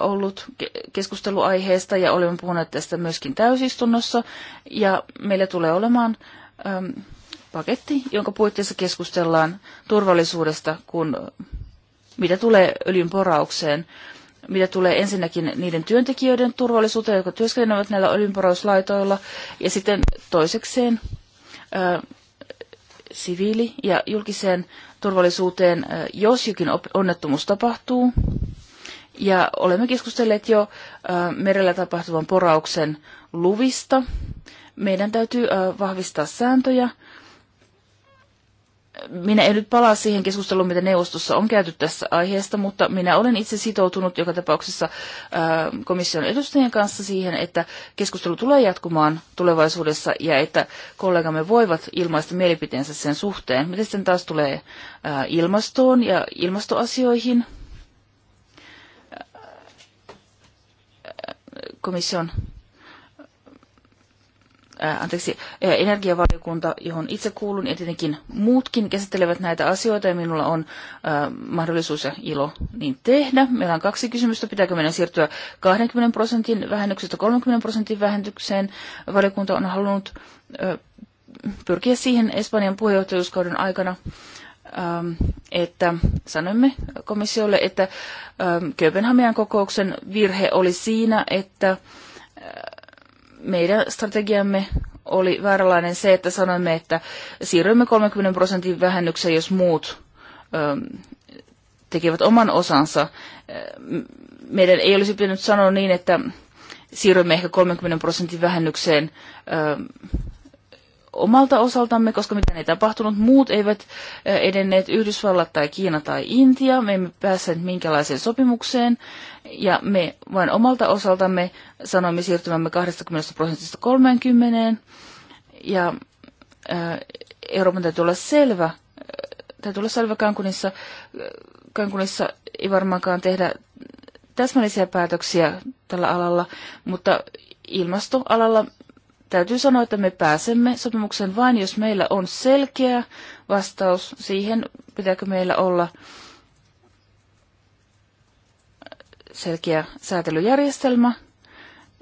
ollut keskusteluaiheesta ja olemme puhuneet tästä myöskin täysistunnossa. Ja meillä tulee olemaan paketti, jonka puitteissa keskustellaan turvallisuudesta, kun mitä tulee öljyn poraukseen mitä tulee ensinnäkin niiden työntekijöiden turvallisuuteen, jotka työskentelevät näillä öljynporauslaitoilla, ja sitten toisekseen ää, siviili- ja julkiseen turvallisuuteen, ää, jos jokin onnettomuus tapahtuu. Ja olemme keskustelleet jo ää, merellä tapahtuvan porauksen luvista. Meidän täytyy ää, vahvistaa sääntöjä minä en nyt palaa siihen keskusteluun, mitä neuvostossa on käyty tässä aiheesta, mutta minä olen itse sitoutunut joka tapauksessa komission edustajien kanssa siihen, että keskustelu tulee jatkumaan tulevaisuudessa ja että kollegamme voivat ilmaista mielipiteensä sen suhteen. Mitä sitten taas tulee ilmastoon ja ilmastoasioihin? Komission Äh, anteeksi, äh, energiavaliokunta, johon itse kuulun, ja tietenkin muutkin käsittelevät näitä asioita, ja minulla on äh, mahdollisuus ja ilo niin tehdä. Meillä on kaksi kysymystä, pitääkö meidän siirtyä 20 prosentin vähennyksestä 30 prosentin vähennykseen. Valiokunta on halunnut pyrkiä siihen Espanjan puheenjohtajuuskauden aikana, ähm, että sanoimme komissiolle, että ähm, Kööpenhaminan kokouksen virhe oli siinä, että meidän strategiamme oli vääränlainen se, että sanoimme, että siirrymme 30 prosentin vähennykseen, jos muut ö, ähm, tekevät oman osansa. Äh, meidän ei olisi pitänyt sanoa niin, että siirrymme ehkä 30 prosentin vähennykseen ö, ähm, omalta osaltamme, koska mitä ei tapahtunut, muut eivät edenneet Yhdysvallat tai Kiina tai Intia, me emme päässeet minkälaiseen sopimukseen, ja me vain omalta osaltamme sanoimme siirtymämme 20 prosentista 30, ja Euroopan täytyy olla selvä, täytyy olla selvä Kankunissa, Kankunissa ei varmaankaan tehdä täsmällisiä päätöksiä tällä alalla, mutta ilmastoalalla täytyy sanoa, että me pääsemme sopimukseen vain, jos meillä on selkeä vastaus siihen, pitääkö meillä olla selkeä säätelyjärjestelmä,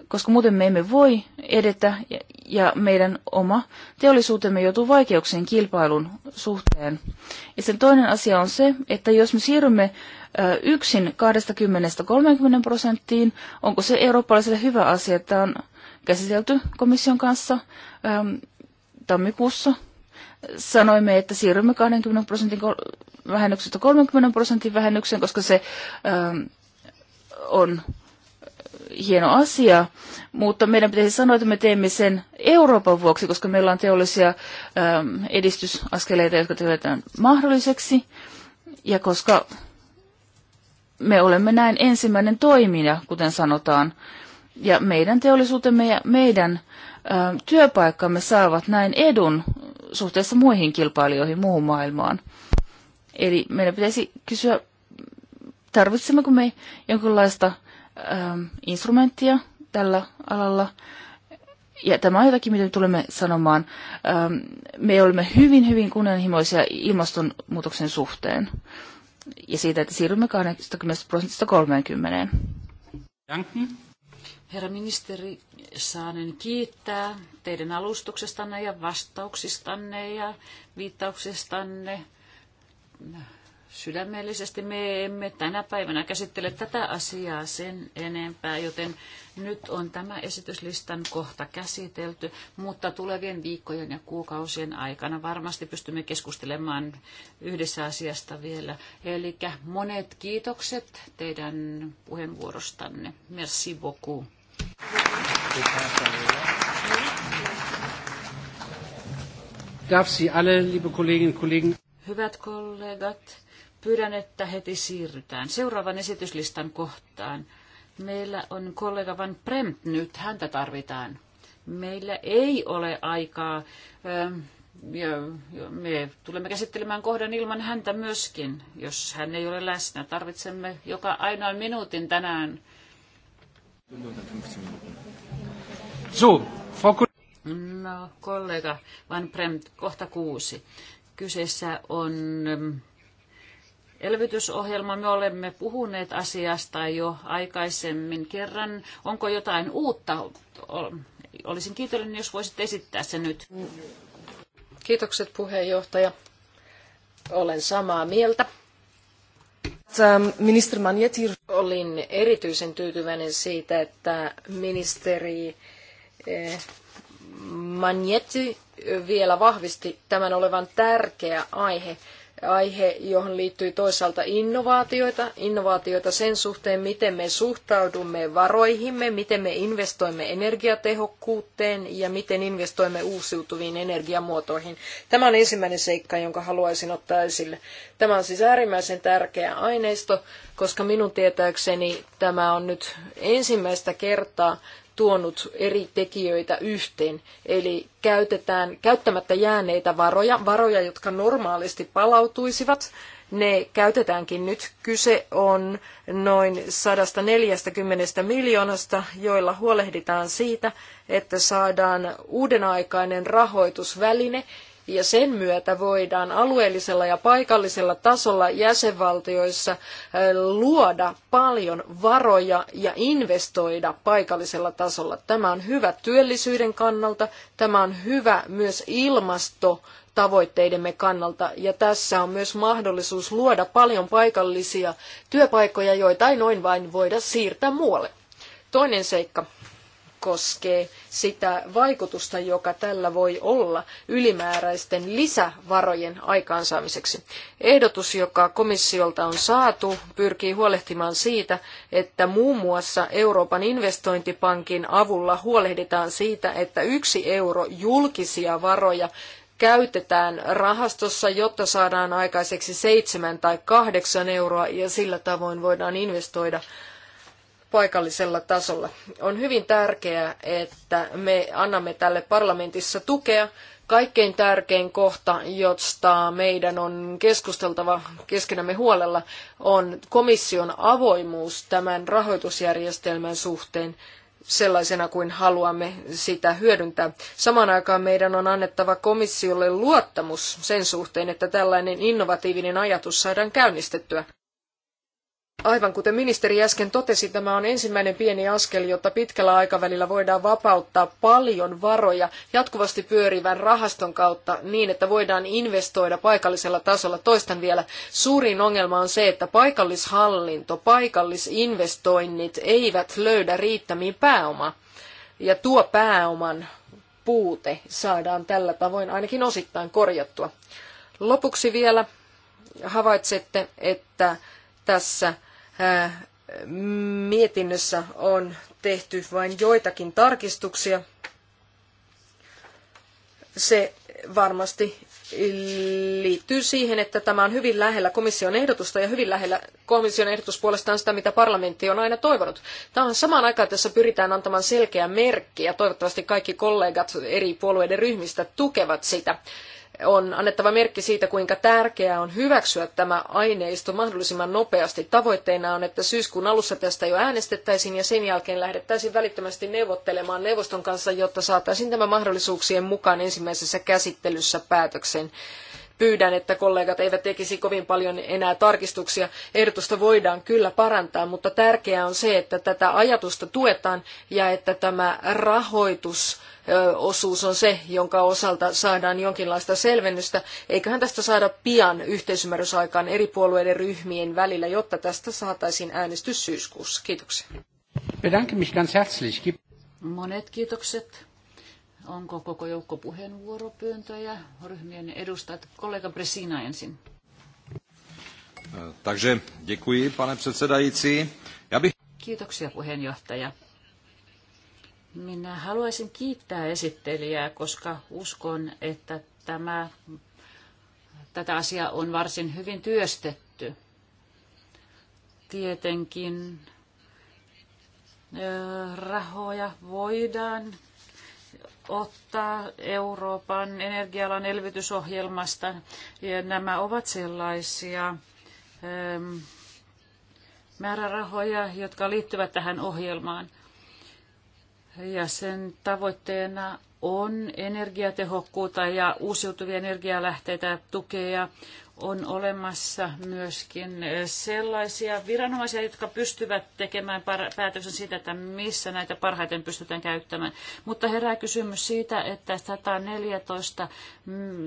koska muuten me emme voi edetä ja meidän oma teollisuutemme joutuu vaikeuksiin kilpailun suhteen. Ja sen toinen asia on se, että jos me siirrymme yksin 20-30 prosenttiin, onko se eurooppalaiselle hyvä asia, että on käsitelty komission kanssa ähm, tammikuussa. Sanoimme, että siirrymme 20 prosentin vähennyksestä 30 prosentin vähennykseen, koska se ähm, on hieno asia, mutta meidän pitäisi sanoa, että me teemme sen Euroopan vuoksi, koska meillä on teollisia ähm, edistysaskeleita, jotka tehdään mahdolliseksi, ja koska me olemme näin ensimmäinen toimija, kuten sanotaan, ja meidän teollisuutemme ja meidän ö, työpaikkamme saavat näin edun suhteessa muihin kilpailijoihin muuhun maailmaan. Eli meidän pitäisi kysyä, tarvitsemmeko me jonkinlaista ö, instrumenttia tällä alalla. Ja tämä on jotakin, mitä tulemme sanomaan. Me olemme hyvin, hyvin kunnianhimoisia ilmastonmuutoksen suhteen ja siitä, että siirrymme 20 prosentista 30. Danke. Herra ministeri Saanen kiittää teidän alustuksestanne ja vastauksistanne ja viittauksistanne. Sydämellisesti me emme tänä päivänä käsittele tätä asiaa sen enempää, joten nyt on tämä esityslistan kohta käsitelty, mutta tulevien viikkojen ja kuukausien aikana varmasti pystymme keskustelemaan yhdessä asiasta vielä. Eli monet kiitokset teidän puheenvuorostanne. Merci beaucoup. Hyvät kollegat, pyydän, että heti siirrytään seuraavan esityslistan kohtaan. Meillä on kollega Van Premt nyt, häntä tarvitaan. Meillä ei ole aikaa. Ähm, me tulemme käsittelemään kohdan ilman häntä myöskin, jos hän ei ole läsnä. Tarvitsemme joka ainoan minuutin tänään So, Frau No, kollega Van Premt, kohta kuusi. Kyseessä on ähm, elvytysohjelma. Me olemme puhuneet asiasta jo aikaisemmin kerran. Onko jotain uutta? Olisin kiitollinen, jos voisit esittää se nyt. Kiitokset puheenjohtaja. Olen samaa mieltä. Ähm, minister Manjetir olin erityisen tyytyväinen siitä, että ministeri eh, Magnetti vielä vahvisti tämän olevan tärkeä aihe aihe, johon liittyy toisaalta innovaatioita, innovaatioita sen suhteen, miten me suhtaudumme varoihimme, miten me investoimme energiatehokkuuteen ja miten investoimme uusiutuviin energiamuotoihin. Tämä on ensimmäinen seikka, jonka haluaisin ottaa esille. Tämä on siis äärimmäisen tärkeä aineisto, koska minun tietääkseni tämä on nyt ensimmäistä kertaa, tuonut eri tekijöitä yhteen. Eli käytetään käyttämättä jääneitä varoja, varoja, jotka normaalisti palautuisivat, ne käytetäänkin nyt. Kyse on noin 140 miljoonasta, joilla huolehditaan siitä, että saadaan uudenaikainen rahoitusväline, ja sen myötä voidaan alueellisella ja paikallisella tasolla jäsenvaltioissa luoda paljon varoja ja investoida paikallisella tasolla. Tämä on hyvä työllisyyden kannalta, tämä on hyvä myös ilmasto tavoitteidemme kannalta. Ja tässä on myös mahdollisuus luoda paljon paikallisia työpaikkoja, joita ei noin vain voida siirtää muualle. Toinen seikka, koskee sitä vaikutusta, joka tällä voi olla ylimääräisten lisävarojen aikaansaamiseksi. Ehdotus, joka komissiolta on saatu, pyrkii huolehtimaan siitä, että muun muassa Euroopan investointipankin avulla huolehditaan siitä, että yksi euro julkisia varoja käytetään rahastossa, jotta saadaan aikaiseksi seitsemän tai kahdeksan euroa ja sillä tavoin voidaan investoida paikallisella tasolla. On hyvin tärkeää, että me annamme tälle parlamentissa tukea. Kaikkein tärkein kohta, josta meidän on keskusteltava keskenämme huolella, on komission avoimuus tämän rahoitusjärjestelmän suhteen sellaisena kuin haluamme sitä hyödyntää. Samaan aikaan meidän on annettava komissiolle luottamus sen suhteen, että tällainen innovatiivinen ajatus saadaan käynnistettyä. Aivan kuten ministeri äsken totesi, tämä on ensimmäinen pieni askel, jotta pitkällä aikavälillä voidaan vapauttaa paljon varoja jatkuvasti pyörivän rahaston kautta niin, että voidaan investoida paikallisella tasolla. Toistan vielä, suurin ongelma on se, että paikallishallinto, paikallisinvestoinnit eivät löydä riittämiin pääomaa. Ja tuo pääoman puute saadaan tällä tavoin ainakin osittain korjattua. Lopuksi vielä havaitsette, että tässä mietinnössä on tehty vain joitakin tarkistuksia. Se varmasti liittyy siihen, että tämä on hyvin lähellä komission ehdotusta ja hyvin lähellä komission ehdotus puolestaan sitä, mitä parlamentti on aina toivonut. Tämä on samaan aikaan, tässä pyritään antamaan selkeä merkki ja toivottavasti kaikki kollegat eri puolueiden ryhmistä tukevat sitä on annettava merkki siitä, kuinka tärkeää on hyväksyä tämä aineisto mahdollisimman nopeasti. Tavoitteena on, että syyskuun alussa tästä jo äänestettäisiin ja sen jälkeen lähdettäisiin välittömästi neuvottelemaan neuvoston kanssa, jotta saataisiin tämä mahdollisuuksien mukaan ensimmäisessä käsittelyssä päätöksen pyydän, että kollegat eivät tekisi kovin paljon enää tarkistuksia. Ehdotusta voidaan kyllä parantaa, mutta tärkeää on se, että tätä ajatusta tuetaan ja että tämä rahoitus osuus on se, jonka osalta saadaan jonkinlaista selvennystä. Eiköhän tästä saada pian yhteisymmärrys aikaan eri puolueiden ryhmien välillä, jotta tästä saataisiin äänestys syyskuussa. Kiitoksia. Monet kiitokset. Onko koko joukko puheenvuoropyyntöjä ryhmien edustajat? Kollega Bresina ensin. Eh, takže děkuji, pane předsedající. Já bych... Kiitoksia puheenjohtaja. Minä haluaisin kiittää esittelijää, koska uskon, että tämä, tätä asiaa on varsin hyvin työstetty. Tietenkin eh, rahoja voidaan ottaa Euroopan energialan elvytysohjelmasta. Ja nämä ovat sellaisia ähm, määrärahoja, jotka liittyvät tähän ohjelmaan. Ja sen tavoitteena on energiatehokkuutta ja uusiutuvia energialähteitä tukea on olemassa myöskin sellaisia viranomaisia, jotka pystyvät tekemään päätöksen siitä, että missä näitä parhaiten pystytään käyttämään. Mutta herää kysymys siitä, että 114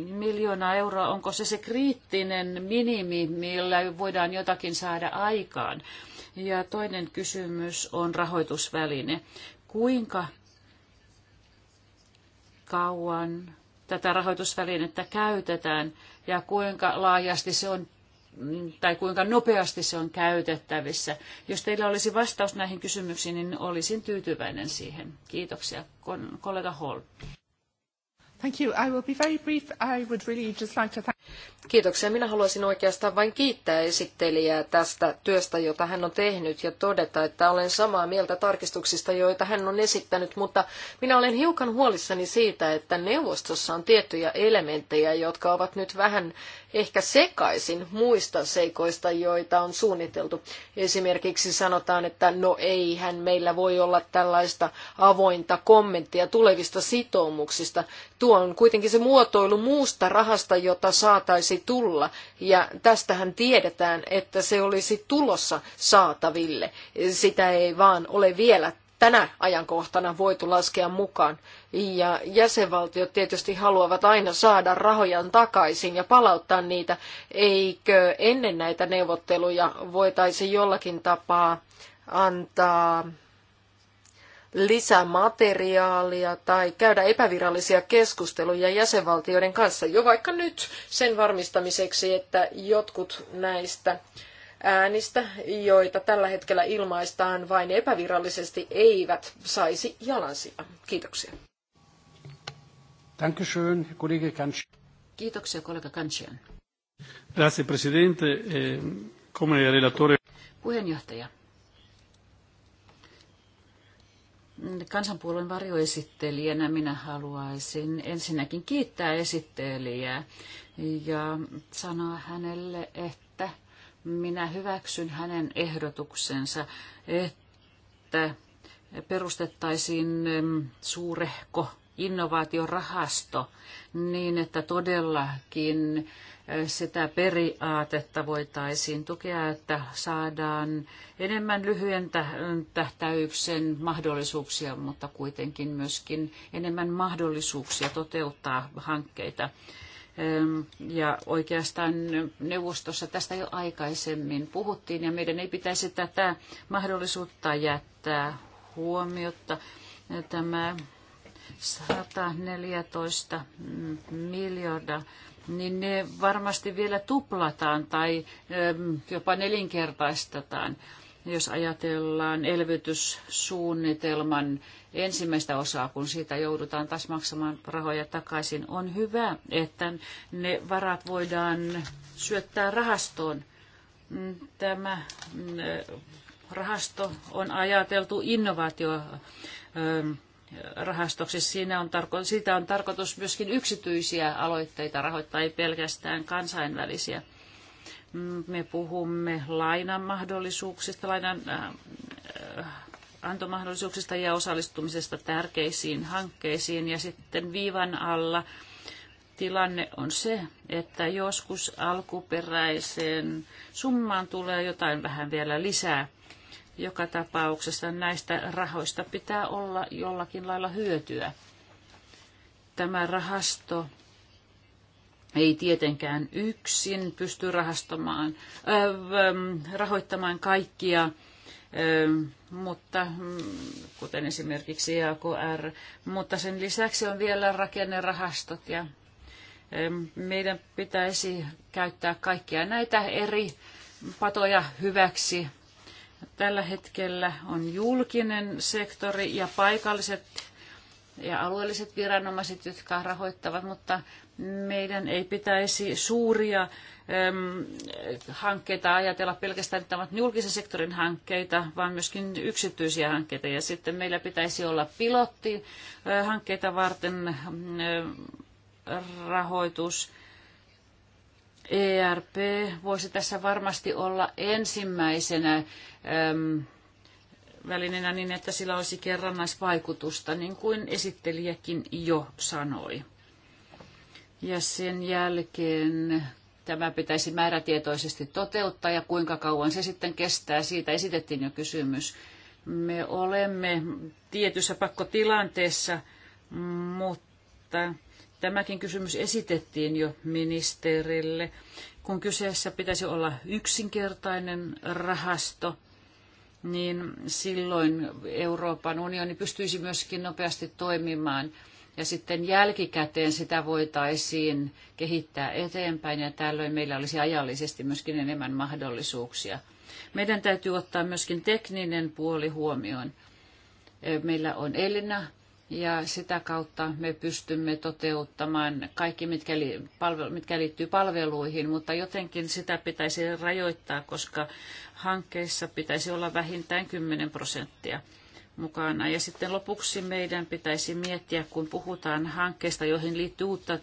miljoonaa euroa, onko se se kriittinen minimi, millä voidaan jotakin saada aikaan? Ja toinen kysymys on rahoitusväline. Kuinka kauan tätä rahoitusvälinettä käytetään? ja kuinka laajasti se on tai kuinka nopeasti se on käytettävissä. Jos teillä olisi vastaus näihin kysymyksiin, niin olisin tyytyväinen siihen. Kiitoksia, kollega Holm. Thank you. I will be very brief. I would really just like to thank... Kiitoksia. Minä haluaisin oikeastaan vain kiittää esittelijää tästä työstä, jota hän on tehnyt ja todeta, että olen samaa mieltä tarkistuksista, joita hän on esittänyt, mutta minä olen hiukan huolissani siitä, että neuvostossa on tiettyjä elementtejä, jotka ovat nyt vähän ehkä sekaisin muista seikoista, joita on suunniteltu. Esimerkiksi sanotaan, että no eihän meillä voi olla tällaista avointa kommenttia tulevista sitoumuksista. Tuo on kuitenkin se muotoilu muusta rahasta, jota saataisi tulla. Ja tästähän tiedetään, että se olisi tulossa saataville. Sitä ei vaan ole vielä tänä ajankohtana voitu laskea mukaan. Ja jäsenvaltiot tietysti haluavat aina saada rahojaan takaisin ja palauttaa niitä. Eikö ennen näitä neuvotteluja voitaisi jollakin tapaa antaa lisämateriaalia tai käydä epävirallisia keskusteluja jäsenvaltioiden kanssa jo vaikka nyt sen varmistamiseksi, että jotkut näistä äänistä, joita tällä hetkellä ilmaistaan vain epävirallisesti, eivät saisi jalansia. Kiitoksia. Dankeschön, kollega Kansch. Kiitoksia, kollega Kanchian. Grazie, presidente. E, come relatore... Puheenjohtaja. Kansanpuolueen varjoesittelijänä minä haluaisin ensinnäkin kiittää esittelijää ja sanoa hänelle, että minä hyväksyn hänen ehdotuksensa, että perustettaisiin suurehko innovaatiorahasto niin, että todellakin sitä periaatetta voitaisiin tukea, että saadaan enemmän lyhyen tähtäyksen mahdollisuuksia, mutta kuitenkin myöskin enemmän mahdollisuuksia toteuttaa hankkeita. Ja oikeastaan neuvostossa tästä jo aikaisemmin puhuttiin ja meidän ei pitäisi tätä mahdollisuutta jättää huomiota. Tämä 114 miljardia, niin ne varmasti vielä tuplataan tai jopa nelinkertaistetaan jos ajatellaan elvytyssuunnitelman ensimmäistä osaa, kun siitä joudutaan taas maksamaan rahoja takaisin, on hyvä, että ne varat voidaan syöttää rahastoon. Mm, Tämä mm, rahasto on ajateltu innovaatio ähm, Siinä on tarko- siitä on tarkoitus myöskin yksityisiä aloitteita rahoittaa, ei pelkästään kansainvälisiä. Me puhumme lainan mahdollisuuksista, lainan äh, äh, antomahdollisuuksista ja osallistumisesta tärkeisiin hankkeisiin. Ja sitten viivan alla tilanne on se, että joskus alkuperäiseen summaan tulee jotain vähän vielä lisää. Joka tapauksessa näistä rahoista pitää olla jollakin lailla hyötyä. Tämä rahasto ei tietenkään yksin pysty rahastamaan, äh, rahoittamaan kaikkia, mutta mm, kuten esimerkiksi e AKR, mutta sen lisäksi on vielä rakennerahastot ja meidän pitäisi käyttää kaikkia näitä eri patoja hyväksi. Tällä hetkellä on julkinen sektori ja paikalliset ja alueelliset viranomaiset, jotka rahoittavat, mutta meidän ei pitäisi suuria äm, hankkeita ajatella pelkästään, että ovat julkisen sektorin hankkeita, vaan myöskin yksityisiä hankkeita. Ja sitten meillä pitäisi olla pilottihankkeita äh, varten äh, rahoitus. ERP voisi tässä varmasti olla ensimmäisenä äm, välineenä niin, että sillä olisi kerrannaisvaikutusta, niin kuin esittelijäkin jo sanoi. Ja sen jälkeen tämä pitäisi määrätietoisesti toteuttaa ja kuinka kauan se sitten kestää, siitä esitettiin jo kysymys. Me olemme tietyssä pakkotilanteessa, mutta tämäkin kysymys esitettiin jo ministerille. Kun kyseessä pitäisi olla yksinkertainen rahasto, niin silloin Euroopan unioni pystyisi myöskin nopeasti toimimaan – ja sitten jälkikäteen sitä voitaisiin kehittää eteenpäin ja tällöin meillä olisi ajallisesti myöskin enemmän mahdollisuuksia. Meidän täytyy ottaa myöskin tekninen puoli huomioon. Meillä on Elina ja sitä kautta me pystymme toteuttamaan kaikki, mitkä, li, palvelu, mitkä liittyy palveluihin, mutta jotenkin sitä pitäisi rajoittaa, koska hankkeissa pitäisi olla vähintään 10 prosenttia mukana. Ja sitten lopuksi meidän pitäisi miettiä, kun puhutaan hankkeista, joihin liittyy uutta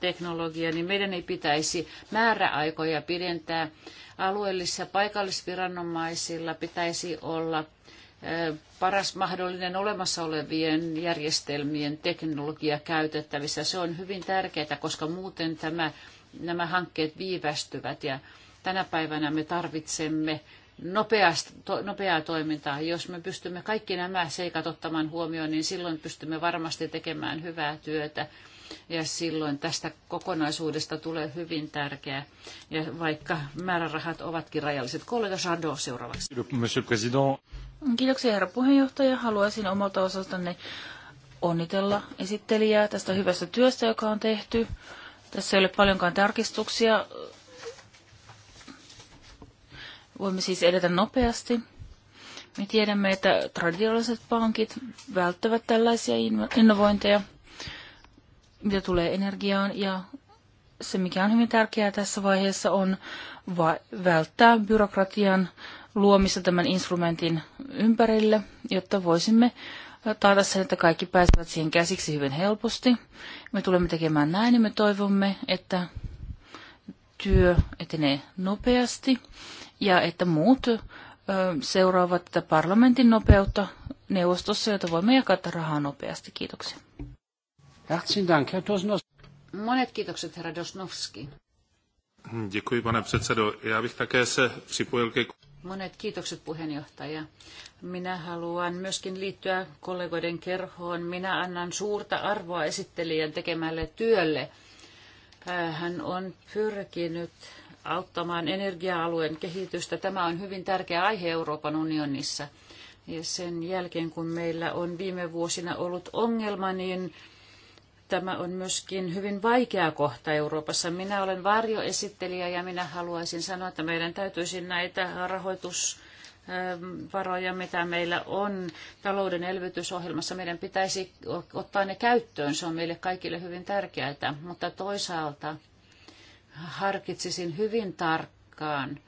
teknologiaa, niin meidän ei pitäisi määräaikoja pidentää. Alueellisissa paikallisviranomaisilla pitäisi olla paras mahdollinen olemassa olevien järjestelmien teknologia käytettävissä. Se on hyvin tärkeää, koska muuten tämä, nämä hankkeet viivästyvät ja tänä päivänä me tarvitsemme nopeasta, to, nopeaa toimintaa. Jos me pystymme kaikki nämä seikat ottamaan huomioon, niin silloin pystymme varmasti tekemään hyvää työtä. Ja silloin tästä kokonaisuudesta tulee hyvin tärkeä, ja vaikka määrärahat ovatkin rajalliset. Kollega Sado seuraavaksi. Kiitoksia herra puheenjohtaja. Haluaisin omalta osaltani onnitella esittelijää tästä hyvästä työstä, joka on tehty. Tässä ei ole paljonkaan tarkistuksia Voimme siis edetä nopeasti. Me tiedämme, että traditiolliset pankit välttävät tällaisia innovointeja, mitä tulee energiaan. Ja se, mikä on hyvin tärkeää tässä vaiheessa, on välttää byrokratian luomista tämän instrumentin ympärille, jotta voisimme taata sen, että kaikki pääsevät siihen käsiksi hyvin helposti. Me tulemme tekemään näin ja niin me toivomme, että työ etenee nopeasti ja että muut seuraavat tätä parlamentin nopeutta neuvostossa, jota voimme jakaa tätä rahaa nopeasti. Kiitoksia. Monet kiitokset, herra Dosnovski. Děkuji, pane předsedo. Já bych také se připojil ke... Monet kiitokset puheenjohtaja. Minä haluan myöskin liittyä kollegoiden kerhoon. Minä annan suurta arvoa esittelijän tekemälle työlle. Hän on pyrkinyt auttamaan energia-alueen kehitystä. Tämä on hyvin tärkeä aihe Euroopan unionissa. Ja sen jälkeen, kun meillä on viime vuosina ollut ongelma, niin tämä on myöskin hyvin vaikea kohta Euroopassa. Minä olen varjoesittelijä ja minä haluaisin sanoa, että meidän täytyisi näitä rahoitus ähm, varoja, mitä meillä on talouden elvytysohjelmassa. Meidän pitäisi ottaa ne käyttöön. Se on meille kaikille hyvin tärkeää, mutta toisaalta harkitsisin hyvin tarkkaan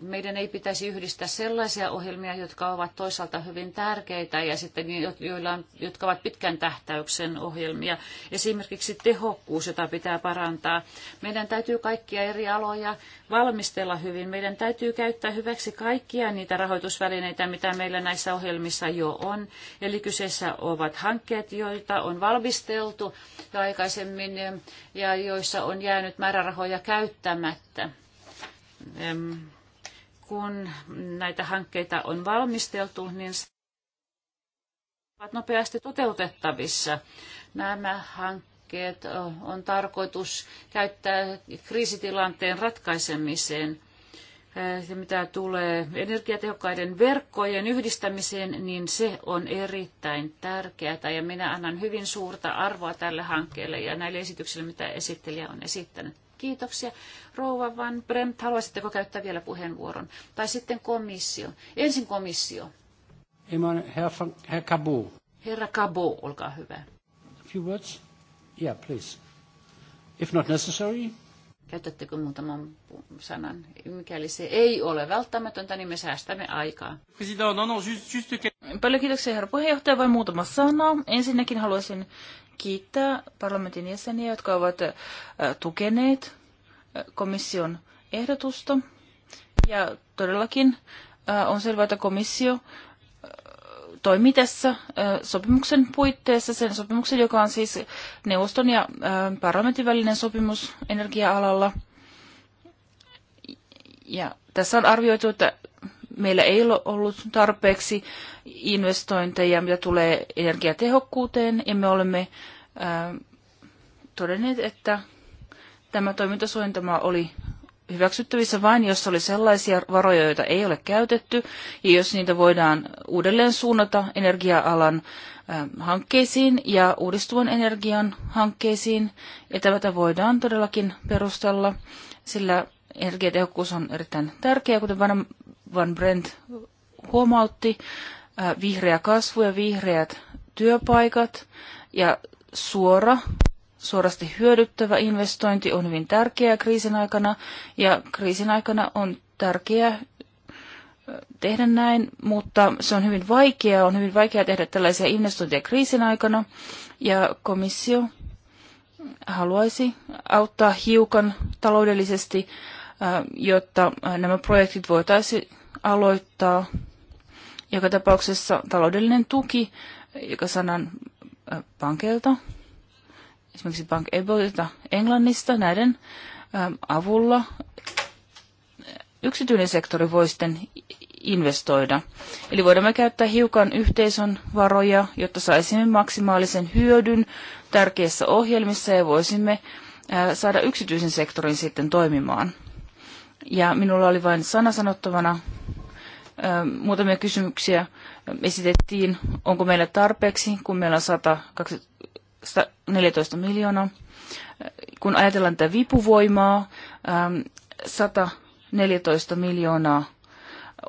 meidän ei pitäisi yhdistää sellaisia ohjelmia, jotka ovat toisaalta hyvin tärkeitä ja sitten joilla on, jotka ovat pitkän tähtäyksen ohjelmia. Esimerkiksi tehokkuus, jota pitää parantaa. Meidän täytyy kaikkia eri aloja valmistella hyvin. Meidän täytyy käyttää hyväksi kaikkia niitä rahoitusvälineitä, mitä meillä näissä ohjelmissa jo on. Eli kyseessä ovat hankkeet, joita on valmisteltu jo aikaisemmin eh, ja joissa on jäänyt määrärahoja käyttämättä kun näitä hankkeita on valmisteltu, niin ovat nopeasti toteutettavissa. Nämä hankkeet on tarkoitus käyttää kriisitilanteen ratkaisemiseen. Ja mitä tulee energiatehokkaiden verkkojen yhdistämiseen, niin se on erittäin tärkeää ja minä annan hyvin suurta arvoa tälle hankkeelle ja näille esityksille, mitä esittelijä on esittänyt. Kiitoksia. Rouva Van Bremt, haluaisitteko käyttää vielä puheenvuoron? Tai sitten komissio. Ensin komissio. Herra Cabo. Herra Cabo, olkaa hyvä. A few words? Yeah, please. If not necessary. Käytättekö muutaman sanan? Mikäli se ei ole välttämätöntä, niin me säästämme aikaa. no, no, Paljon kiitoksia, herra puheenjohtaja. Vain muutama sana. Ensinnäkin haluaisin kiittää parlamentin jäseniä, jotka ovat tukeneet komission ehdotusta. Ja todellakin on selvää, että komissio toimii tässä sopimuksen puitteissa, sen sopimuksen, joka on siis neuvoston ja parlamentin välinen sopimus energia-alalla. Ja tässä on arvioitu, että meillä ei ole ollut tarpeeksi investointeja, mitä tulee energiatehokkuuteen, ja me olemme todenneet, että tämä toimintasuunnitelma oli hyväksyttävissä vain, jos oli sellaisia varoja, joita ei ole käytetty, ja jos niitä voidaan uudelleen suunnata energia-alan hankkeisiin ja uudistuvan energian hankkeisiin. Ja tätä voidaan todellakin perustella, sillä energiatehokkuus on erittäin tärkeää, kuten Van Brent huomautti, äh, vihreä kasvu ja vihreät työpaikat ja suora, suorasti hyödyttävä investointi on hyvin tärkeää kriisin aikana ja kriisin aikana on tärkeää äh, tehdä näin, mutta se on hyvin vaikeaa. On hyvin vaikeaa tehdä tällaisia investointeja kriisin aikana ja komissio haluaisi auttaa hiukan taloudellisesti, äh, jotta nämä projektit voitaisiin aloittaa. Joka tapauksessa taloudellinen tuki, joka sanan äh, pankeilta, esimerkiksi Bank Ebolilta Englannista, näiden ähm, avulla äh, yksityinen sektori voi sitten investoida. Eli voidaan me käyttää hiukan yhteisön varoja, jotta saisimme maksimaalisen hyödyn tärkeissä ohjelmissa ja voisimme äh, saada yksityisen sektorin sitten toimimaan ja minulla oli vain sana sanottavana. Muutamia kysymyksiä esitettiin, onko meillä tarpeeksi, kun meillä on 114 miljoonaa. Kun ajatellaan tätä vipuvoimaa, 114 miljoonaa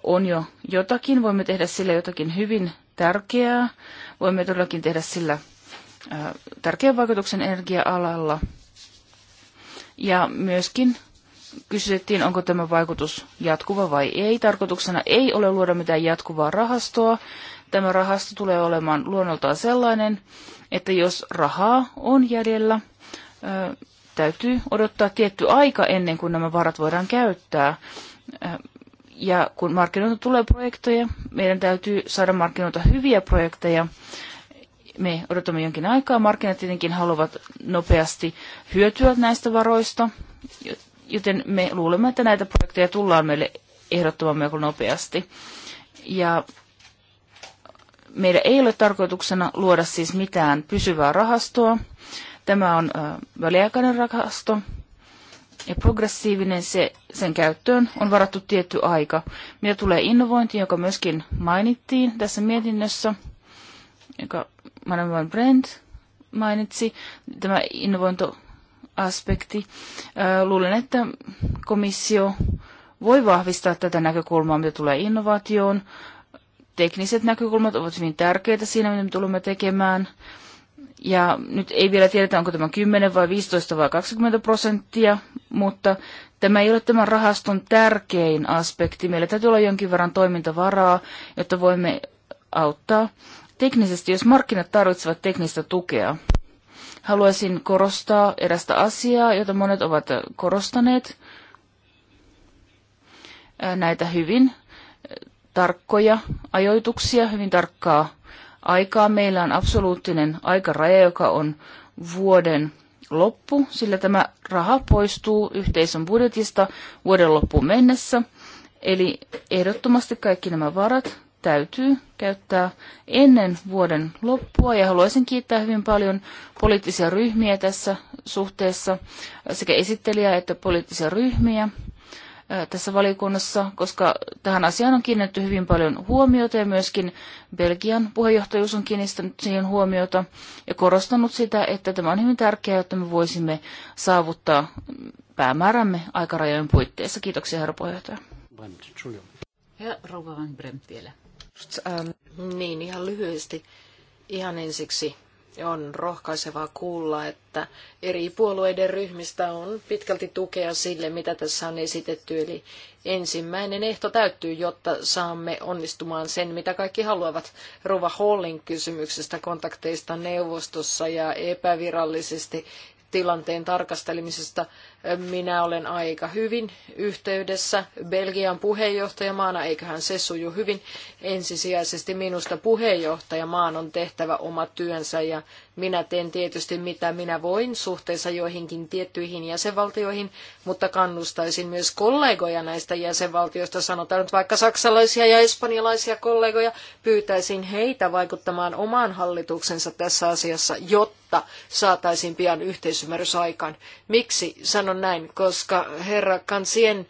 on jo jotakin, voimme tehdä sillä jotakin hyvin tärkeää, voimme todellakin tehdä sillä tärkeän vaikutuksen energia-alalla ja myöskin kysyttiin, onko tämä vaikutus jatkuva vai ei. Tarkoituksena ei ole luoda mitään jatkuvaa rahastoa. Tämä rahasto tulee olemaan luonnoltaan sellainen, että jos rahaa on jäljellä, täytyy odottaa tietty aika ennen kuin nämä varat voidaan käyttää. Ja kun markkinoilta tulee projekteja, meidän täytyy saada markkinoilta hyviä projekteja. Me odotamme jonkin aikaa. Markkinat tietenkin haluavat nopeasti hyötyä näistä varoista, joten me luulemme, että näitä projekteja tullaan meille ehdottamaan melko nopeasti. Ja meillä ei ole tarkoituksena luoda siis mitään pysyvää rahastoa. Tämä on väliaikainen rahasto ja progressiivinen se, sen käyttöön on varattu tietty aika. Mitä tulee innovointiin, joka myöskin mainittiin tässä mietinnössä, joka Madame Van Brent mainitsi, tämä innovointo aspekti. Luulen, että komissio voi vahvistaa tätä näkökulmaa, mitä tulee innovaatioon. Tekniset näkökulmat ovat hyvin tärkeitä siinä, mitä me tulemme tekemään. Ja nyt ei vielä tiedetä, onko tämä 10 vai 15 vai 20 prosenttia, mutta tämä ei ole tämän rahaston tärkein aspekti. Meillä täytyy olla jonkin verran toimintavaraa, jotta voimme auttaa teknisesti, jos markkinat tarvitsevat teknistä tukea. Haluaisin korostaa erästä asiaa, jota monet ovat korostaneet. Näitä hyvin tarkkoja ajoituksia, hyvin tarkkaa aikaa. Meillä on absoluuttinen aikaraja, joka on vuoden loppu, sillä tämä raha poistuu yhteisön budjetista vuoden loppuun mennessä. Eli ehdottomasti kaikki nämä varat täytyy käyttää ennen vuoden loppua ja haluaisin kiittää hyvin paljon poliittisia ryhmiä tässä suhteessa, sekä esittelijää että poliittisia ryhmiä tässä valiokunnassa, koska tähän asiaan on kiinnitetty hyvin paljon huomiota ja myöskin Belgian puheenjohtajuus on kiinnittänyt siihen huomiota ja korostanut sitä, että tämä on hyvin tärkeää, että me voisimme saavuttaa päämäärämme aikarajojen puitteissa. Kiitoksia, herra puheenjohtaja. Ja rouva Van Bremt vielä. Niin, ihan lyhyesti. Ihan ensiksi on rohkaisevaa kuulla, että eri puolueiden ryhmistä on pitkälti tukea sille, mitä tässä on esitetty. Eli ensimmäinen ehto täyttyy, jotta saamme onnistumaan sen, mitä kaikki haluavat. Rova Hallin kysymyksestä kontakteista neuvostossa ja epävirallisesti tilanteen tarkastelemisesta minä olen aika hyvin yhteydessä Belgian puheenjohtajamaana, eiköhän se suju hyvin. Ensisijaisesti minusta puheenjohtajamaan on tehtävä oma työnsä ja minä teen tietysti mitä minä voin suhteessa joihinkin tiettyihin jäsenvaltioihin, mutta kannustaisin myös kollegoja näistä jäsenvaltioista, sanotaan nyt vaikka saksalaisia ja espanjalaisia kollegoja, pyytäisin heitä vaikuttamaan omaan hallituksensa tässä asiassa, jotta saataisiin pian yhteisymmärrys aikaan. Miksi sanon näin, koska herra Kansien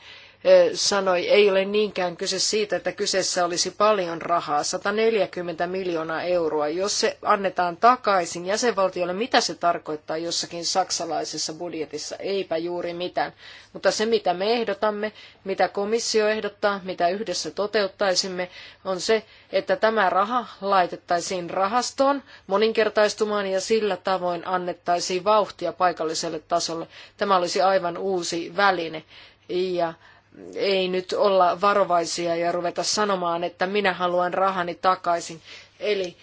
sanoi, ei ole niinkään kyse siitä, että kyseessä olisi paljon rahaa, 140 miljoonaa euroa. Jos se annetaan takaisin jäsenvaltiolle, mitä se tarkoittaa jossakin saksalaisessa budjetissa? Eipä juuri mitään. Mutta se, mitä me ehdotamme, mitä komissio ehdottaa, mitä yhdessä toteuttaisimme, on se, että tämä raha laitettaisiin rahastoon moninkertaistumaan ja sillä tavoin annettaisiin vauhtia paikalliselle tasolle. Tämä olisi aivan uusi väline. Ja ei nyt olla varovaisia ja ruveta sanomaan, että minä haluan rahani takaisin. Eli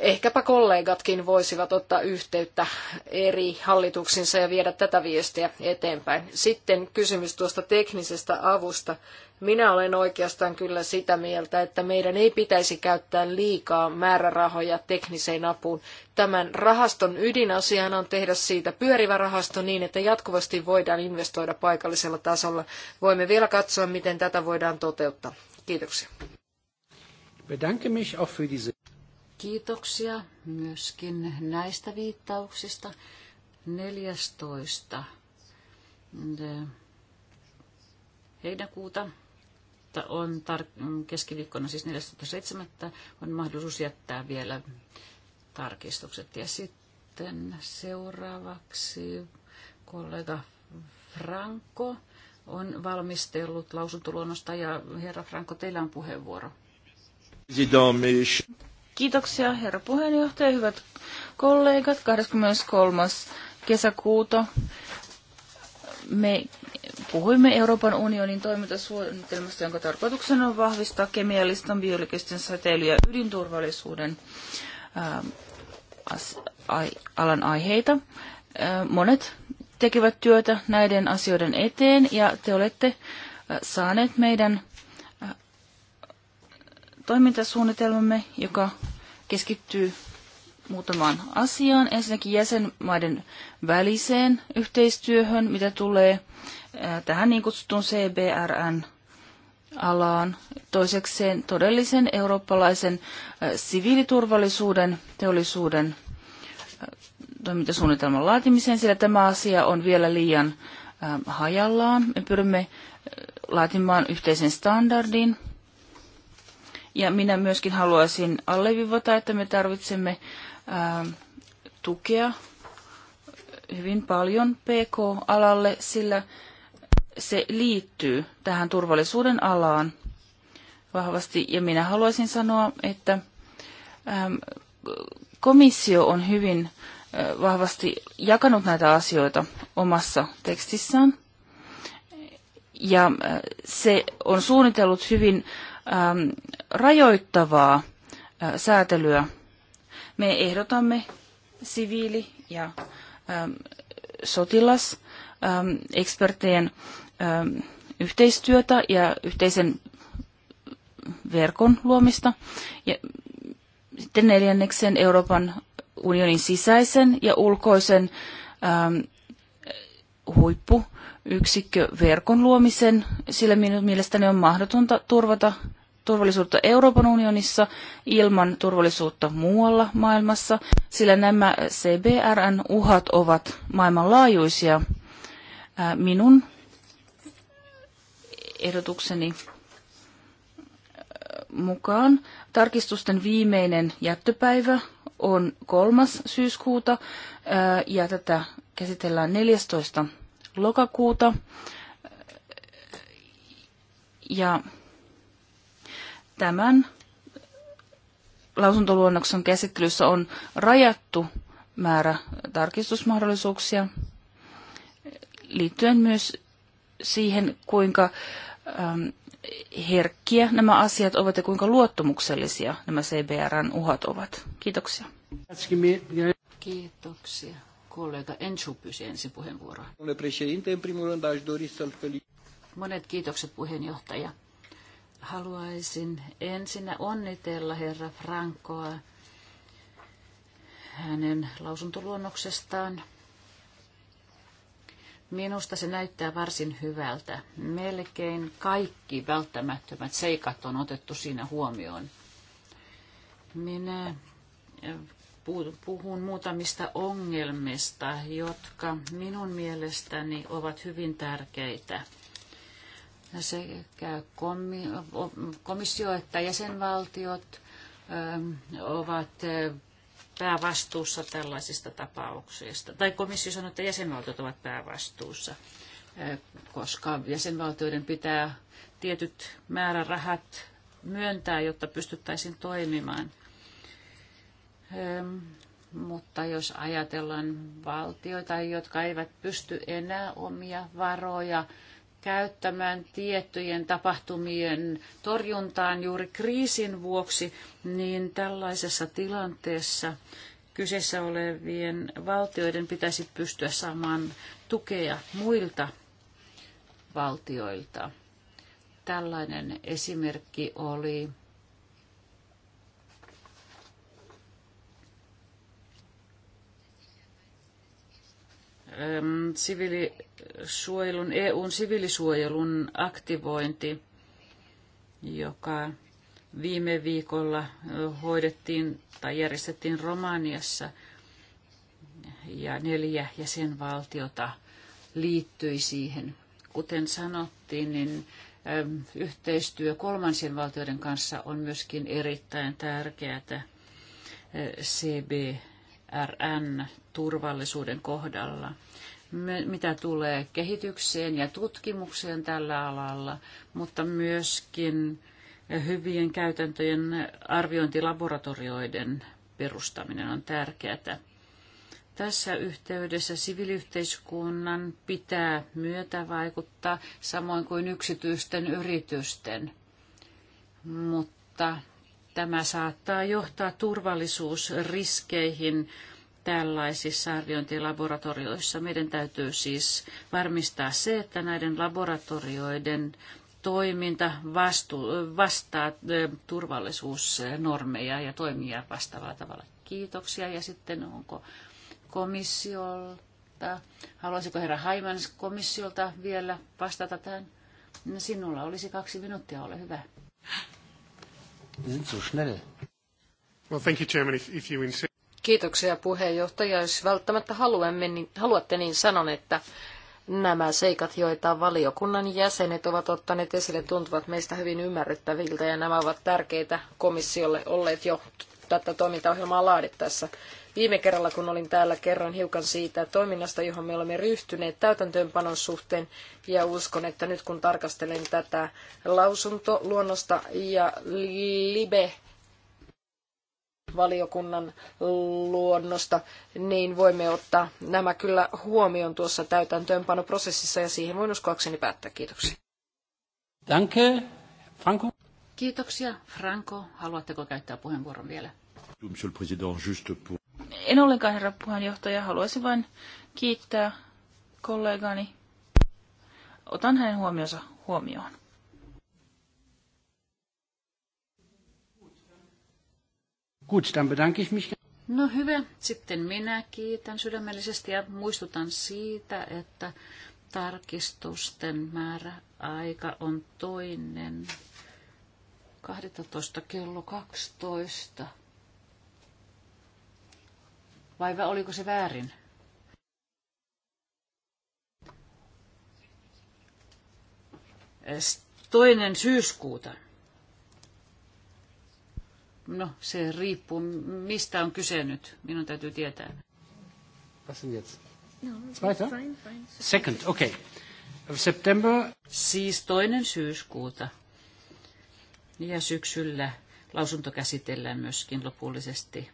ehkäpä kollegatkin voisivat ottaa yhteyttä eri hallituksinsa ja viedä tätä viestiä eteenpäin. Sitten kysymys tuosta teknisestä avusta. Minä olen oikeastaan kyllä sitä mieltä, että meidän ei pitäisi käyttää liikaa määrärahoja tekniseen apuun. Tämän rahaston ydinasiana on tehdä siitä pyörivä rahasto niin, että jatkuvasti voidaan investoida paikallisella tasolla. Voimme vielä katsoa, miten tätä voidaan toteuttaa. Kiitoksia. Bedanke mich auch für diese Kiitoksia myöskin näistä viittauksista. 14. heinäkuuta on tar- keskiviikkona siis 14.7. on mahdollisuus jättää vielä tarkistukset. Ja sitten seuraavaksi kollega Franco on valmistellut lausuntoluonnosta ja herra Franco, teillä on puheenvuoro. Kiitoksia herra puheenjohtaja, hyvät kollegat. 23. kesäkuuta me puhuimme Euroopan unionin toimintasuunnitelmasta, jonka tarkoituksena on vahvistaa kemiallisten, biologisten säteily- ja ydinturvallisuuden ähm, alan aiheita. Äh, monet tekevät työtä näiden asioiden eteen ja te olette äh, saaneet meidän toimintasuunnitelmamme, joka keskittyy muutamaan asiaan. Ensinnäkin jäsenmaiden väliseen yhteistyöhön, mitä tulee tähän niin kutsuttuun CBRN alaan. Toisekseen todellisen eurooppalaisen siviiliturvallisuuden teollisuuden toimintasuunnitelman laatimiseen, sillä tämä asia on vielä liian hajallaan. Me pyrimme laatimaan yhteisen standardin, ja minä myöskin haluaisin alleviivata, että me tarvitsemme ää, ähm, tukea hyvin paljon PK-alalle, sillä se liittyy tähän turvallisuuden alaan vahvasti. Ja minä haluaisin sanoa, että ää, ähm, komissio on hyvin ää, äh, vahvasti jakanut näitä asioita omassa tekstissään. Ja äh, se on suunnitellut hyvin äm, rajoittavaa ä, äh, säätelyä. Me ehdotamme siviili- ja äm, äm, ähm, yhteistyötä ja yhteisen verkon luomista. Ja sitten neljänneksen Euroopan unionin sisäisen ja ulkoisen äm, huippu yksikköverkon luomisen, sillä minun mielestäni on mahdotonta turvata turvallisuutta Euroopan unionissa ilman turvallisuutta muualla maailmassa, sillä nämä CBRN uhat ovat maailmanlaajuisia. Minun ehdotukseni mukaan tarkistusten viimeinen jättöpäivä on kolmas syyskuuta ja tätä käsitellään 14 lokakuuta. Ja tämän lausuntoluonnoksen käsittelyssä on rajattu määrä tarkistusmahdollisuuksia liittyen myös siihen, kuinka ähm, herkkiä nämä asiat ovat ja kuinka luottamuksellisia nämä CBRn uhat ovat. Kiitoksia. Kiitoksia. Kollega Enchu pyysi ensin puheenvuoroa. Monet kiitokset puheenjohtaja. Haluaisin ensinnä onnitella herra Frankoa hänen lausuntoluonnoksestaan. Minusta se näyttää varsin hyvältä. Melkein kaikki välttämättömät seikat on otettu siinä huomioon. Minä puhun muutamista ongelmista, jotka minun mielestäni ovat hyvin tärkeitä. Sekä komissio että jäsenvaltiot ähm, ovat äh, päävastuussa tällaisista tapauksista. Tai komissio sanoo, että jäsenvaltiot ovat päävastuussa, äh, koska jäsenvaltioiden pitää tietyt määrärahat myöntää, jotta pystyttäisiin toimimaan – mutta jos ajatellaan valtioita, jotka eivät pysty enää omia varoja käyttämään tiettyjen tapahtumien torjuntaan juuri kriisin vuoksi, niin tällaisessa tilanteessa kyseessä olevien valtioiden pitäisi pystyä saamaan tukea muilta valtioilta. Tällainen esimerkki oli äm, EUn e sivilisuojelun aktivointi, joka viime viikolla hoidettiin tai järjestettiin Romaniassa ja neljä jäsenvaltiota liittyi siihen. Kuten sanottiin, niin yhteistyö kolmansien valtioiden kanssa on myöskin erittäin tärkeää CB RN-turvallisuuden kohdalla. Mitä tulee kehitykseen ja tutkimukseen tällä alalla, mutta myöskin hyvien käytäntöjen arviointilaboratorioiden perustaminen on tärkeää. Tässä yhteydessä siviliyhteiskunnan pitää myötävaikuttaa samoin kuin yksityisten yritysten, mutta Tämä saattaa johtaa turvallisuusriskeihin tällaisissa arviointilaboratorioissa. Meidän täytyy siis varmistaa se, että näiden laboratorioiden toiminta vastu, vastaa turvallisuusnormeja ja toimia vastaavalla tavalla. Kiitoksia. Ja sitten onko komissiolta, haluaisiko herra Haimans komissiolta vielä vastata tähän? No, sinulla olisi kaksi minuuttia, ole hyvä. Kiitoksia puheenjohtaja. Jos välttämättä haluamme, niin, haluatte, niin sanon, että nämä seikat, joita valiokunnan jäsenet ovat ottaneet esille, tuntuvat meistä hyvin ymmärrettäviltä ja nämä ovat tärkeitä komissiolle olleet jo tätä toimintaohjelmaa laadittaessa. Viime kerralla, kun olin täällä, kerran hiukan siitä toiminnasta, johon me olemme ryhtyneet täytäntöönpanon suhteen, ja uskon, että nyt kun tarkastelen tätä lausuntoluonnosta ja libe valiokunnan luonnosta, niin voimme ottaa nämä kyllä huomioon tuossa täytäntöönpanoprosessissa ja siihen voin uskoakseni päättää. Kiitoksia. Danke, Franco. Kiitoksia. Franco, haluatteko käyttää puheenvuoron vielä? En ollenkaan, herra puheenjohtaja. Haluaisin vain kiittää kollegani. Otan hänen huomionsa huomioon. Gut, No hyvä. Sitten minä kiitän sydämellisesti ja muistutan siitä, että tarkistusten määrä aika on toinen 12 kello 12 vai oliko se väärin? Toinen syyskuuta. No, se riippuu, mistä on kyse nyt. Minun täytyy tietää. No, Second, okay. September. Siis toinen syyskuuta. Ja syksyllä lausunto käsitellään myöskin lopullisesti.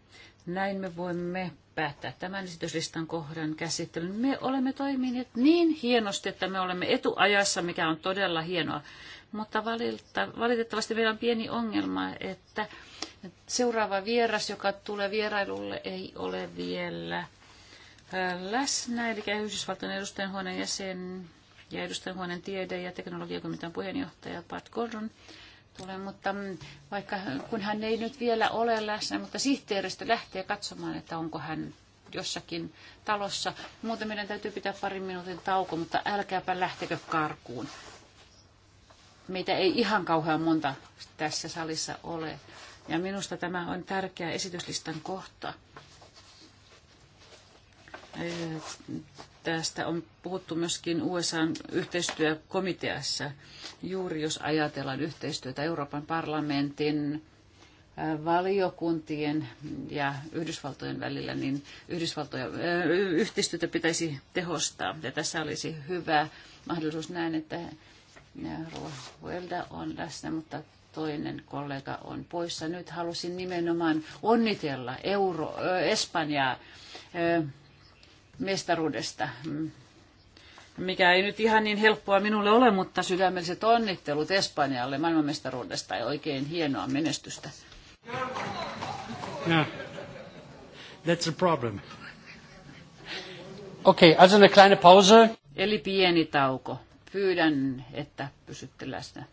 Näin me voimme päättää tämän esityslistan kohdan käsittelyn. Me olemme toimineet niin hienosti, että me olemme etuajassa, mikä on todella hienoa. Mutta valitettavasti meillä on pieni ongelma, että seuraava vieras, joka tulee vierailulle, ei ole vielä läsnä. Eli Yhdysvaltain edustajanhuoneen jäsen ja edustajanhuoneen tiede- ja teknologiakomitean puheenjohtaja Pat Gordon – tulee, mutta mm, vaikka kun hän ei nyt vielä ole läsnä, mutta sihteeristö lähtee katsomaan, että onko hän jossakin talossa. Muuten meidän täytyy pitää parin minuutin tauko, mutta älkääpä lähtekö karkuun. Meitä ei ihan kauhean monta tässä salissa ole. Ja minusta tämä on tärkeä esityslistan kohta Tästä on puhuttu myöskin USAn yhteistyökomiteassa. Juuri jos ajatellaan yhteistyötä Euroopan parlamentin valiokuntien ja Yhdysvaltojen välillä, niin Yhdysvaltoja, yhteistyötä pitäisi tehostaa. Ja tässä olisi hyvä mahdollisuus näin, että Ruohuelda on läsnä, mutta toinen kollega on poissa. Nyt halusin nimenomaan onnitella Euro, Espanjaa mestaruudesta, mikä ei nyt ihan niin helppoa minulle ole, mutta sydämelliset onnittelut Espanjalle maailmanmestaruudesta ja oikein hienoa menestystä. Yeah. That's a problem. Okei, okay, also eine kleine Pause. Eli pieni tauko. Pyydän, että pysytte läsnä.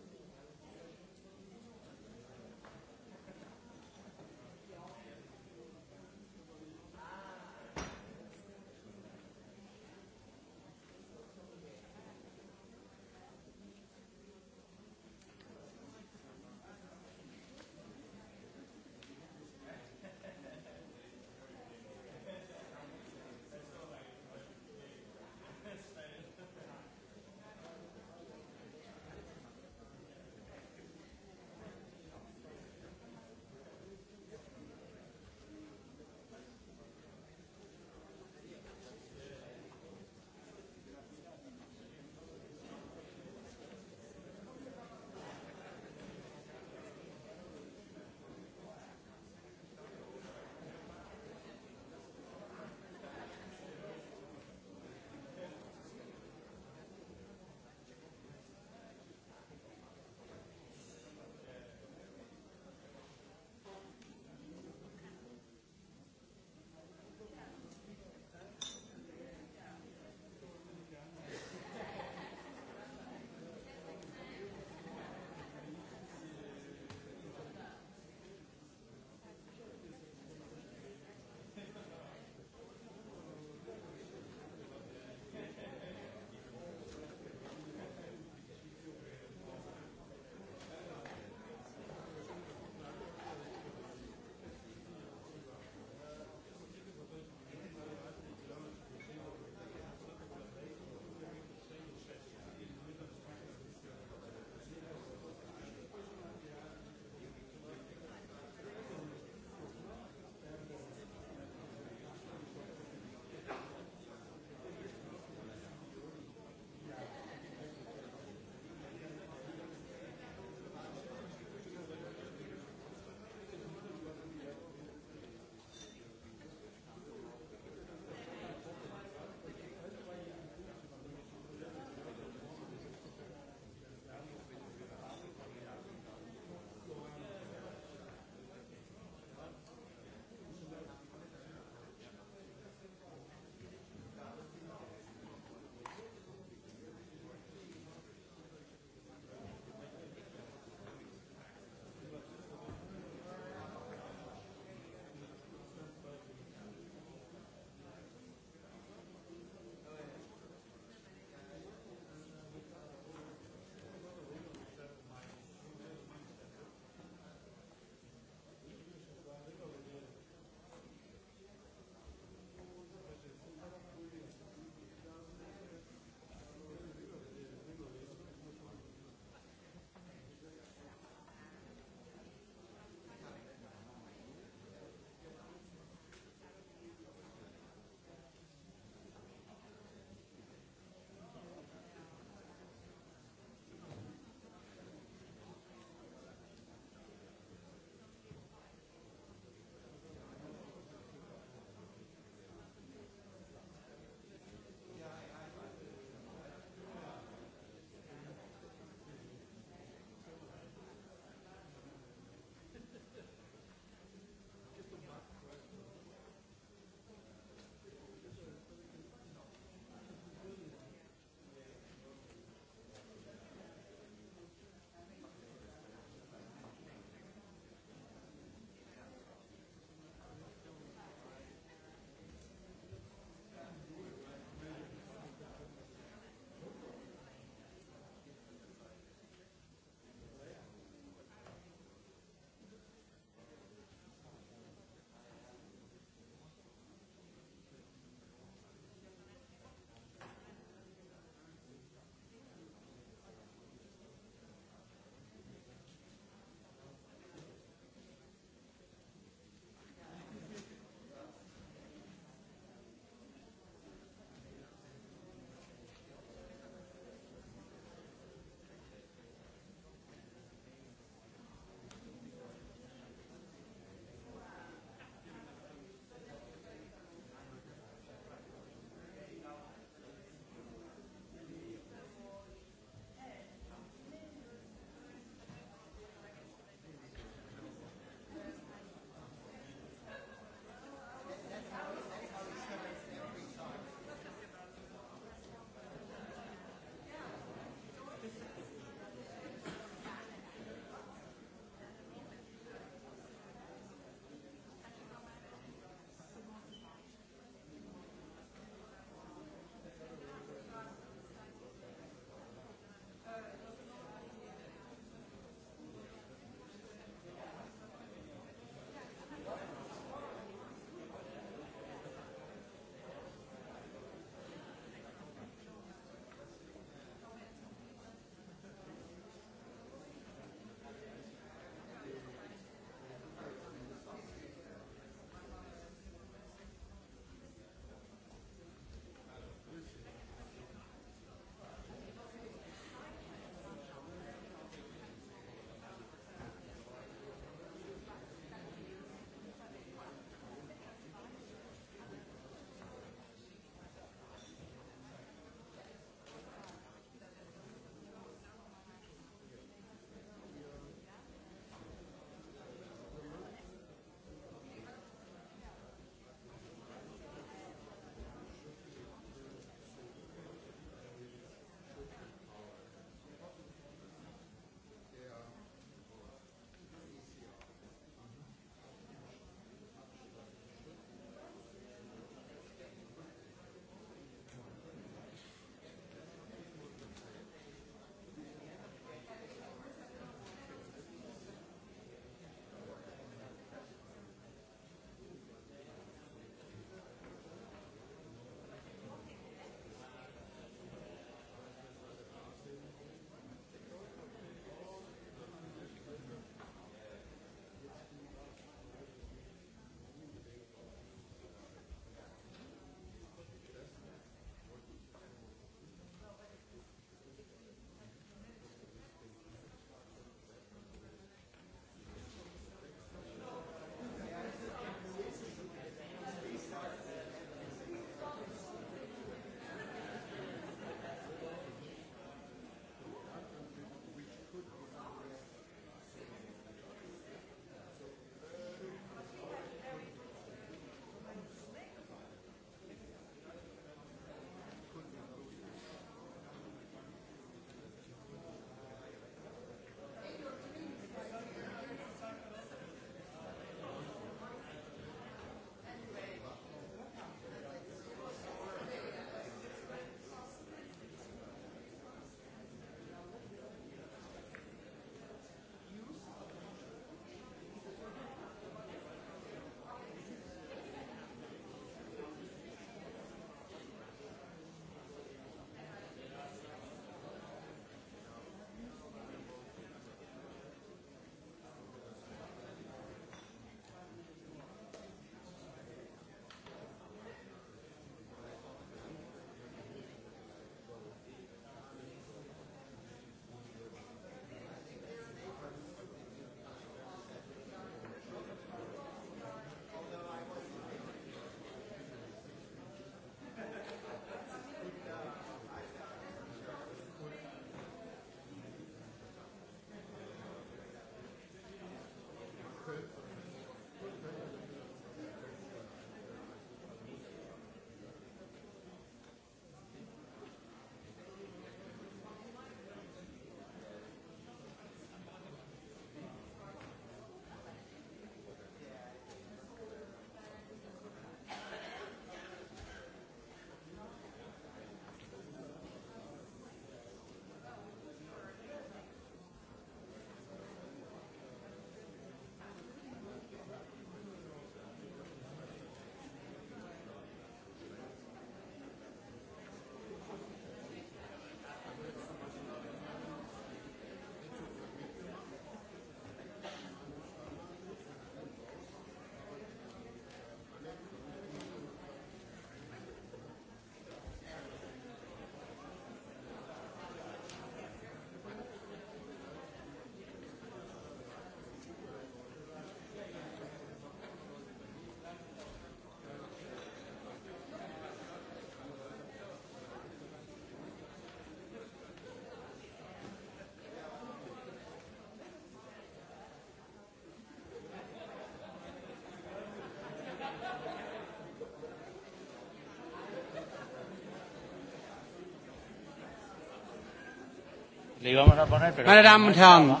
Meine niin Damen no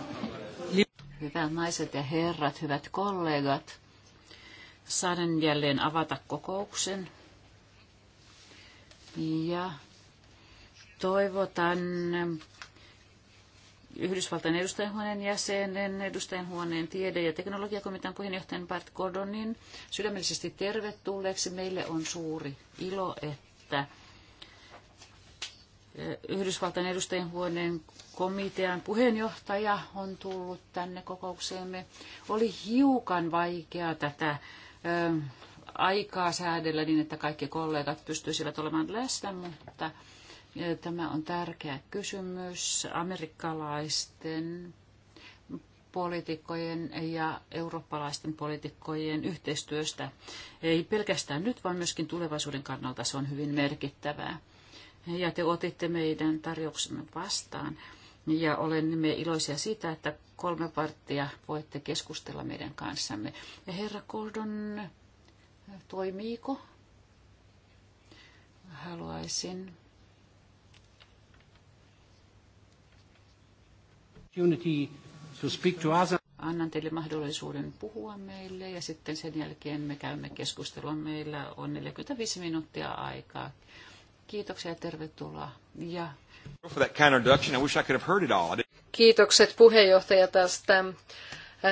Hyvät naiset ja herrat, hyvät kollegat, saan jälleen avata kokouksen. Ja toivotan Yhdysvaltain edustajanhuoneen jäsenen, edustajanhuoneen tiede- ja teknologiakomitean puheenjohtajan Bart Gordonin sydämellisesti tervetulleeksi. Meille on suuri ilo, että e, Yhdysvaltain edustajanhuoneen komitean puheenjohtaja on tullut tänne kokoukseemme. Oli hiukan vaikea tätä ö, aikaa säädellä niin, että kaikki kollegat pystyisivät olemaan läsnä, mutta ö, tämä on tärkeä kysymys amerikkalaisten poliitikkojen ja eurooppalaisten poliitikkojen yhteistyöstä. Ei pelkästään nyt, vaan myöskin tulevaisuuden kannalta se on hyvin merkittävää. Ja te otitte meidän tarjouksemme vastaan. Ja olemme iloisia siitä, että kolme varttia voitte keskustella meidän kanssamme. Ja herra Koldon, toimiiko? Haluaisin. Unity to speak to us annan teille mahdollisuuden puhua meille ja sitten sen jälkeen me käymme keskustelua. Meillä on 45 minuuttia aikaa. Kiitoksia ja tervetuloa. Ja Kiitokset puheenjohtaja tästä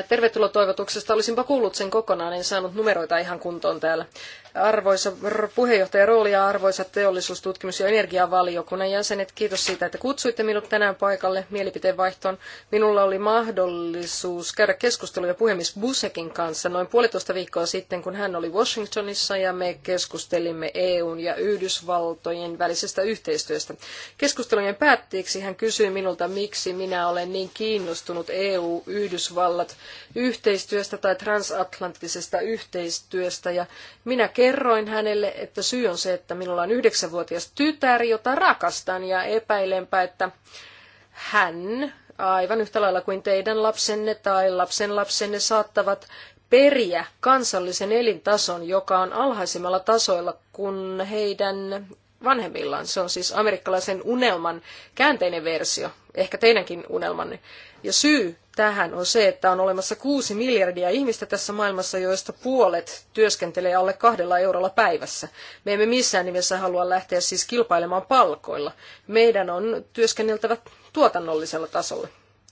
tervetuloa toivotuksesta. Olisinpa kuullut sen kokonaan, en saanut numeroita ihan kuntoon täällä arvoisa puheenjohtaja rooli ja arvoisat teollisuustutkimus- ja energiavaliokunnan jäsenet. Kiitos siitä, että kutsuitte minut tänään paikalle mielipiteenvaihtoon. Minulla oli mahdollisuus käydä keskusteluja puhemies Busekin kanssa noin puolitoista viikkoa sitten, kun hän oli Washingtonissa ja me keskustelimme EUn ja Yhdysvaltojen välisestä yhteistyöstä. Keskustelujen päätteeksi hän kysyi minulta, miksi minä olen niin kiinnostunut EU-Yhdysvallat yhteistyöstä tai transatlanttisesta yhteistyöstä ja minä Kerroin hänelle, että syy on se, että minulla on yhdeksänvuotias tytär, jota rakastan ja epäilenpä, että hän aivan yhtä lailla kuin teidän lapsenne tai lapsen lapsenne saattavat periä kansallisen elintason, joka on alhaisimmalla tasoilla kuin heidän vanhemmillaan. Se on siis amerikkalaisen unelman käänteinen versio, ehkä teidänkin unelmanne. Ja syy tähän on se, että on olemassa kuusi miljardia ihmistä tässä maailmassa, joista puolet työskentelee alle kahdella eurolla päivässä. Me emme missään nimessä halua lähteä siis kilpailemaan palkoilla. Meidän on työskenneltävä tuotannollisella tasolla.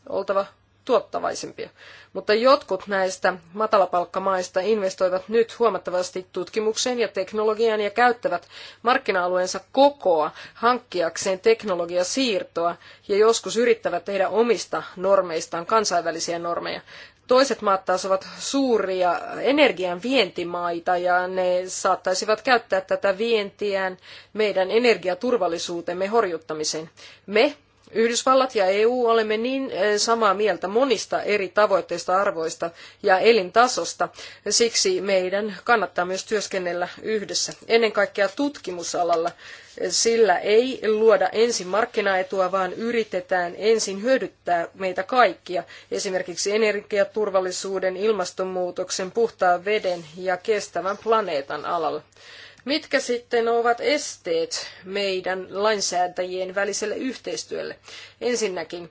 Oltava tuottavaisempia. Mutta jotkut näistä matalapalkkamaista investoivat nyt huomattavasti tutkimukseen ja teknologiaan ja käyttävät markkina-alueensa kokoa hankkiakseen teknologiasiirtoa ja joskus yrittävät tehdä omista normeistaan kansainvälisiä normeja. Toiset maat taas ovat suuria energian vientimaita ja ne saattaisivat käyttää tätä vientiään meidän energiaturvallisuutemme horjuttamiseen. Me Yhdysvallat ja EU olemme niin eh, samaa mieltä monista eri tavoitteista, arvoista ja elintasosta. Siksi meidän kannattaa myös työskennellä yhdessä, ennen kaikkea tutkimusalalla. Eh, sillä ei luoda ensin markkinaetua, vaan yritetään ensin hyödyttää meitä kaikkia, esimerkiksi energiaturvallisuuden, ilmastonmuutoksen, puhtaan veden ja kestävän planeetan alalla. Mitkä sitten ovat esteet meidän lainsäätäjien väliselle yhteistyölle? Ensinnäkin,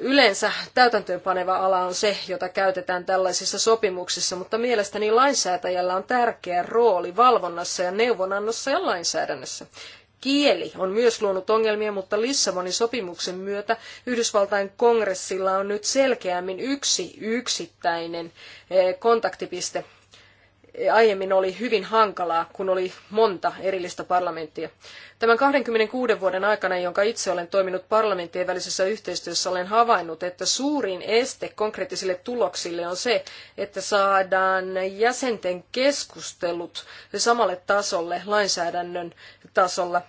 yleensä täytäntöönpaneva ala on se, jota käytetään tällaisissa sopimuksissa, mutta mielestäni lainsäätäjällä on tärkeä rooli valvonnassa ja neuvonannossa ja lainsäädännössä. Kieli on myös luonut ongelmia, mutta Lissabonin sopimuksen myötä Yhdysvaltain kongressilla on nyt selkeämmin yksi yksittäinen eh, kontaktipiste aiemmin oli hyvin hankalaa, kun oli monta erillistä parlamenttia. Tämän 26 vuoden aikana, jonka itse olen toiminut parlamenttien välisessä yhteistyössä, olen havainnut, että suurin este konkreettisille tuloksille on se, että saadaan jäsenten keskustelut samalle tasolle lainsäädännön tasolla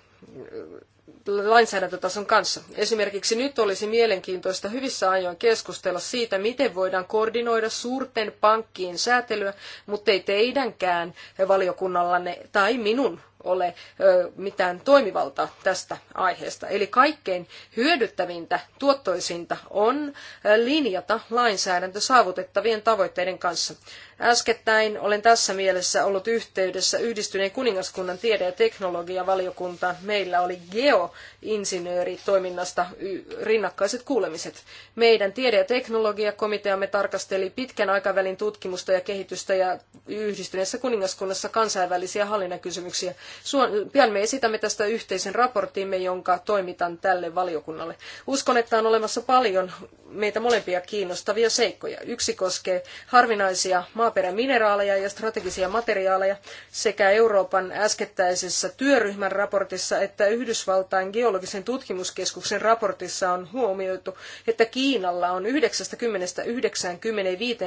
lainsäädäntötason kanssa. Esimerkiksi nyt olisi mielenkiintoista hyvissä ajoin keskustella siitä, miten voidaan koordinoida suurten pankkien säätelyä, mutta ei teidänkään valiokunnallanne tai minun ole mitään toimivaltaa tästä aiheesta. Eli kaikkein hyödyttävintä, tuottoisinta on linjata lainsäädäntö saavutettavien tavoitteiden kanssa. Äskettäin olen tässä mielessä ollut yhteydessä yhdistyneen kuningaskunnan tiede- ja teknologiavaliokuntaan. Meillä oli geoinsinööritoiminnasta rinnakkaiset kuulemiset. Meidän tiede- ja teknologiakomiteamme tarkasteli pitkän aikavälin tutkimusta ja kehitystä ja yhdistyneessä kuningaskunnassa kansainvälisiä hallinnan kysymyksiä. Pian me esitämme tästä yhteisen raporttimme, jonka toimitan tälle valiokunnalle. Uskon, että on olemassa paljon meitä molempia kiinnostavia seikkoja. Yksi koskee harvinaisia maa maaperämineraaleja ja strategisia materiaaleja sekä Euroopan äskettäisessä työryhmän raportissa että Yhdysvaltain geologisen tutkimuskeskuksen raportissa on huomioitu, että Kiinalla on 90-95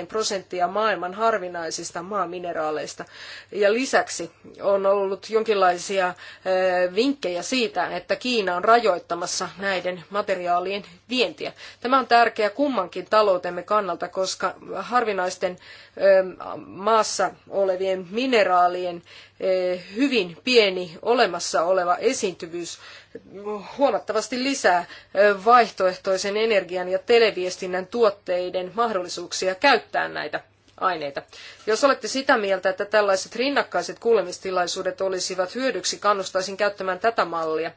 prosenttia maailman harvinaisista maamineraaleista. Ja lisäksi on ollut jonkinlaisia vinkkejä siitä, että Kiina on rajoittamassa näiden materiaalien vientiä. Tämä on tärkeä kummankin taloutemme kannalta, koska harvinaisten maassa olevien mineraalien eh, hyvin pieni olemassa oleva esiintyvyys huomattavasti lisää eh, vaihtoehtoisen energian ja televiestinnän tuotteiden mahdollisuuksia käyttää näitä aineita. Jos olette sitä mieltä, että tällaiset rinnakkaiset kuulemistilaisuudet olisivat hyödyksi, kannustaisin käyttämään tätä mallia.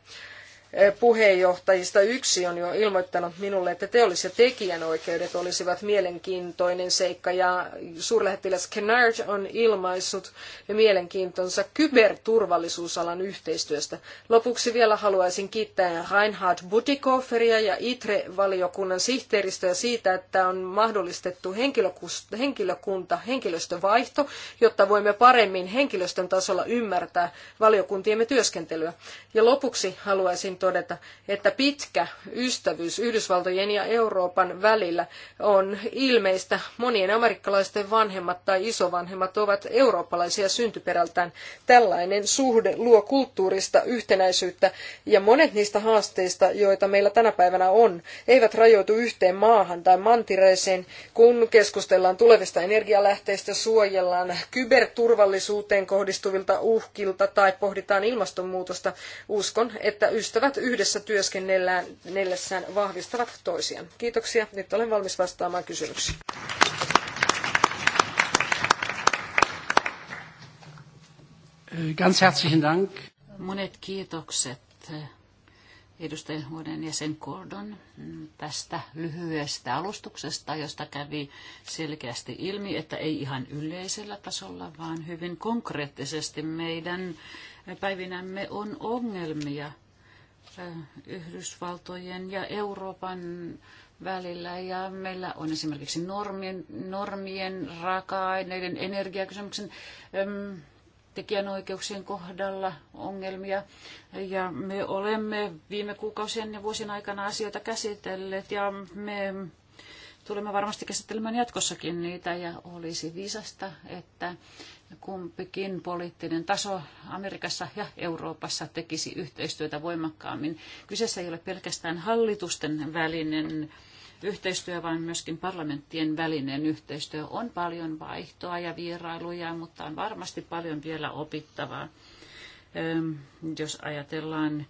Eh, puheenjohtajista yksi on jo ilmoittanut minulle, että teollis- ja tekijänoikeudet olisivat mielenkiintoinen seikka ja suurlähettiläs Kennard on ilmaissut mielenkiintonsa kyberturvallisuusalan yhteistyöstä. Lopuksi vielä haluaisin kiittää Reinhard Butikofferia ja ITRE-valiokunnan sihteeristöä siitä, että on mahdollistettu henkilökunta, henkilöstövaihto, jotta voimme paremmin henkilöstön tasolla ymmärtää valiokuntiemme työskentelyä. Ja lopuksi haluaisin todeta, että pitkä ystävyys Yhdysvaltojen ja Euroopan välillä on ilmeistä. Monien amerikkalaisten vanhemmat tai isovanhemmat ovat eurooppalaisia syntyperältään. Tällainen suhde luo kulttuurista yhtenäisyyttä ja monet niistä haasteista, joita meillä tänä päivänä on, eivät rajoitu yhteen maahan tai mantireeseen, kun keskustellaan tulevista energialähteistä, suojellaan kyberturvallisuuteen kohdistuvilta uhkilta tai pohditaan ilmastonmuutosta. Uskon, että ystävät jotkut yhdessä työskennellessään vahvistavat toisiaan. Kiitoksia. Nyt olen valmis vastaamaan kysymyksiin. Ganz herzlichen Dank. Monet kiitokset edustajahuoneen jäsen Gordon tästä lyhyestä alustuksesta, josta kävi selkeästi ilmi, että ei ihan yleisellä tasolla, vaan hyvin konkreettisesti meidän päivinämme on ongelmia – Yhdysvaltojen ja Euroopan välillä ja meillä on esimerkiksi normien, normien raaka-aineiden, energiakysymyksen tekijänoikeuksien kohdalla ongelmia. Ja me olemme viime kuukausien ja vuosien aikana asioita käsitelleet ja me tulemme varmasti käsittelemään jatkossakin niitä ja olisi viisasta, että kumpikin poliittinen taso Amerikassa ja Euroopassa tekisi yhteistyötä voimakkaammin. Kyseessä ei ole pelkästään hallitusten välinen yhteistyö, vaan myöskin parlamenttien välinen yhteistyö. On paljon vaihtoa ja vierailuja, mutta on varmasti paljon vielä opittavaa. Jos ajatellaan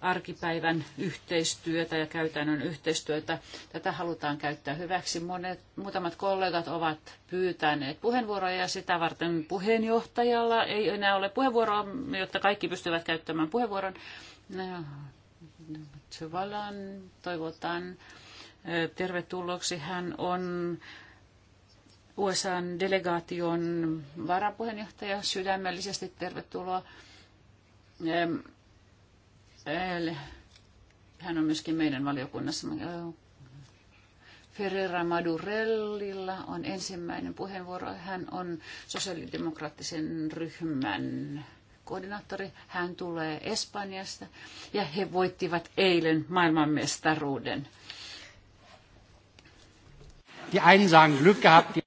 arkipäivän yhteistyötä ja käytännön yhteistyötä. Tätä halutaan käyttää hyväksi. Monet, muutamat kollegat ovat pyytäneet puheenvuoroja ja sitä varten puheenjohtajalla ei enää ole puheenvuoroa, jotta kaikki pystyvät käyttämään puheenvuoron. No, Tsevalan toivotan tervetulloksi. Hän on USAn delegaation varapuheenjohtaja. Sydämellisesti tervetuloa hän on myöskin meidän valiokunnassa. Ferreira Madurellilla on ensimmäinen puheenvuoro. Hän on sosiaalidemokraattisen ryhmän koordinaattori. Hän tulee Espanjasta ja he voittivat eilen maailmanmestaruuden. Die einen sagen Glück gehabt, die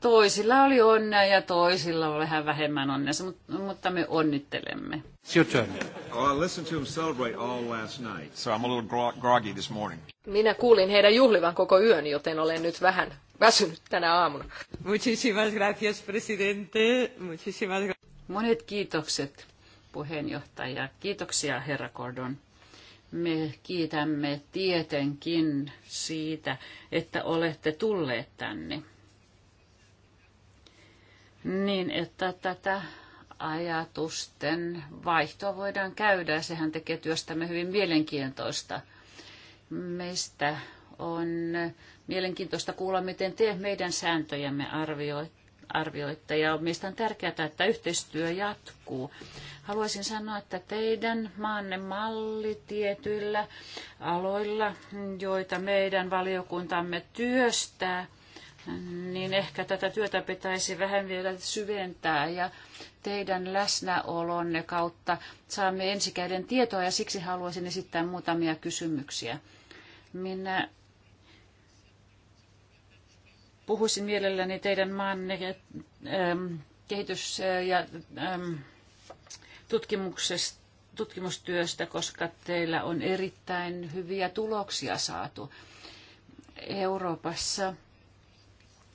Toisilla oli onnea ja toisilla oli vähän vähemmän onnea, mutta me onnittelemme. It's your turn. Oh, I listened to him celebrate all last night. So I'm a little groggy this morning. Minä kuulin heidän juhlivan koko yön, joten olen nyt vähän väsynyt tänä aamuna. Muchísimas gracias, presidente. Muchísimas gracias. Monet kiitokset, puheenjohtaja. Kiitoksia, herra Gordon. Me kiitämme tietenkin siitä, että olette tulleet tänne niin että tätä ajatusten vaihtoa voidaan käydä ja sehän tekee työstämme hyvin mielenkiintoista. Meistä on mielenkiintoista kuulla, miten te meidän sääntöjämme arvioitte ja meistä on tärkeää, että yhteistyö jatkuu. Haluaisin sanoa, että teidän maanne malli tietyillä aloilla, joita meidän valiokuntamme työstää, niin ehkä tätä työtä pitäisi vähän vielä syventää ja teidän läsnäolonne kautta saamme ensikäden tietoa ja siksi haluaisin esittää muutamia kysymyksiä. Minä puhuisin mielelläni teidän maanne ähm, kehitys- ja ähm, tutkimuksesta tutkimustyöstä, koska teillä on erittäin hyviä tuloksia saatu Euroopassa –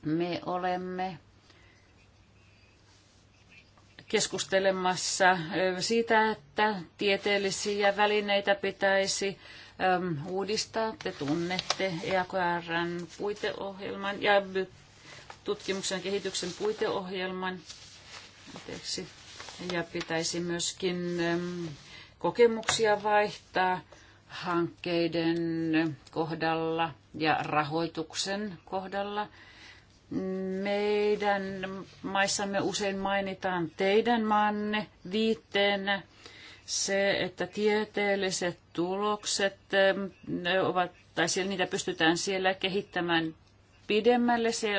me olemme keskustelemassa siitä, että tieteellisiä välineitä pitäisi uudistaa. Te tunnette EAKRn puiteohjelman ja tutkimuksen ja kehityksen puiteohjelman. Ja pitäisi myöskin kokemuksia vaihtaa hankkeiden kohdalla ja rahoituksen kohdalla. Meidän maissamme usein mainitaan teidän maanne viitteenä se, että tieteelliset tulokset eh, ovat, tai siellä niitä pystytään siellä kehittämään pidemmälle. Se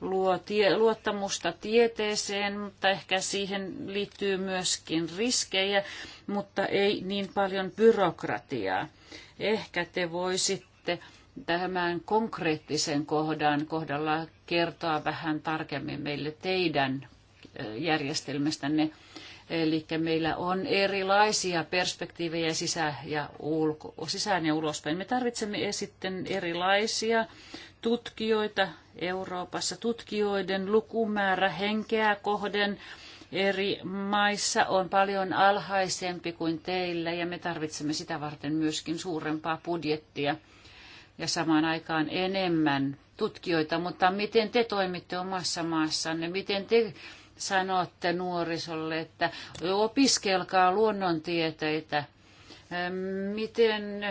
luo tie, luottamusta tieteeseen, mutta ehkä siihen liittyy myöskin riskejä, mutta ei niin paljon byrokratiaa. Ehkä te voisitte tämän konkreettisen kohdan kohdalla kertoa vähän tarkemmin meille teidän järjestelmästänne. Eli meillä on erilaisia perspektiivejä sisä ja ulko, sisään ja ulospäin. Me tarvitsemme sitten erilaisia tutkijoita Euroopassa. Tutkijoiden lukumäärä henkeä kohden eri maissa on paljon alhaisempi kuin teillä ja me tarvitsemme sitä varten myöskin suurempaa budjettia ja samaan aikaan enemmän tutkijoita, mutta miten te toimitte omassa maassanne, miten te sanotte nuorisolle, että opiskelkaa luonnontieteitä, miten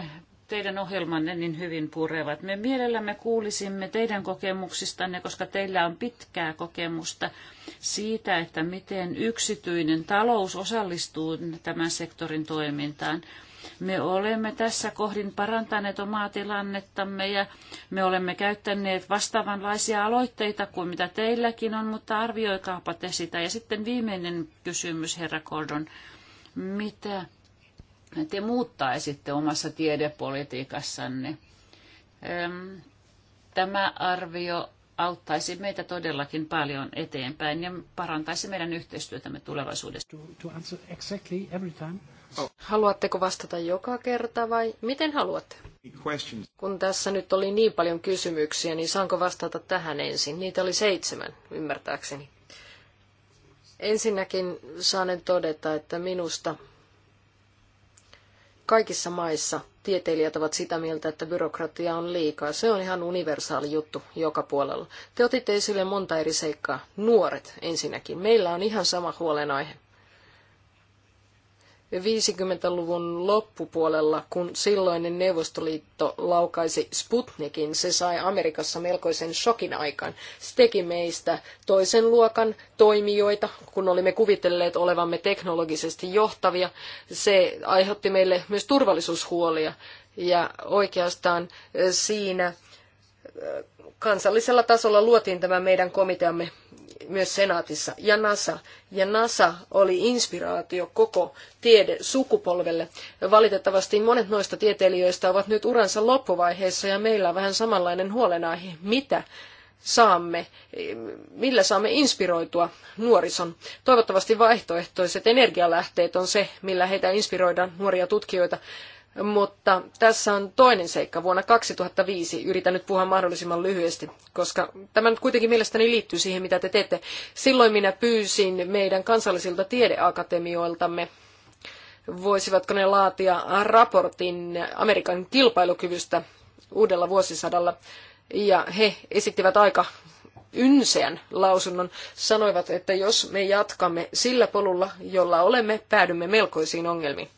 teidän ohjelmanne niin hyvin purevat. Me mielellämme kuulisimme teidän kokemuksistanne, koska teillä on pitkää kokemusta siitä, että miten yksityinen talous osallistuu tämän sektorin toimintaan. Me olemme tässä kohdin parantaneet omaa tilannettamme ja me olemme käyttäneet vastaavanlaisia aloitteita kuin mitä teilläkin on, mutta arvioikaapa te sitä. Ja sitten viimeinen kysymys, herra Gordon. Mitä te muuttaisitte omassa tiedepolitiikassanne? Tämä arvio auttaisi meitä todellakin paljon eteenpäin ja parantaisi meidän yhteistyötämme tulevaisuudessa. To, to Haluatteko vastata joka kerta vai miten haluatte? Kun tässä nyt oli niin paljon kysymyksiä, niin saanko vastata tähän ensin? Niitä oli seitsemän, ymmärtääkseni. Ensinnäkin saanen todeta, että minusta kaikissa maissa tieteilijät ovat sitä mieltä, että byrokratia on liikaa. Se on ihan universaali juttu joka puolella. Te otitte esille monta eri seikkaa. Nuoret ensinnäkin. Meillä on ihan sama huolenaihe. 50-luvun loppupuolella, kun silloinen Neuvostoliitto laukaisi Sputnikin, se sai Amerikassa melkoisen shokin aikaan. Se teki meistä toisen luokan toimijoita, kun olimme kuvitelleet olevamme teknologisesti johtavia. Se aiheutti meille myös turvallisuushuolia ja oikeastaan eh, siinä eh, kansallisella tasolla luotiin tämä meidän komiteamme myös senaatissa ja NASA. Ja NASA oli inspiraatio koko tiede sukupolvelle. Valitettavasti monet noista tieteilijöistä ovat nyt uransa loppuvaiheessa ja meillä on vähän samanlainen huolenaihe. Mitä saamme, millä saamme inspiroitua nuorison. Toivottavasti vaihtoehtoiset energialähteet on se, millä heitä inspiroidaan nuoria tutkijoita mutta tässä on toinen seikka. Vuonna 2005 yritän nyt puhua mahdollisimman lyhyesti, koska tämä nyt kuitenkin mielestäni liittyy siihen, mitä te teette. Silloin minä pyysin meidän kansallisilta tiedeakatemioiltamme voisivatko ne laatia raportin Amerikan kilpailukyvystä uudella vuosisadalla. Ja he esittivät aika ynseän lausunnon, sanoivat, että jos me jatkamme sillä polulla, jolla olemme, päädymme melkoisiin ongelmiin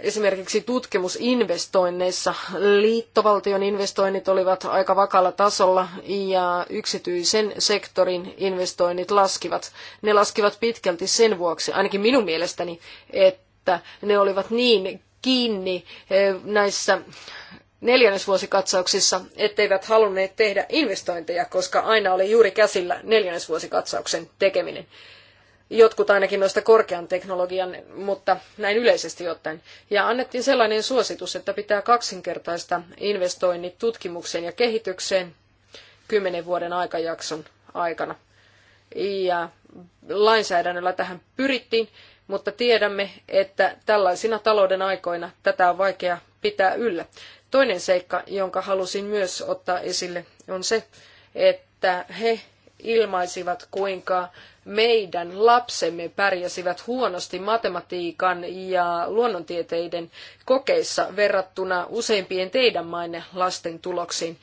esimerkiksi tutkimusinvestoinneissa liittovaltion investoinnit olivat aika vakalla tasolla ja yksityisen sektorin investoinnit laskivat. Ne laskivat pitkälti sen vuoksi, ainakin minun mielestäni, että ne olivat niin kiinni eh, näissä neljännesvuosikatsauksissa, etteivät halunneet tehdä investointeja, koska aina oli juuri käsillä neljännesvuosikatsauksen tekeminen jotkut ainakin noista korkean teknologian, mutta näin yleisesti ottaen. Ja annettiin sellainen suositus, että pitää kaksinkertaista investoinnit tutkimukseen ja kehitykseen kymmenen vuoden aikajakson aikana. Ja lainsäädännöllä tähän pyrittiin, mutta tiedämme, että tällaisina talouden aikoina tätä on vaikea pitää yllä. Toinen seikka, jonka halusin myös ottaa esille, on se, että he ilmaisivat, kuinka meidän lapsemme pärjäsivät huonosti matematiikan ja luonnontieteiden kokeissa verrattuna useimpien teidän maine lasten tuloksiin.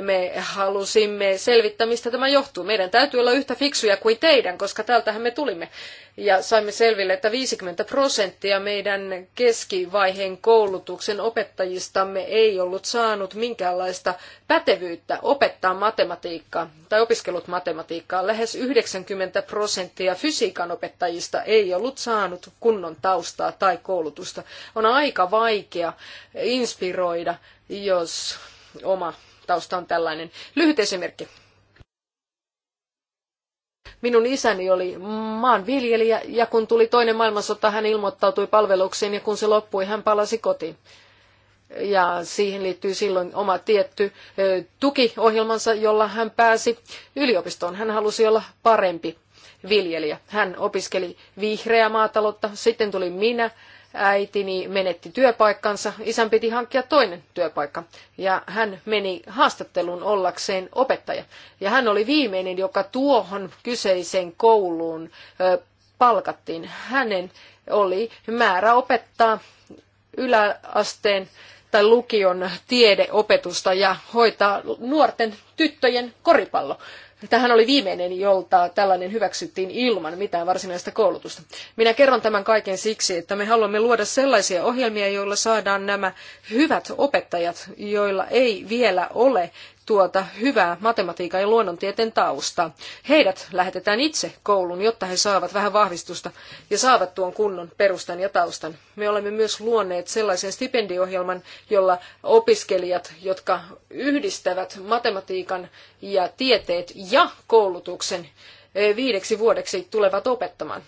Me halusimme selvittää, mistä tämä johtuu. Meidän täytyy olla yhtä fiksuja kuin teidän, koska täältähän me tulimme. Ja saimme selville, että 50 prosenttia meidän keskivaiheen koulutuksen opettajistamme ei ollut saanut minkäänlaista pätevyyttä opettaa matematiikkaa tai opiskellut matematiikkaa. Lähes 90 prosenttia prosenttia fysiikan opettajista ei ollut saanut kunnon taustaa tai koulutusta. On aika vaikea inspiroida, jos oma tausta on tällainen. Lyhyt esimerkki. Minun isäni oli maanviljelijä ja kun tuli toinen maailmansota, hän ilmoittautui palvelukseen ja kun se loppui, hän palasi kotiin. Ja siihen liittyy silloin oma tietty tukiohjelmansa, jolla hän pääsi yliopistoon. Hän halusi olla parempi viljelijä. Hän opiskeli vihreää maataloutta, sitten tuli minä, äitini menetti työpaikkansa, isän piti hankkia toinen työpaikka ja hän meni haastatteluun ollakseen opettaja. Ja hän oli viimeinen, joka tuohon kyseiseen kouluun palkattiin. Hänen oli määrä opettaa yläasteen tai lukion tiedeopetusta ja hoitaa nuorten tyttöjen koripallo. Tähän oli viimeinen, jolta tällainen hyväksyttiin ilman mitään varsinaista koulutusta. Minä kerron tämän kaiken siksi, että me haluamme luoda sellaisia ohjelmia, joilla saadaan nämä hyvät opettajat, joilla ei vielä ole tuota hyvää matematiikan ja luonnontieteen taustaa. Heidät lähetetään itse kouluun, jotta he saavat vähän vahvistusta ja saavat tuon kunnon perustan ja taustan. Me olemme myös luonneet sellaisen stipendiohjelman, jolla opiskelijat, jotka yhdistävät matematiikan ja tieteet ja koulutuksen eh, viideksi vuodeksi tulevat opettamaan.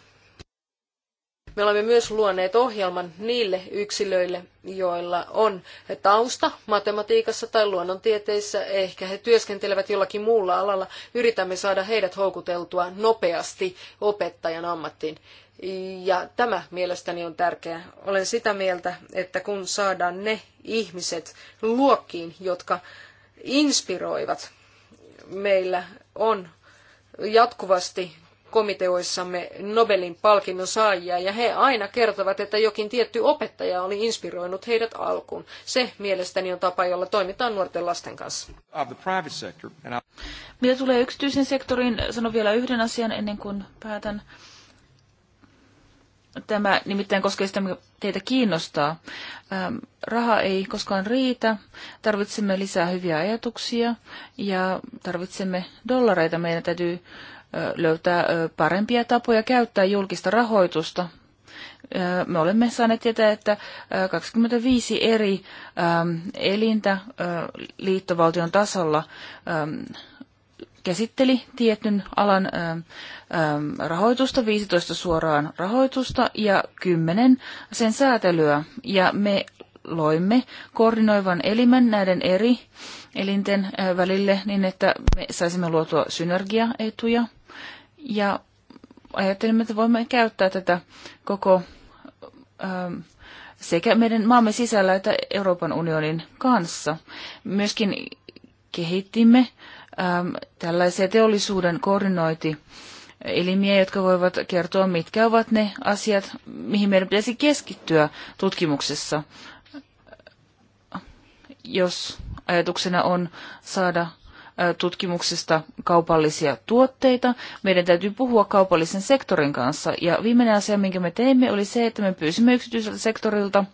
Me olemme myös luoneet ohjelman niille yksilöille, joilla on tausta matematiikassa tai luonnontieteissä, ehkä he työskentelevät jollakin muulla alalla. Yritämme saada heidät houkuteltua nopeasti opettajan ammattiin. Ja tämä mielestäni on tärkeää. Olen sitä mieltä, että kun saadaan ne ihmiset luokkiin, jotka inspiroivat, meillä on jatkuvasti komiteoissamme Nobelin palkinnon saajia, ja he aina kertovat, että jokin tietty opettaja oli inspiroinut heidät alkuun. Se mielestäni on tapa, jolla toimitaan nuorten lasten kanssa. Mitä tulee yksityisen sektoriin, sanon vielä yhden asian ennen kuin päätän. Tämä nimittäin koskee sitä, mikä teitä kiinnostaa. Ähm, raha ei koskaan riitä, tarvitsemme lisää hyviä ajatuksia ja tarvitsemme dollareita. Meidän täytyy löytää parempia tapoja käyttää julkista rahoitusta. Me olemme saaneet tietää, että 25 eri elintä liittovaltion tasolla käsitteli tietyn alan rahoitusta, 15 suoraan rahoitusta ja 10 sen säätelyä. Ja me loimme koordinoivan elimen näiden eri elinten välille niin, että me saisimme luotua synergiaetuja. Ja ajattelimme, että voimme käyttää tätä koko ähm, sekä meidän maamme sisällä että Euroopan unionin kanssa. Myöskin kehittimme ähm, tällaisia teollisuuden koordinointi elimiä, jotka voivat kertoa, mitkä ovat ne asiat, mihin meidän pitäisi keskittyä tutkimuksessa, jos ajatuksena on saada tutkimuksesta kaupallisia tuotteita. Meidän täytyy puhua kaupallisen sektorin kanssa. Ja viimeinen asia, minkä me teimme, oli se, että me pyysimme yksityiseltä sektorilta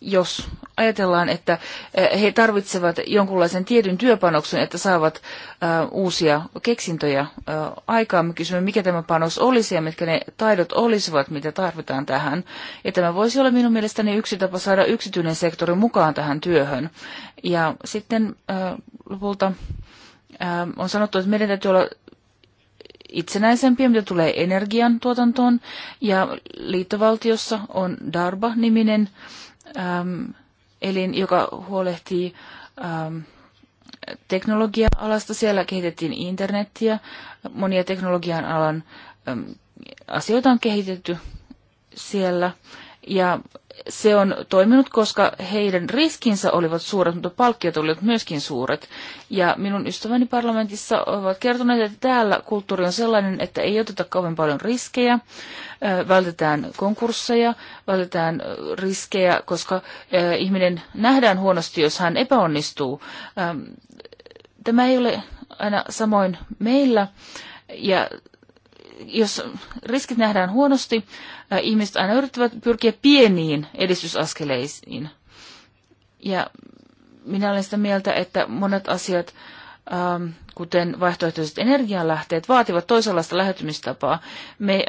jos ajatellaan, että eh, he tarvitsevat jonkunlaisen tietyn työpanoksen, että saavat eh, uusia keksintöjä eh, aikaan. Me kysymme, mikä tämä panos olisi ja mitkä ne taidot olisivat, mitä tarvitaan tähän. Ja tämä voisi olla minun mielestäni yksi tapa saada yksityinen sektori mukaan tähän työhön. Ja sitten lopulta on sanottu, että meidän täytyy olla itsenäisempiä, mitä tulee energian tuotantoon. Ja liittovaltiossa on DARBA-niminen ähm, elin, joka huolehtii ähm, teknologia-alasta. Siellä kehitettiin internettiä. Monia teknologian alan ähm, asioita on kehitetty siellä. Ja se on toiminut, koska heidän riskinsä olivat suuret, mutta palkkiot olivat myöskin suuret. Ja minun ystäväni parlamentissa ovat kertoneet, että täällä kulttuuri on sellainen, että ei oteta kauhean paljon riskejä, vältetään konkursseja, vältetään riskejä, koska ihminen nähdään huonosti, jos hän epäonnistuu. Tämä ei ole aina samoin meillä. Ja jos riskit nähdään huonosti, ihmiset aina yrittävät pyrkiä pieniin edistysaskeleisiin. Ja minä olen sitä mieltä, että monet asiat, kuten vaihtoehtoiset energialähteet, vaativat toisenlaista lähetymistapaa. Me,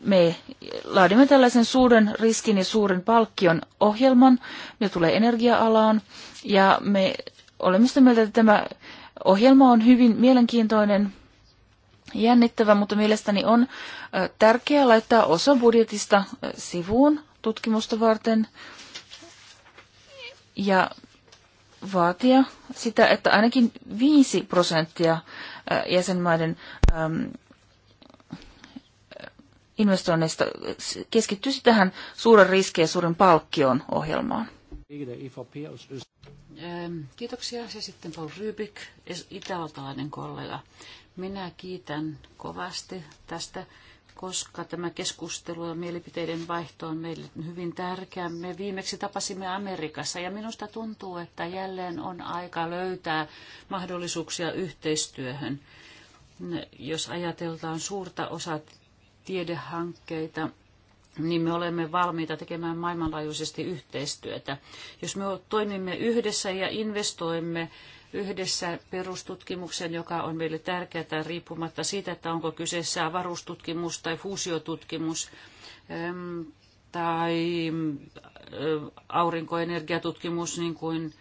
me laadimme tällaisen suuren riskin ja suuren palkkion ohjelman, mitä tulee energia-alaan, ja me olemme sitä mieltä, että tämä ohjelma on hyvin mielenkiintoinen, jännittävä, mutta mielestäni on tärkeää laittaa osa budjetista sivuun tutkimusta varten ja vaatia sitä, että ainakin 5 prosenttia jäsenmaiden investoinneista keskittyisi tähän suuren riskin, ja suuren palkkion ohjelmaan. Kiitoksia. Ja sitten Paul Rybik, itävaltalainen kollega. Minä kiitän kovasti tästä, koska tämä keskustelu ja mielipiteiden vaihto on meille hyvin tärkeä. Me viimeksi tapasimme Amerikassa ja minusta tuntuu, että jälleen on aika löytää mahdollisuuksia yhteistyöhön. Jos ajatellaan suurta osaa tiedehankkeita, niin me olemme valmiita tekemään maailmanlaajuisesti yhteistyötä. Jos me toimimme yhdessä ja investoimme yhdessä perustutkimuksen, joka on meille tärkeää riippumatta siitä, että onko kyseessä avaruustutkimus tai fuusiotutkimus ähm, tai äh, aurinkoenergiatutkimus, niin kuin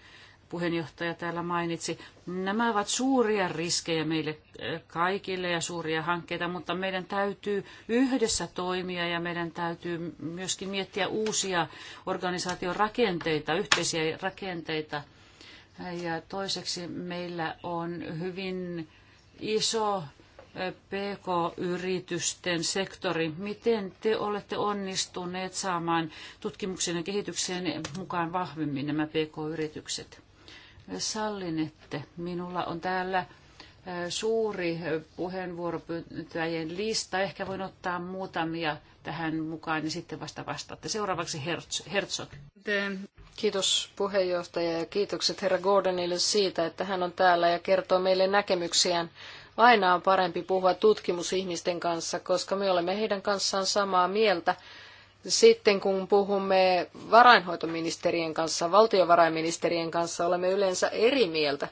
puheenjohtaja täällä mainitsi. Nämä ovat suuria riskejä meille äh, kaikille ja suuria hankkeita, mutta meidän täytyy yhdessä toimia ja meidän täytyy myöskin miettiä uusia organisaation rakenteita, yhteisiä rakenteita – ja toiseksi meillä on hyvin iso eh, PK-yritysten sektori. Miten te olette onnistuneet saamaan tutkimuksen ja kehityksen mukaan vahvemmin nämä PK-yritykset? Sallinette, minulla on täällä eh, suuri eh, puheenvuoropyyntöjen lista. Ehkä voin ottaa muutamia tähän mukaan, niin sitten vasta vastaatte. Seuraavaksi Herzog. Kiitos puheenjohtaja ja kiitokset herra Gordonille siitä, että hän on täällä ja kertoo meille näkemyksiään. Aina on parempi puhua tutkimusihmisten kanssa, koska me olemme heidän kanssaan samaa mieltä sitten kun puhumme varainhoitoministerien kanssa, valtiovarainministerien kanssa, olemme yleensä eri mieltä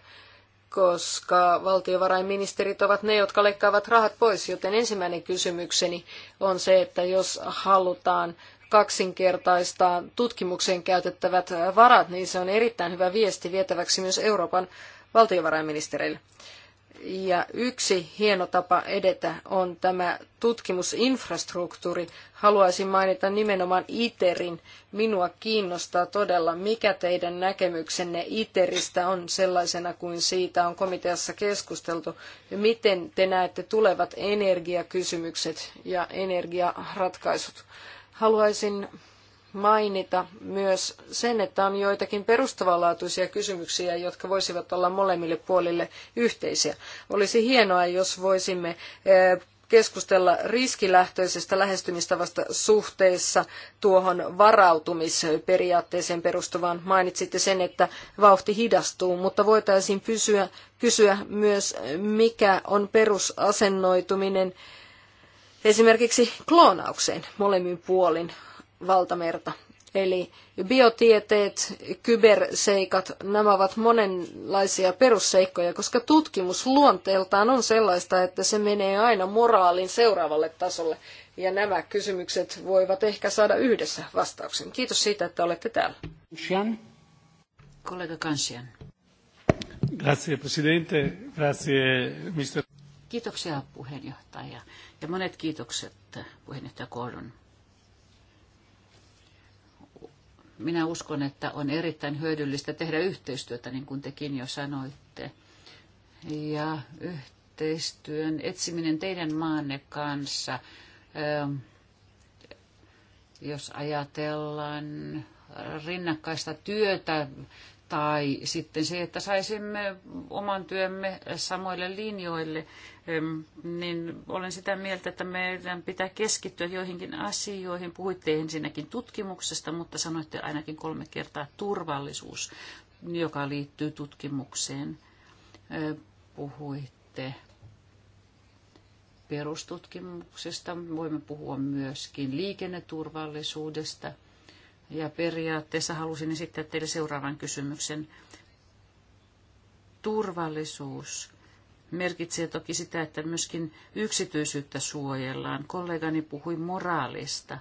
koska valtiovarainministerit ovat ne, jotka leikkaavat rahat pois. Joten ensimmäinen kysymykseni on se, että jos halutaan kaksinkertaistaa tutkimukseen käytettävät varat, niin se on erittäin hyvä viesti vietäväksi myös Euroopan valtiovarainministereille. Ja yksi hieno tapa edetä on tämä tutkimusinfrastruktuuri. Haluaisin mainita nimenomaan ITERin. Minua kiinnostaa todella, mikä teidän näkemyksenne ITERistä on sellaisena kuin siitä on komiteassa keskusteltu. Ja miten te näette tulevat energiakysymykset ja energiaratkaisut. Haluaisin mainita myös sen, että on joitakin perustavanlaatuisia kysymyksiä, jotka voisivat olla molemmille puolille yhteisiä. Olisi hienoa, jos voisimme eh, keskustella riskilähtöisestä lähestymistavasta suhteessa tuohon varautumisperiaatteeseen perustuvaan. Mainitsitte sen, että vauhti hidastuu, mutta voitaisiin pysyä, kysyä myös, mikä on perusasennoituminen esimerkiksi kloonaukseen molemmin puolin valtamerta. Eli biotieteet, kyberseikat, nämä ovat monenlaisia perusseikkoja, koska tutkimus luonteeltaan on sellaista, että se menee aina moraalin seuraavalle tasolle. Ja nämä kysymykset voivat ehkä saada yhdessä vastauksen. Kiitos siitä, että olette täällä. Kansian. Kollega Kansian. Grazie, presidente. Grazie, mister. Kiitoksia puheenjohtaja ja monet kiitokset puheenjohtaja Kohdon minä uskon, että on erittäin hyödyllistä tehdä yhteistyötä, niin kuin tekin jo sanoitte. Ja yhteistyön etsiminen teidän maanne kanssa, ähm, jos ajatellaan rinnakkaista työtä tai sitten se, että saisimme oman työmme samoille linjoille, niin olen sitä mieltä, että meidän pitää keskittyä joihinkin asioihin. Puhuitte ensinnäkin tutkimuksesta, mutta sanoitte ainakin kolme kertaa turvallisuus, joka liittyy tutkimukseen. Puhuitte perustutkimuksesta, voimme puhua myöskin liikenneturvallisuudesta – ja periaatteessa halusin esittää teille seuraavan kysymyksen. Turvallisuus merkitsee toki sitä, että myöskin yksityisyyttä suojellaan. Kollegani puhui moraalista.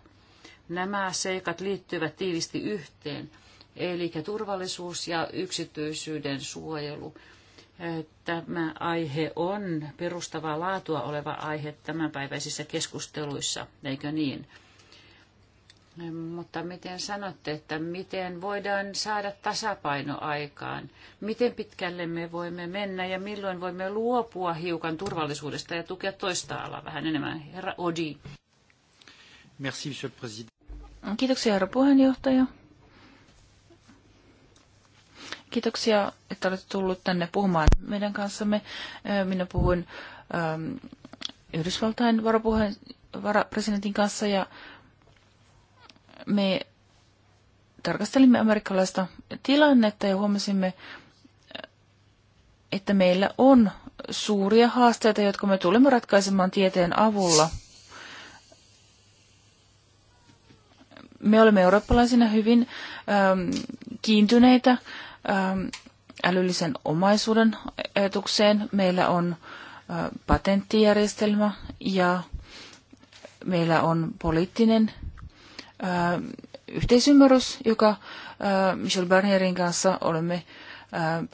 Nämä seikat liittyvät tiivisti yhteen, eli turvallisuus ja yksityisyyden suojelu. Tämä aihe on perustavaa laatua oleva aihe tämänpäiväisissä keskusteluissa, eikö niin? Mutta miten sanotte, että miten voidaan saada tasapaino aikaan? Miten pitkälle me voimme mennä ja milloin voimme luopua hiukan turvallisuudesta ja tukea toista alaa vähän enemmän? Herra Odi. Merci, monsieur le président. Kiitoksia, herra puheenjohtaja. Kiitoksia, että olette tullut tänne puhumaan meidän kanssamme. Minä puhuin Yhdysvaltain varapuheen, varapresidentin kanssa ja me tarkastelimme amerikkalaista tilannetta ja huomasimme, että meillä on suuria haasteita, jotka me tulemme ratkaisemaan tieteen avulla. Me olemme eurooppalaisina hyvin ähm, kiintyneitä ähm, älyllisen omaisuuden ajatukseen. Meillä on ä, äh, patenttijärjestelmä ja meillä on poliittinen yhteisymmärrys, joka Michel Barnierin kanssa olemme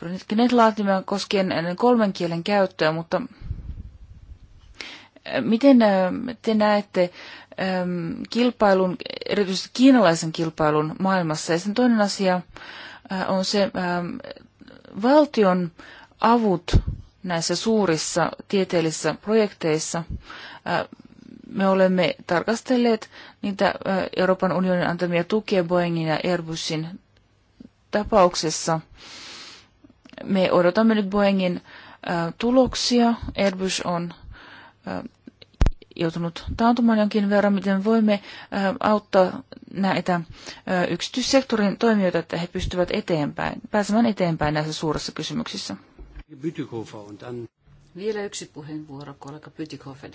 pyrkineet laatimaan koskien kolmen kielen käyttöä, mutta miten te näette kilpailun, erityisesti kiinalaisen kilpailun maailmassa? Ja sen toinen asia on se valtion avut näissä suurissa tieteellisissä projekteissa. Me olemme tarkastelleet niitä Euroopan unionin antamia tukia Boeingin ja Airbusin tapauksessa. Me odotamme nyt Boeingin tuloksia. Airbus on joutunut taantumaan jonkin verran, miten voimme auttaa näitä yksityissektorin toimijoita, että he pystyvät eteenpäin, pääsemään eteenpäin näissä suurissa kysymyksissä. Vielä yksi puheenvuoro, kollega Pytikhofer,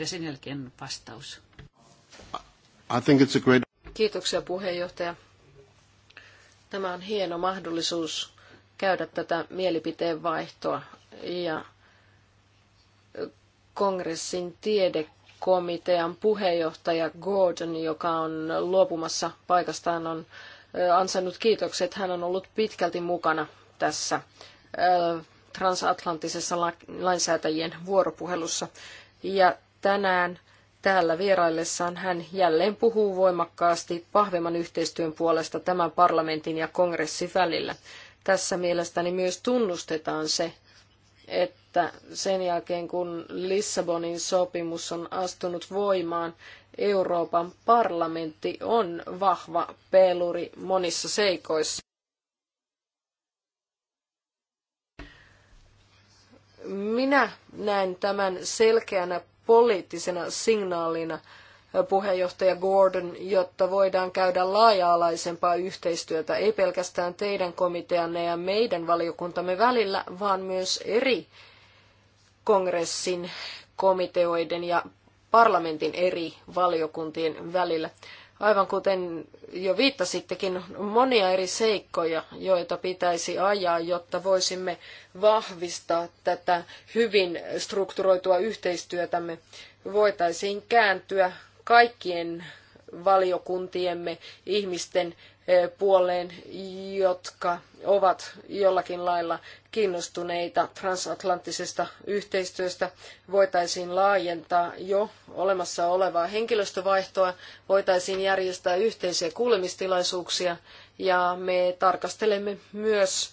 ja sen jälkeen vastaus. I think it's a great... Kiitoksia puheenjohtaja. Tämä on hieno mahdollisuus käydä tätä mielipiteen vaihtoa ja kongressin tiedekomitean puheenjohtaja Gordon, joka on luopumassa paikastaan, on ansainnut kiitokset. Hän on ollut pitkälti mukana tässä transatlanttisessa lainsäätäjien vuoropuhelussa. Ja tänään Täällä vieraillessaan hän jälleen puhuu voimakkaasti vahvemman yhteistyön puolesta tämän parlamentin ja kongressin välillä. Tässä mielestäni myös tunnustetaan se, että sen jälkeen kun Lissabonin sopimus on astunut voimaan, Euroopan parlamentti on vahva peluri monissa seikoissa. Minä näen tämän selkeänä poliittisena signaalina puheenjohtaja Gordon, jotta voidaan käydä laaja-alaisempaa yhteistyötä ei pelkästään teidän komiteanne ja meidän valiokuntamme välillä, vaan myös eri kongressin komiteoiden ja parlamentin eri valiokuntien välillä aivan kuten jo viittasittekin, monia eri seikkoja, joita pitäisi ajaa, jotta voisimme vahvistaa tätä hyvin strukturoitua yhteistyötämme. Voitaisiin kääntyä kaikkien valiokuntiemme ihmisten puoleen, jotka ovat jollakin lailla kiinnostuneita transatlanttisesta yhteistyöstä. Voitaisiin laajentaa jo olemassa olevaa henkilöstövaihtoa, voitaisiin järjestää yhteisiä kuulemistilaisuuksia ja me tarkastelemme myös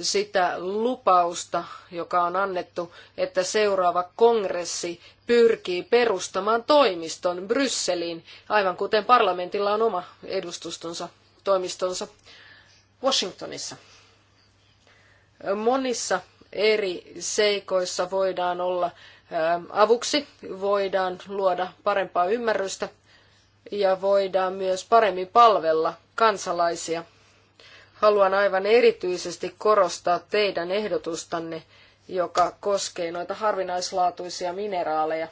sitä lupausta, joka on annettu, että seuraava kongressi pyrkii perustamaan toimiston Brysseliin, aivan kuten parlamentilla on oma edustustonsa toimistonsa Washingtonissa. Monissa eri seikoissa voidaan olla avuksi, voidaan luoda parempaa ymmärrystä ja voidaan myös paremmin palvella kansalaisia. Haluan aivan erityisesti korostaa teidän ehdotustanne, joka koskee noita harvinaislaatuisia mineraaleja.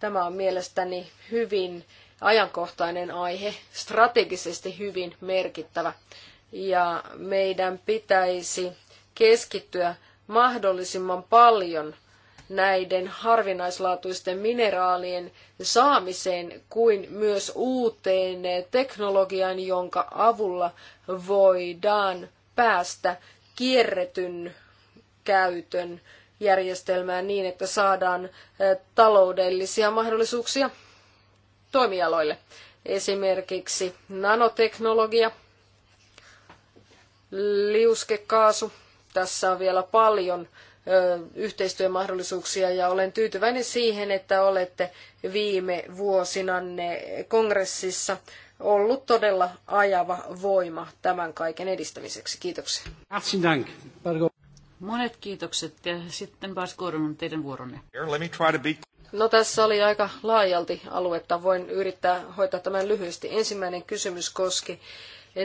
Tämä on mielestäni hyvin ajankohtainen aihe, strategisesti hyvin merkittävä. Ja meidän pitäisi keskittyä mahdollisimman paljon näiden harvinaislaatuisten mineraalien saamiseen kuin myös uuteen teknologiaan, jonka avulla voidaan päästä kierretyn käytön järjestelmään niin, että saadaan eh, taloudellisia mahdollisuuksia toimialoille. Esimerkiksi nanoteknologia, liuskekaasu. Tässä on vielä paljon yhteistyömahdollisuuksia ja olen tyytyväinen siihen, että olette viime vuosinanne kongressissa ollut todella ajava voima tämän kaiken edistämiseksi. Kiitoksia. Monet kiitokset ja sitten Bas Gordon, teidän vuoronne. No tässä oli aika laajalti aluetta. Voin yrittää hoitaa tämän lyhyesti. Ensimmäinen kysymys koski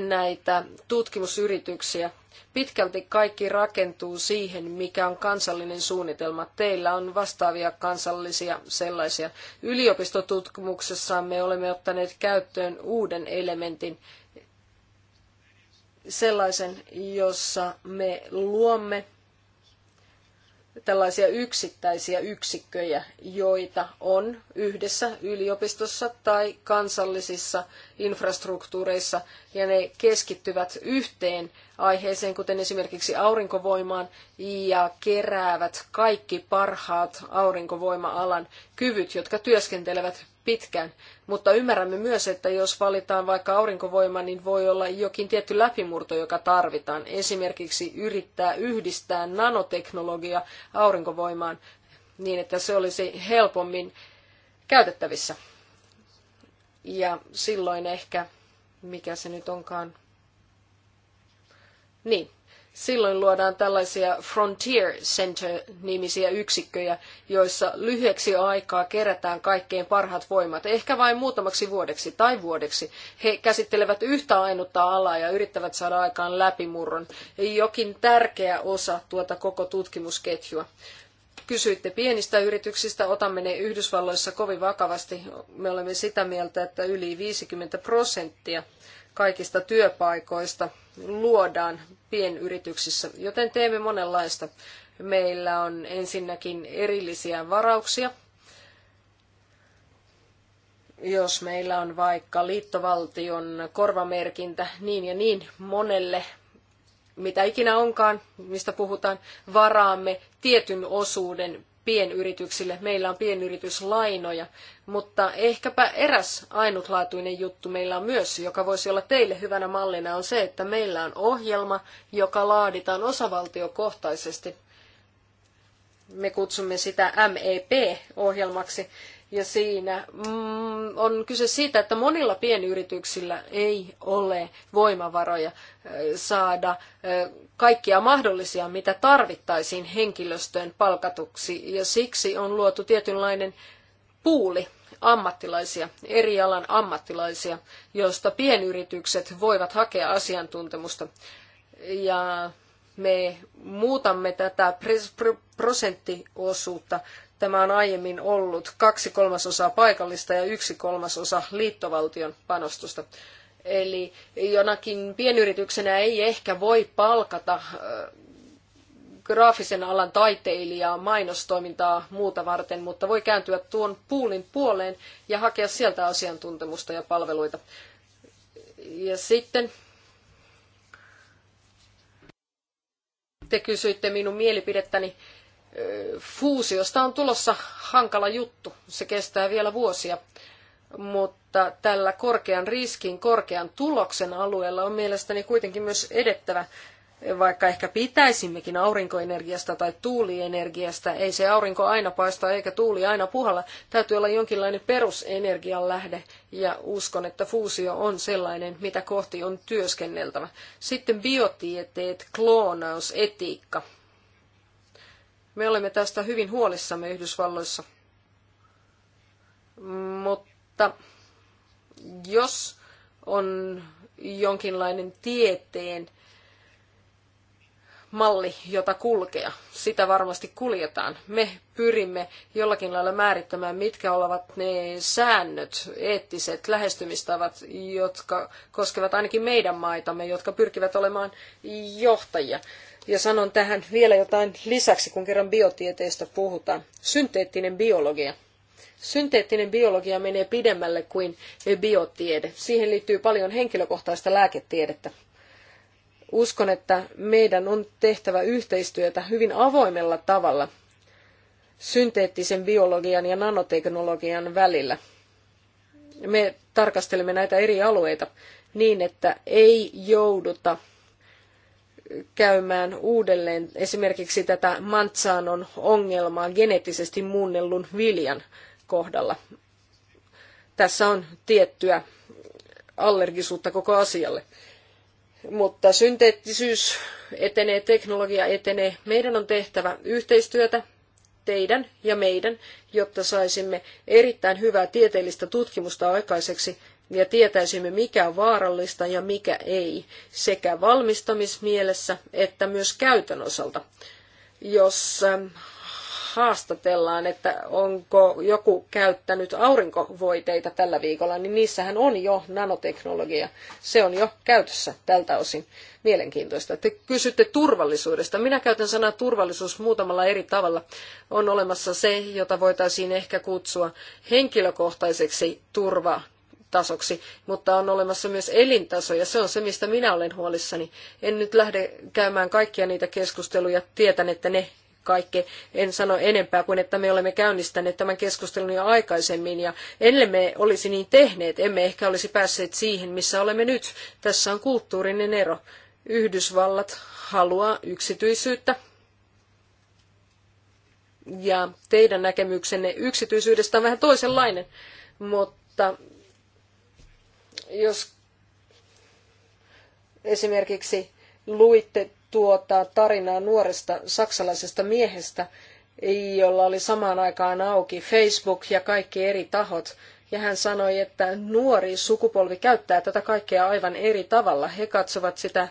näitä tutkimusyrityksiä. Pitkälti kaikki rakentuu siihen, mikä on kansallinen suunnitelma. Teillä on vastaavia kansallisia sellaisia. Yliopistotutkimuksessa me olemme ottaneet käyttöön uuden elementin, sellaisen, jossa me luomme tällaisia yksittäisiä yksikköjä, joita on yhdessä yliopistossa tai kansallisissa infrastruktuureissa, ja ne keskittyvät yhteen aiheeseen, kuten esimerkiksi aurinkovoimaan, ja keräävät kaikki parhaat aurinkovoima-alan kyvyt, jotka työskentelevät pitkään. Mutta ymmärrämme myös, että jos valitaan vaikka aurinkovoima, niin voi olla jokin tietty läpimurto, joka tarvitaan. Esimerkiksi yrittää yhdistää nanoteknologia aurinkovoimaan niin, että se olisi helpommin käytettävissä. Ja silloin ehkä, mikä se nyt onkaan, niin, Silloin luodaan tällaisia Frontier Center-nimisiä yksikköjä, joissa lyhyeksi aikaa kerätään kaikkein parhaat voimat, ehkä vain muutamaksi vuodeksi tai vuodeksi. He käsittelevät yhtä ainutta alaa ja yrittävät saada aikaan läpimurron, jokin tärkeä osa tuota koko tutkimusketjua kysyitte pienistä yrityksistä, otamme ne Yhdysvalloissa kovin vakavasti. Me olemme sitä mieltä, että yli 50 prosenttia kaikista työpaikoista luodaan pienyrityksissä, joten teemme monenlaista. Meillä on ensinnäkin erillisiä varauksia. Jos meillä on vaikka liittovaltion korvamerkintä niin ja niin monelle, mitä ikinä onkaan, mistä puhutaan, varaamme tietyn osuuden pienyrityksille. Meillä on pienyrityslainoja, mutta ehkäpä eräs ainutlaatuinen juttu meillä on myös, joka voisi olla teille hyvänä mallina, on se, että meillä on ohjelma, joka laaditaan osavaltiokohtaisesti. Me kutsumme sitä MEP-ohjelmaksi. Ja siinä mm, on kyse siitä, että monilla pienyrityksillä ei ole voimavaroja saada kaikkia mahdollisia, mitä tarvittaisiin henkilöstöön palkatuksi. Ja siksi on luotu tietynlainen puuli ammattilaisia, eri alan ammattilaisia, joista pienyritykset voivat hakea asiantuntemusta. Ja me muutamme tätä prosenttiosuutta Tämä on aiemmin ollut kaksi kolmasosaa paikallista ja yksi kolmasosa liittovaltion panostusta. Eli jonakin pienyrityksenä ei ehkä voi palkata graafisen alan taiteilijaa mainostoimintaa muuta varten, mutta voi kääntyä tuon puulin puoleen ja hakea sieltä asiantuntemusta ja palveluita. Ja sitten te kysyitte minun mielipidettäni fuusiosta on tulossa hankala juttu. Se kestää vielä vuosia. Mutta tällä korkean riskin, korkean tuloksen alueella on mielestäni kuitenkin myös edettävä, vaikka ehkä pitäisimmekin aurinkoenergiasta tai tuulienergiasta. Ei se aurinko aina paista eikä tuuli aina puhalla. Täytyy olla jonkinlainen perusenergian lähde ja uskon, että fuusio on sellainen, mitä kohti on työskenneltävä. Sitten biotieteet, kloonaus, etiikka me olemme tästä hyvin huolissamme Yhdysvalloissa. Mutta jos on jonkinlainen tieteen malli, jota kulkea. Sitä varmasti kuljetaan. Me pyrimme jollakin lailla määrittämään, mitkä ovat ne säännöt, eettiset lähestymistavat, jotka koskevat ainakin meidän maitamme, jotka pyrkivät olemaan johtajia. Ja sanon tähän vielä jotain lisäksi, kun kerran biotieteestä puhutaan. Synteettinen biologia. Synteettinen biologia menee pidemmälle kuin biotiede. Siihen liittyy paljon henkilökohtaista lääketiedettä. Uskon, että meidän on tehtävä yhteistyötä hyvin avoimella tavalla synteettisen biologian ja nanoteknologian välillä. Me tarkastelemme näitä eri alueita niin, että ei jouduta käymään uudelleen esimerkiksi tätä Mantsanon ongelmaa geneettisesti muunnellun viljan kohdalla. Tässä on tiettyä allergisuutta koko asialle. Mutta synteettisyys etenee, teknologia etenee. Meidän on tehtävä yhteistyötä teidän ja meidän, jotta saisimme erittäin hyvää tieteellistä tutkimusta aikaiseksi ja tietäisimme mikä on vaarallista ja mikä ei, sekä valmistamismielessä että myös käytön osalta. Jos haastatellaan, että onko joku käyttänyt aurinkovoiteita tällä viikolla, niin niissähän on jo nanoteknologia. Se on jo käytössä tältä osin. Mielenkiintoista. Te kysytte turvallisuudesta. Minä käytän sanaa turvallisuus muutamalla eri tavalla. On olemassa se, jota voitaisiin ehkä kutsua henkilökohtaiseksi turva tasoksi, mutta on olemassa myös elintaso, ja se on se, mistä minä olen huolissani. En nyt lähde käymään kaikkia niitä keskusteluja, tietän, että ne kaikki. En sano enempää kuin, että me olemme käynnistäneet tämän keskustelun jo aikaisemmin ja ellemme olisi niin tehneet, emme ehkä olisi päässeet siihen, missä olemme nyt. Tässä on kulttuurinen ero. Yhdysvallat haluaa yksityisyyttä, ja teidän näkemyksenne yksityisyydestä on vähän toisenlainen, mutta jos esimerkiksi luitte tuota tarinaa nuoresta saksalaisesta miehestä, jolla oli samaan aikaan auki Facebook ja kaikki eri tahot. Ja hän sanoi, että nuori sukupolvi käyttää tätä kaikkea aivan eri tavalla. He katsovat sitä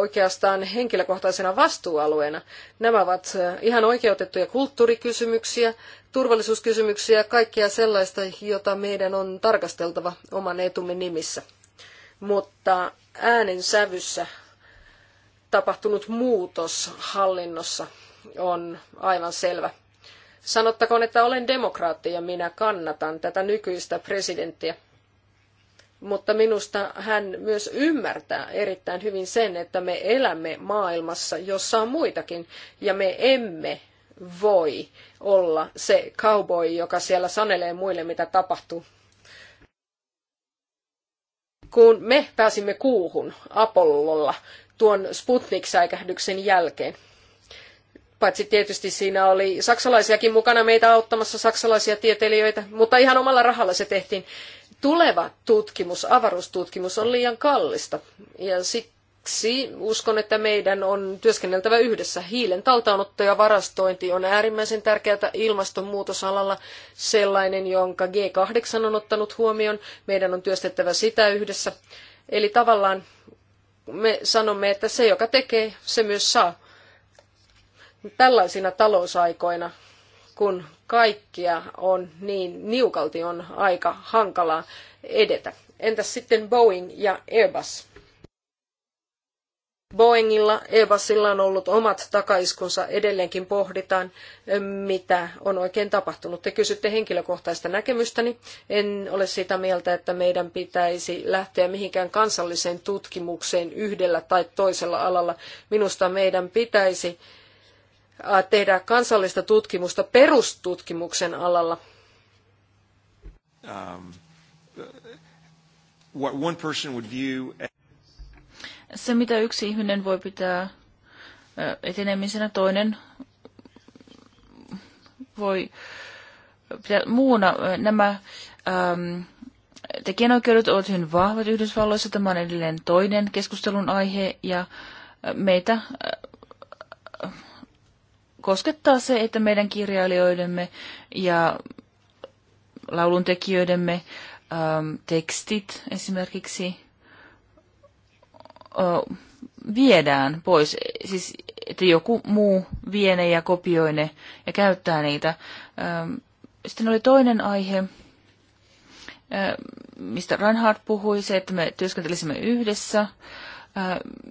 oikeastaan henkilökohtaisena vastuualueena. Nämä ovat ihan oikeutettuja kulttuurikysymyksiä, turvallisuuskysymyksiä, kaikkea sellaista, jota meidän on tarkasteltava oman etumme nimissä. Mutta äänensävyssä tapahtunut muutos hallinnossa on aivan selvä. Sanottakoon, että olen demokraatti ja minä kannatan tätä nykyistä presidenttiä. Mutta minusta hän myös ymmärtää erittäin hyvin sen, että me elämme maailmassa, jossa on muitakin, ja me emme voi olla se cowboy, joka siellä sanelee muille, mitä tapahtuu kun me pääsimme kuuhun Apollolla tuon Sputnik-säikähdyksen jälkeen. Paitsi tietysti siinä oli saksalaisiakin mukana meitä auttamassa, saksalaisia tieteilijöitä, mutta ihan omalla rahalla se tehtiin. Tuleva tutkimus, avaruustutkimus on liian kallista ja sit Siksi uskon, että meidän on työskenneltävä yhdessä. Hiilen taltaanotto ja varastointi on äärimmäisen tärkeää ilmastonmuutosalalla, sellainen, jonka G8 on ottanut huomioon. Meidän on työstettävä sitä yhdessä. Eli tavallaan me sanomme, että se, joka tekee, se myös saa. Tällaisina talousaikoina, kun kaikkia on niin niukalti, on aika hankalaa edetä. Entäs sitten Boeing ja Airbus? Boeingilla, Airbusilla on ollut omat takaiskunsa, edelleenkin pohditaan, mitä on oikein tapahtunut. Te kysytte henkilökohtaista näkemystäni. En ole sitä mieltä, että meidän pitäisi lähteä mihinkään kansalliseen tutkimukseen yhdellä tai toisella alalla. Minusta meidän pitäisi tehdä kansallista tutkimusta perustutkimuksen alalla. Um, one person would view se, mitä yksi ihminen voi pitää etenemisenä, toinen voi pitää muuna. Nämä äm, tekijänoikeudet ovat hyvin vahvat Yhdysvalloissa. Tämä on edelleen toinen keskustelun aihe ja meitä koskettaa se, että meidän kirjailijoidemme ja lauluntekijöidemme äm, tekstit esimerkiksi viedään pois, siis että joku muu vie ne ja kopioi ne ja käyttää niitä. Sitten oli toinen aihe, mistä Reinhardt puhui, se, että me työskentelisimme yhdessä.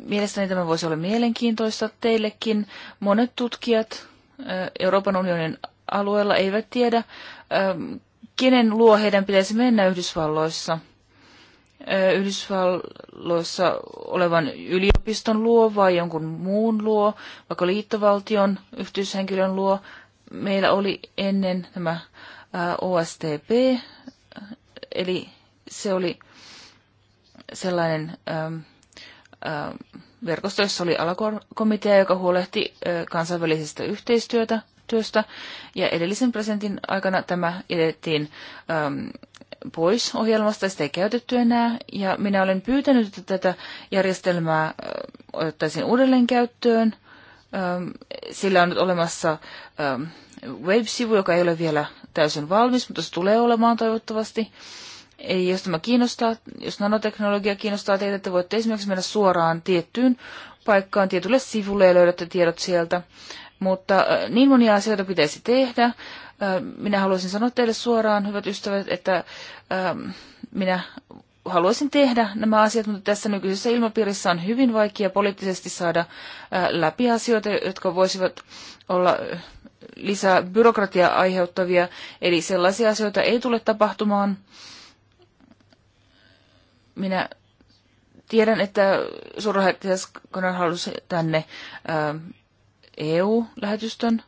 Mielestäni tämä voisi olla mielenkiintoista teillekin. Monet tutkijat Euroopan unionin alueella eivät tiedä, kenen luo heidän pitäisi mennä Yhdysvalloissa – Yhdysvalloissa olevan yliopiston luo vai jonkun muun luo, vaikka liittovaltion yhteyshenkilön luo. Meillä oli ennen tämä OSTP, eli se oli sellainen verkosto, jossa oli alakomitea, joka huolehti kansainvälisestä yhteistyötä työstä. Ja edellisen presidentin aikana tämä jätettiin pois ohjelmasta, sitä ei käytetty enää, ja minä olen pyytänyt, että tätä järjestelmää otettaisiin uudelleen käyttöön. Sillä on nyt olemassa web-sivu, joka ei ole vielä täysin valmis, mutta se tulee olemaan toivottavasti. Ei, jos tämä kiinnostaa, jos nanoteknologia kiinnostaa teitä, että voitte esimerkiksi mennä suoraan tiettyyn paikkaan, tietylle sivulle ja löydätte tiedot sieltä. Mutta niin monia asioita pitäisi tehdä minä haluaisin sanoa teille suoraan, hyvät ystävät, että minä haluaisin tehdä nämä asiat, mutta tässä nykyisessä ilmapiirissä on hyvin vaikea poliittisesti saada läpi asioita, jotka voisivat olla lisää byrokratiaa aiheuttavia. Eli sellaisia asioita ei tule tapahtumaan. Minä tiedän, että suurlähettiläs Conan halusi tänne EU-lähetystön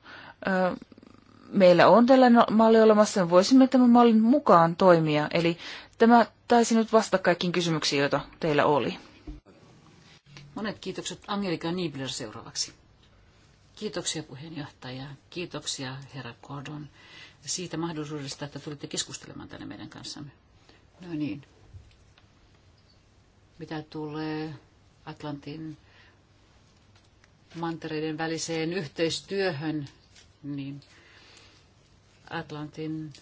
meillä on tällainen no- malli olemassa, me voisimme tämän mallin mukaan toimia. Eli tämä taisi nyt vastata kaikkiin kysymyksiin, joita teillä oli. Monet kiitokset Angelika Niebler seuraavaksi. Kiitoksia puheenjohtaja, kiitoksia herra Gordon siitä mahdollisuudesta, että tulitte keskustelemaan tänne meidän kanssamme. No niin. Mitä tulee Atlantin mantereiden väliseen yhteistyöhön, niin Atlantin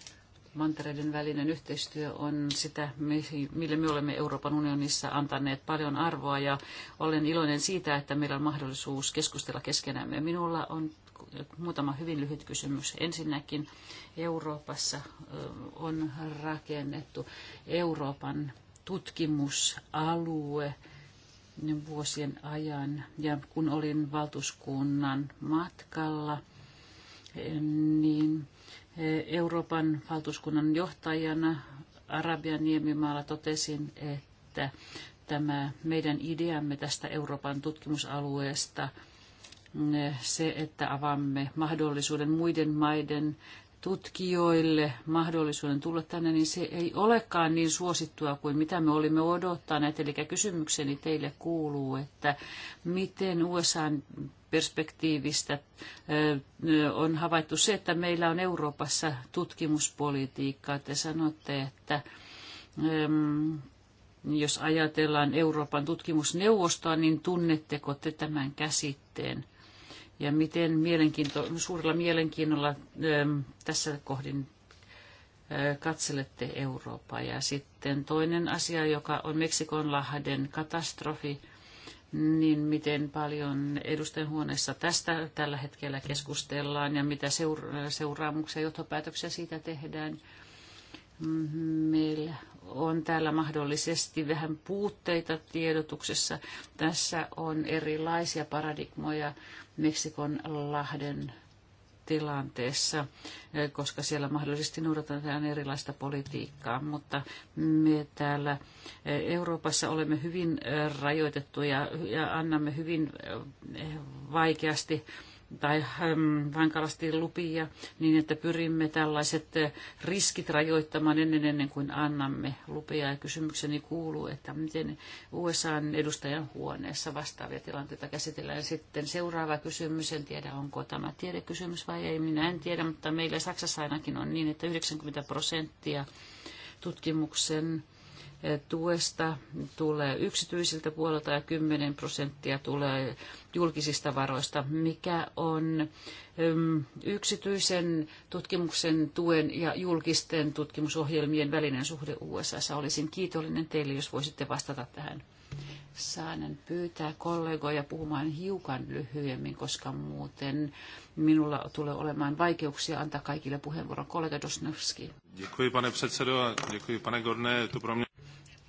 mantereiden välinen yhteistyö on sitä, mille me olemme Euroopan unionissa antaneet paljon arvoa ja olen iloinen siitä, että meillä on mahdollisuus keskustella keskenämme. Minulla on muutama hyvin lyhyt kysymys. Ensinnäkin Euroopassa on rakennettu Euroopan tutkimusalue vuosien ajan ja kun olin valtuuskunnan matkalla, niin Euroopan valtuuskunnan johtajana Arabian niemimaalla totesin, että tämä meidän ideamme tästä Euroopan tutkimusalueesta, se, että avaamme mahdollisuuden muiden maiden tutkijoille mahdollisuuden tulla tänne, niin se ei olekaan niin suosittua kuin mitä me olimme odottaneet. Eli kysymykseni teille kuuluu, että miten USA perspektiivistä on havaittu se, että meillä on Euroopassa tutkimuspolitiikkaa. Te sanotte, että jos ajatellaan Euroopan tutkimusneuvostoa, niin tunnetteko te tämän käsitteen? Ja miten mielenkiinto, suurella mielenkiinnolla tässä kohdin katselette Eurooppaa. Ja sitten toinen asia, joka on Meksikonlahden katastrofi – niin miten paljon edustajanhuoneessa tästä tällä hetkellä keskustellaan ja mitä seura- seuraamuksia ja johtopäätöksiä siitä tehdään. Meillä on täällä mahdollisesti vähän puutteita tiedotuksessa. Tässä on erilaisia paradigmoja Meksikon lahden tilanteessa, koska siellä mahdollisesti noudatetaan erilaista politiikkaa, mutta me täällä Euroopassa olemme hyvin rajoitettuja ja annamme hyvin vaikeasti tai ähm, vankalasti lupia niin, että pyrimme tällaiset äh, riskit rajoittamaan ennen, ennen kuin annamme lupia. Ja kysymykseni kuuluu, että miten USAn edustajan huoneessa vastaavia tilanteita käsitellään. Sitten seuraava kysymys, en tiedä onko tämä tiedekysymys vai ei, minä en tiedä, mutta meillä Saksassa ainakin on niin, että 90 prosenttia tutkimuksen tuesta tulee yksityisiltä puolelta ja 10 prosenttia tulee julkisista varoista, mikä on ähm, yksityisen tutkimuksen tuen ja julkisten tutkimusohjelmien välinen suhde USA. Olisin kiitollinen teille, jos voisitte vastata tähän. Saanen pyytää kollegoja puhumaan hiukan lyhyemmin, koska muuten minulla tulee olemaan vaikeuksia antaa kaikille puheenvuoron. Kollega Dosnowski. Děkuji, pane předsedo, a děkuji, pane Gorne. To pro mě...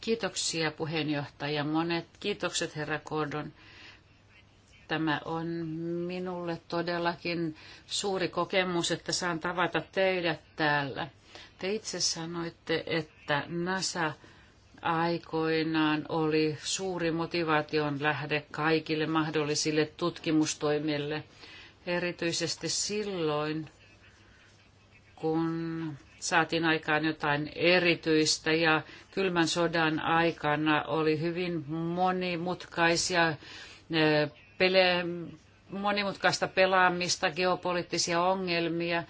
Kiitoksia puheenjohtaja. Monet kiitokset herra Kordon. Tämä on minulle todellakin suuri kokemus, että saan tavata teidät täällä. Te itse sanoitte, että NASA aikoinaan oli suuri motivaation lähde kaikille mahdollisille tutkimustoimille, erityisesti silloin, kun saatiin aikaan jotain erityistä ja kylmän sodan aikana oli hyvin monimutkaisia eh, pele, monimutkaista pelaamista, geopoliittisia ongelmia.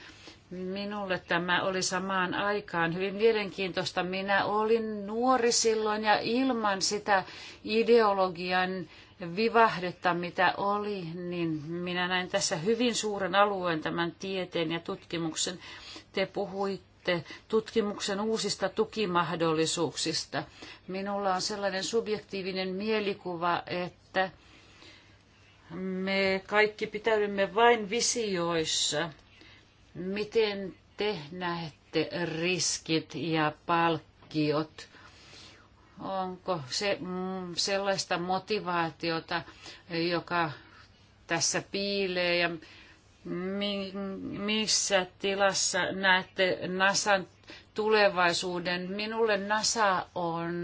Minulle tämä oli samaan aikaan hyvin mielenkiintoista. Minä olin nuori silloin ja ilman sitä ideologian vivahdetta, mitä oli, niin minä näin tässä hyvin suuren alueen tämän tieteen ja tutkimuksen. Te puhuitte sitten tutkimuksen uusista tukimahdollisuuksista. Minulla on sellainen subjektiivinen mielikuva, että me kaikki pitäydymme vain visioissa. Miten te näette riskit ja palkkiot? Onko se mm, sellaista motivaatiota, joka tässä piilee ja missä tilassa näette NASAn tulevaisuuden? Minulle NASA on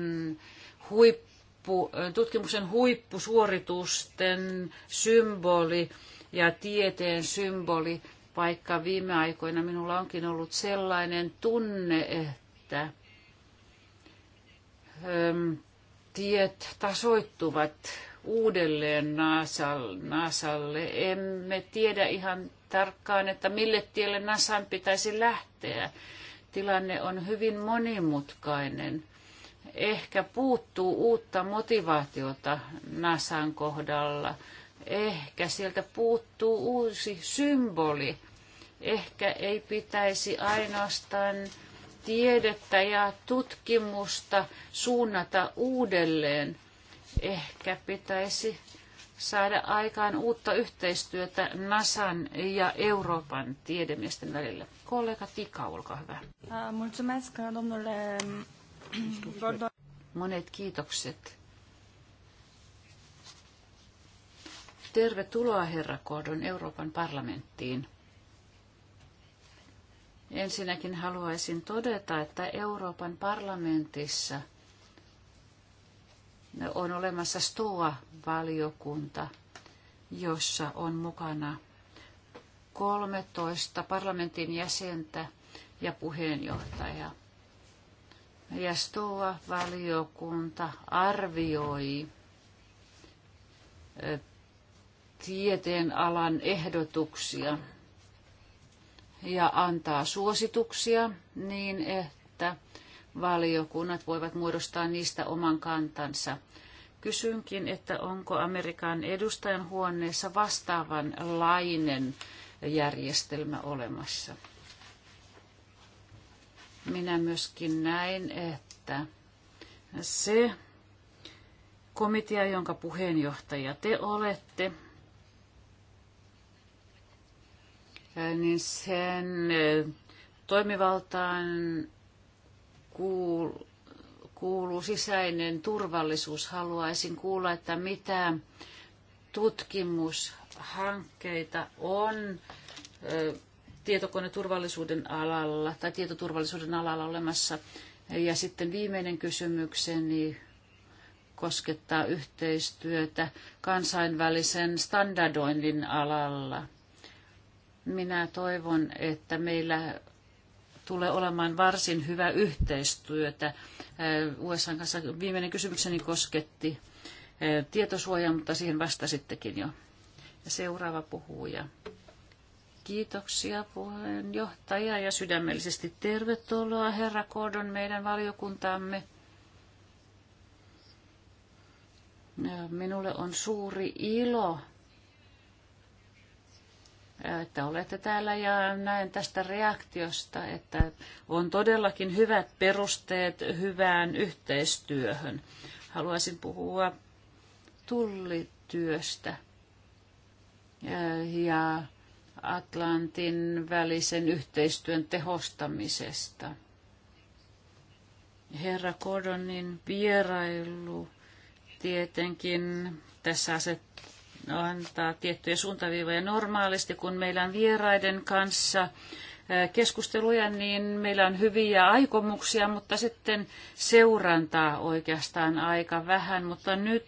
huippu, tutkimuksen huippusuoritusten symboli ja tieteen symboli, vaikka viime aikoina minulla onkin ollut sellainen tunne, että tiet tasoittuvat uudelleen NASAlle. Emme tiedä ihan tarkkaan, että mille tielle NASAn pitäisi lähteä. Tilanne on hyvin monimutkainen. Ehkä puuttuu uutta motivaatiota NASAn kohdalla. Ehkä sieltä puuttuu uusi symboli. Ehkä ei pitäisi ainoastaan tiedettä ja tutkimusta suunnata uudelleen ehkä pitäisi saada aikaan uutta yhteistyötä NASAn ja Euroopan tiedemiesten välillä. Kollega Tika, olkaa hyvä. Monet kiitokset. Tervetuloa, herra Kordon, Euroopan parlamenttiin. Ensinnäkin haluaisin todeta, että Euroopan parlamentissa on olemassa STOA-valiokunta, jossa on mukana 13 parlamentin jäsentä ja puheenjohtaja. Ja STOA-valiokunta arvioi tieteen alan ehdotuksia ja antaa suosituksia niin, että valiokunnat voivat muodostaa niistä oman kantansa. Kysynkin, että onko Amerikan edustajan huoneessa vastaavanlainen järjestelmä olemassa. Minä myöskin näin, että se komitea, jonka puheenjohtaja te olette, niin sen eh, toimivaltaan kuuluu, kuuluu sisäinen turvallisuus. Haluaisin kuulla, että mitä tutkimushankkeita on tietokoneturvallisuuden alalla tai tietoturvallisuuden alalla olemassa. Ja sitten viimeinen kysymykseni koskettaa yhteistyötä kansainvälisen standardoinnin alalla. Minä toivon, että meillä tulee olemaan varsin hyvä yhteistyötä. Äh, USA kanssa viimeinen kysymykseni kosketti äh, tietosuojaa, mutta siihen vastasittekin jo. Ja seuraava puhuja. Kiitoksia puheenjohtaja ja sydämellisesti tervetuloa herra Kodon meidän valiokuntaamme. Äh, minulle on suuri ilo että olette täällä ja näen tästä reaktiosta, että on todellakin hyvät perusteet hyvään yhteistyöhön. Haluaisin puhua tullityöstä ja Atlantin välisen yhteistyön tehostamisesta. Herra Kodonin vierailu tietenkin tässä asettaa antaa tiettyjä suuntaviivoja normaalisti, kun meillä on vieraiden kanssa keskusteluja, niin meillä on hyviä aikomuksia, mutta sitten seurantaa oikeastaan aika vähän. Mutta nyt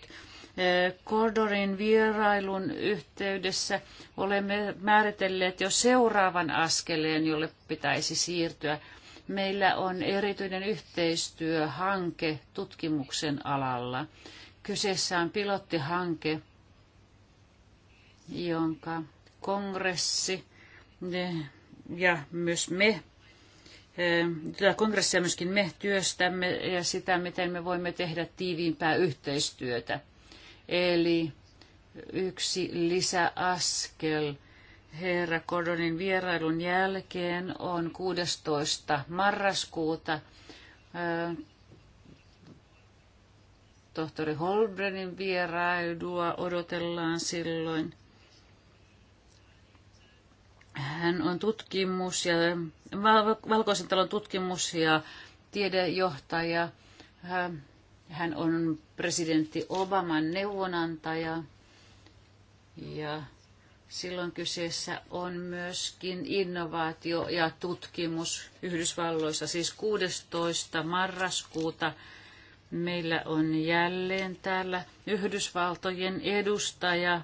Kordorin vierailun yhteydessä olemme määritelleet jo seuraavan askeleen, jolle pitäisi siirtyä. Meillä on erityinen yhteistyöhanke tutkimuksen alalla. Kyseessä on pilottihanke, jonka kongressi ja myös me, e, tätä kongressia myöskin me työstämme ja sitä, miten me voimme tehdä tiiviimpää yhteistyötä. Eli yksi lisäaskel herra Kodonin vierailun jälkeen on 16. marraskuuta e, tohtori Holbrenin vierailua odotellaan silloin. Hän on tutkimus ja valkoisen talon tutkimus ja tiedejohtaja. Hän on presidentti Obaman neuvonantaja ja silloin kyseessä on myöskin innovaatio ja tutkimus Yhdysvalloissa. Siis 16. marraskuuta meillä on jälleen täällä Yhdysvaltojen edustaja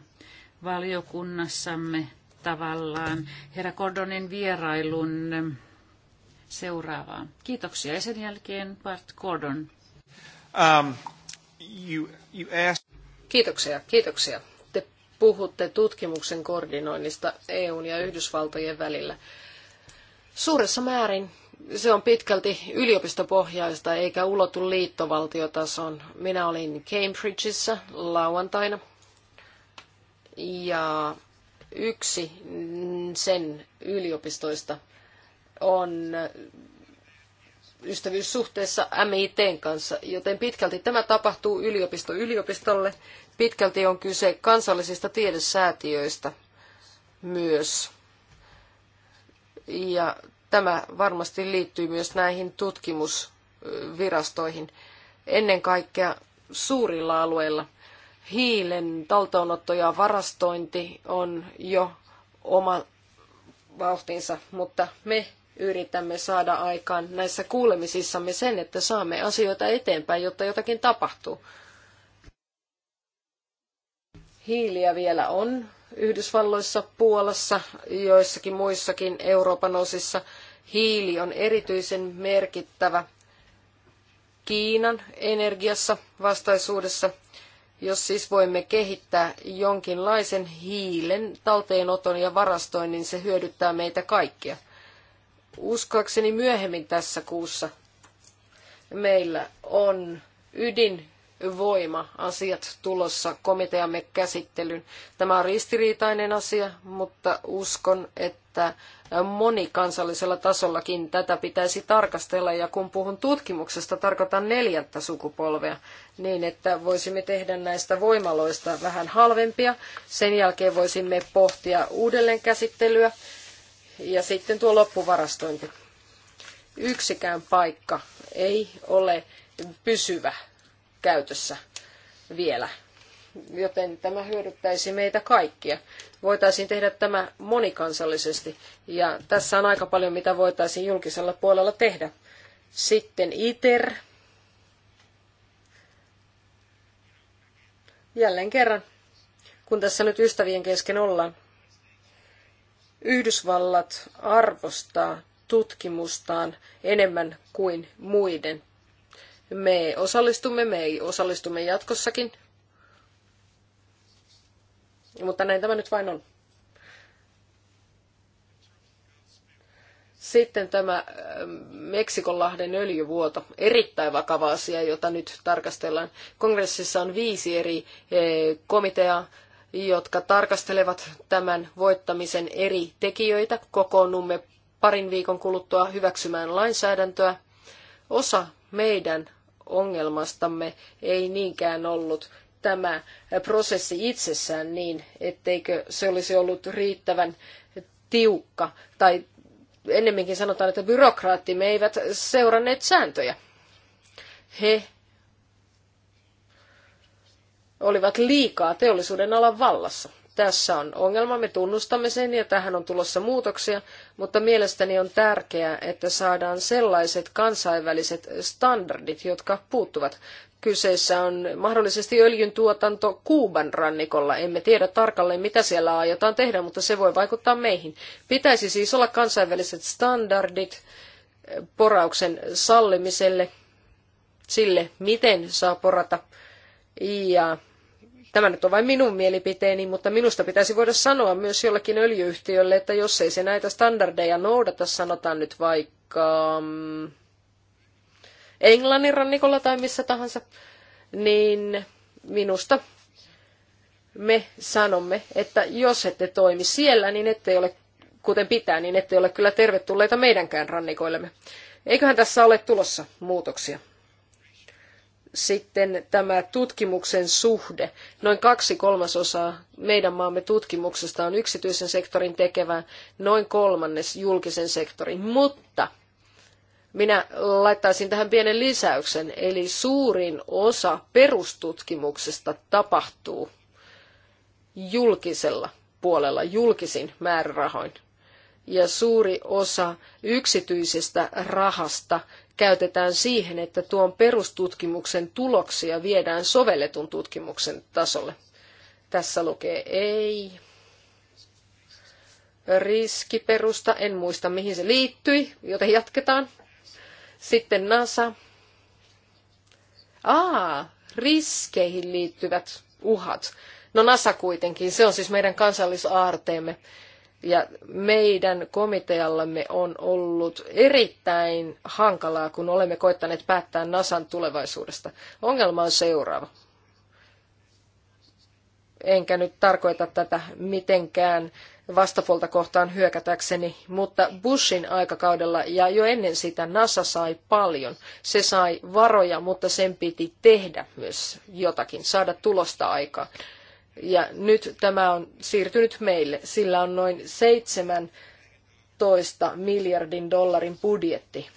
valiokunnassamme tavallaan herra Cordonin vierailun seuraavaa. Kiitoksia. Ja sen jälkeen Bart Gordon. Um, you, you asked... Kiitoksia, kiitoksia. Te puhutte tutkimuksen koordinoinnista EUn ja Yhdysvaltojen välillä. Suuressa määrin se on pitkälti yliopistopohjaista eikä ulotu liittovaltiotason. Minä olin Cambridgeissa lauantaina ja Yksi sen yliopistoista on ystävyyssuhteessa MITn kanssa, joten pitkälti tämä tapahtuu yliopisto yliopistolle. Pitkälti on kyse kansallisista tiedesäätiöistä myös. Ja tämä varmasti liittyy myös näihin tutkimusvirastoihin ennen kaikkea suurilla alueilla – hiilen taltoonotto ja varastointi on jo oma vauhtinsa, mutta me yritämme saada aikaan näissä kuulemisissamme sen, että saamme asioita eteenpäin, jotta jotakin tapahtuu. Hiiliä vielä on Yhdysvalloissa, Puolassa, joissakin muissakin Euroopan osissa. Hiili on erityisen merkittävä Kiinan energiassa vastaisuudessa jos siis voimme kehittää jonkinlaisen hiilen talteenoton ja varastoinnin, niin se hyödyttää meitä kaikkia. Uskoakseni myöhemmin tässä kuussa meillä on ydin voima-asiat tulossa komiteamme käsittelyyn. Tämä on ristiriitainen asia, mutta uskon, että monikansallisella tasollakin tätä pitäisi tarkastella. Ja kun puhun tutkimuksesta, tarkoitan neljättä sukupolvea, niin että voisimme tehdä näistä voimaloista vähän halvempia. Sen jälkeen voisimme pohtia uudelleenkäsittelyä ja sitten tuo loppuvarastointi. Yksikään paikka ei ole pysyvä käytössä vielä. Joten tämä hyödyttäisi meitä kaikkia. Voitaisiin tehdä tämä monikansallisesti ja tässä on aika paljon mitä voitaisiin julkisella puolella tehdä. Sitten ITER. Jälleen kerran, kun tässä nyt ystävien kesken ollaan. Yhdysvallat arvostaa tutkimustaan enemmän kuin muiden. Me osallistumme, me ei osallistumme jatkossakin. Mutta näin tämä nyt vain on. Sitten tämä äh, Meksikonlahden öljyvuoto, erittäin vakava asia, jota nyt tarkastellaan. Kongressissa on viisi eri äh, komiteaa, jotka tarkastelevat tämän voittamisen eri tekijöitä. Kokoonnumme parin viikon kuluttua hyväksymään lainsäädäntöä. Osa meidän ongelmastamme ei niinkään ollut tämä prosessi itsessään niin, etteikö se olisi ollut riittävän tiukka tai ennemminkin sanotaan, että byrokraattimme eivät seuranneet sääntöjä. He olivat liikaa teollisuuden alan vallassa. Tässä on ongelma, me tunnustamme sen ja tähän on tulossa muutoksia, mutta mielestäni on tärkeää, että saadaan sellaiset kansainväliset standardit, jotka puuttuvat. Kyseessä on mahdollisesti öljyntuotanto Kuuban rannikolla. Emme tiedä tarkalleen, mitä siellä aiotaan tehdä, mutta se voi vaikuttaa meihin. Pitäisi siis olla kansainväliset standardit porauksen sallimiselle, sille, miten saa porata ja Tämä nyt on vain minun mielipiteeni, mutta minusta pitäisi voida sanoa myös jollakin öljyyhtiölle, että jos ei se näitä standardeja noudata, sanotaan nyt vaikka mm, Englannin rannikolla tai missä tahansa, niin minusta me sanomme, että jos ette toimi siellä, niin ette ole, kuten pitää, niin ette ole kyllä tervetulleita meidänkään rannikoillemme. Eiköhän tässä ole tulossa muutoksia sitten tämä tutkimuksen suhde. Noin kaksi kolmasosaa meidän maamme tutkimuksesta on yksityisen sektorin tekevää, noin kolmannes julkisen sektorin. Mutta minä laittaisin tähän pienen lisäyksen, eli suurin osa perustutkimuksesta tapahtuu julkisella puolella, julkisin määrärahoin. Ja suuri osa yksityisestä rahasta käytetään siihen, että tuon perustutkimuksen tuloksia viedään sovelletun tutkimuksen tasolle. Tässä lukee ei. Riskiperusta, en muista mihin se liittyi, joten jatketaan. Sitten NASA. Aa, riskeihin liittyvät uhat. No NASA kuitenkin, se on siis meidän kansallisaarteemme. Ja meidän komiteallamme on ollut erittäin hankalaa, kun olemme koittaneet päättää NASAn tulevaisuudesta. Ongelma on seuraava. Enkä nyt tarkoita tätä mitenkään vastapuolta kohtaan hyökätäkseni, mutta Bushin aikakaudella ja jo ennen sitä NASA sai paljon. Se sai varoja, mutta sen piti tehdä myös jotakin, saada tulosta aikaan. Ja nyt tämä on siirtynyt meille. Sillä on noin 17 miljardin dollarin budjetti,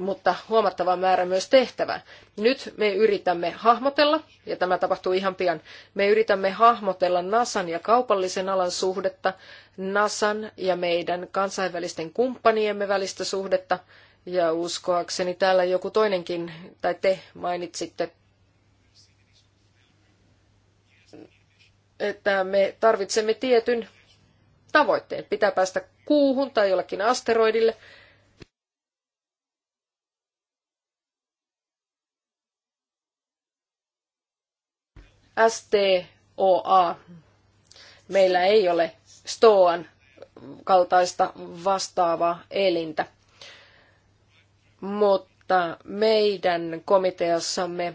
mutta huomattava määrä myös tehtävää. Nyt me yritämme hahmotella, ja tämä tapahtuu ihan pian, me yritämme hahmotella NASAn ja kaupallisen alan suhdetta, NASAn ja meidän kansainvälisten kumppaniemme välistä suhdetta, ja uskoakseni täällä joku toinenkin, tai te mainitsitte että me tarvitsemme tietyn tavoitteen. Pitää päästä kuuhun tai jollekin asteroidille. STOA. Meillä ei ole STOAN kaltaista vastaavaa elintä. Mutta meidän komiteassamme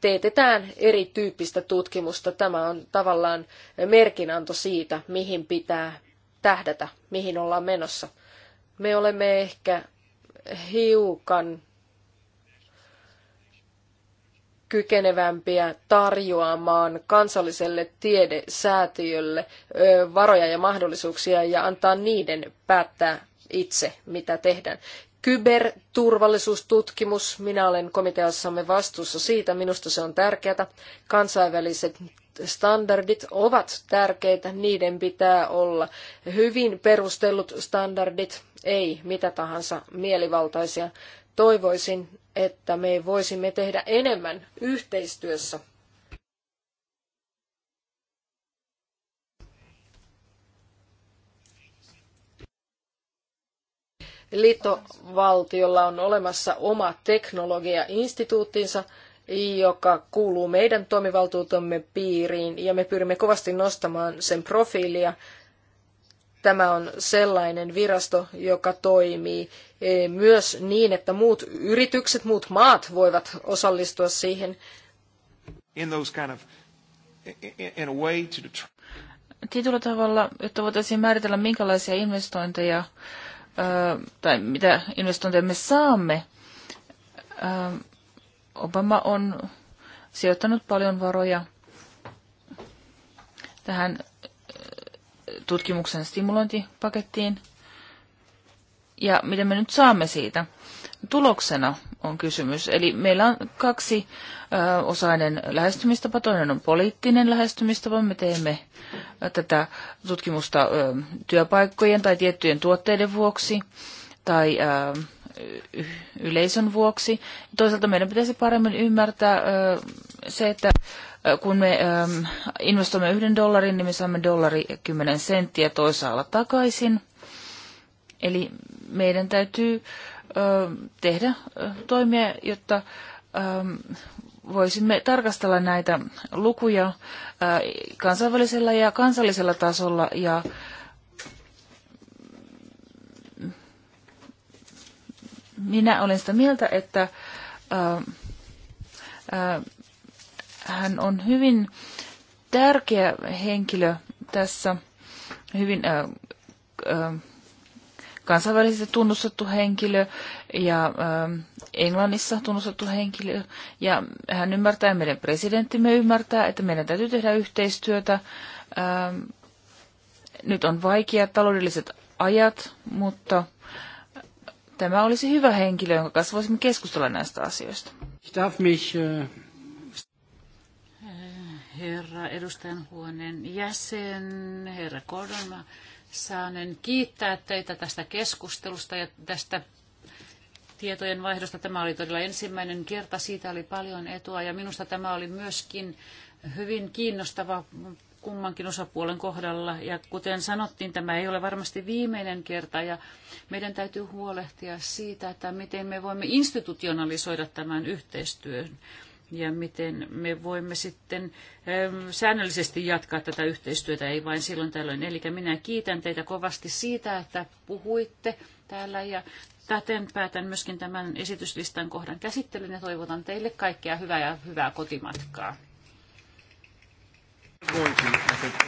teetetään erityyppistä tutkimusta. Tämä on tavallaan merkinanto siitä, mihin pitää tähdätä, mihin ollaan menossa. Me olemme ehkä hiukan kykenevämpiä tarjoamaan kansalliselle tiedesäätiölle varoja ja mahdollisuuksia ja antaa niiden päättää itse, mitä tehdään. Kyberturvallisuustutkimus, minä olen komiteassamme vastuussa siitä, minusta se on tärkeää. Kansainväliset standardit ovat tärkeitä, niiden pitää olla hyvin perustellut standardit, ei mitä tahansa mielivaltaisia. Toivoisin, että me voisimme tehdä enemmän yhteistyössä Liittovaltiolla on olemassa oma teknologiainstituuttinsa, joka kuuluu meidän toimivaltuutomme piiriin, ja me pyrimme kovasti nostamaan sen profiilia. Tämä on sellainen virasto, joka toimii e, myös niin, että muut yritykset, muut maat voivat osallistua siihen. Tietyllä tavalla, jotta voitaisiin määritellä, minkälaisia investointeja tai mitä investointeja me saamme. Obama on sijoittanut paljon varoja tähän tutkimuksen stimulointipakettiin. Ja mitä me nyt saamme siitä? Tuloksena on kysymys. Eli meillä on kaksi osainen lähestymistapa. Toinen on poliittinen lähestymistapa. Me teemme tätä tutkimusta työpaikkojen tai tiettyjen tuotteiden vuoksi tai yleisön vuoksi. Toisaalta meidän pitäisi paremmin ymmärtää se, että kun me investoimme yhden dollarin, niin me saamme dollari kymmenen senttiä toisaalla takaisin. Eli meidän täytyy tehdä toimia, jotta voisimme tarkastella näitä lukuja kansainvälisellä ja kansallisella tasolla ja minä olen sitä mieltä, että hän on hyvin tärkeä henkilö tässä, hyvin kansainvälisesti tunnustettu henkilö ja Englannissa tunnustettu henkilö, ja hän ymmärtää, meidän presidenttimme ymmärtää, että meidän täytyy tehdä yhteistyötä. Ähm, nyt on vaikea taloudelliset ajat, mutta tämä olisi hyvä henkilö, jonka kanssa voisimme keskustella näistä asioista. Äh, herra edustajan huoneen jäsen, herra Kodonma, saanen kiittää teitä tästä keskustelusta ja tästä tietojen vaihdosta. Tämä oli todella ensimmäinen kerta, siitä oli paljon etua ja minusta tämä oli myöskin hyvin kiinnostava kummankin osapuolen kohdalla. Ja kuten sanottiin, tämä ei ole varmasti viimeinen kerta ja meidän täytyy huolehtia siitä, että miten me voimme institutionalisoida tämän yhteistyön ja miten me voimme sitten säännöllisesti jatkaa tätä yhteistyötä, ei vain silloin tällöin. Eli minä kiitän teitä kovasti siitä, että puhuitte täällä ja Täten päätän myöskin tämän esityslistan kohdan käsittelyn ja toivotan teille kaikkea hyvää ja hyvää kotimatkaa.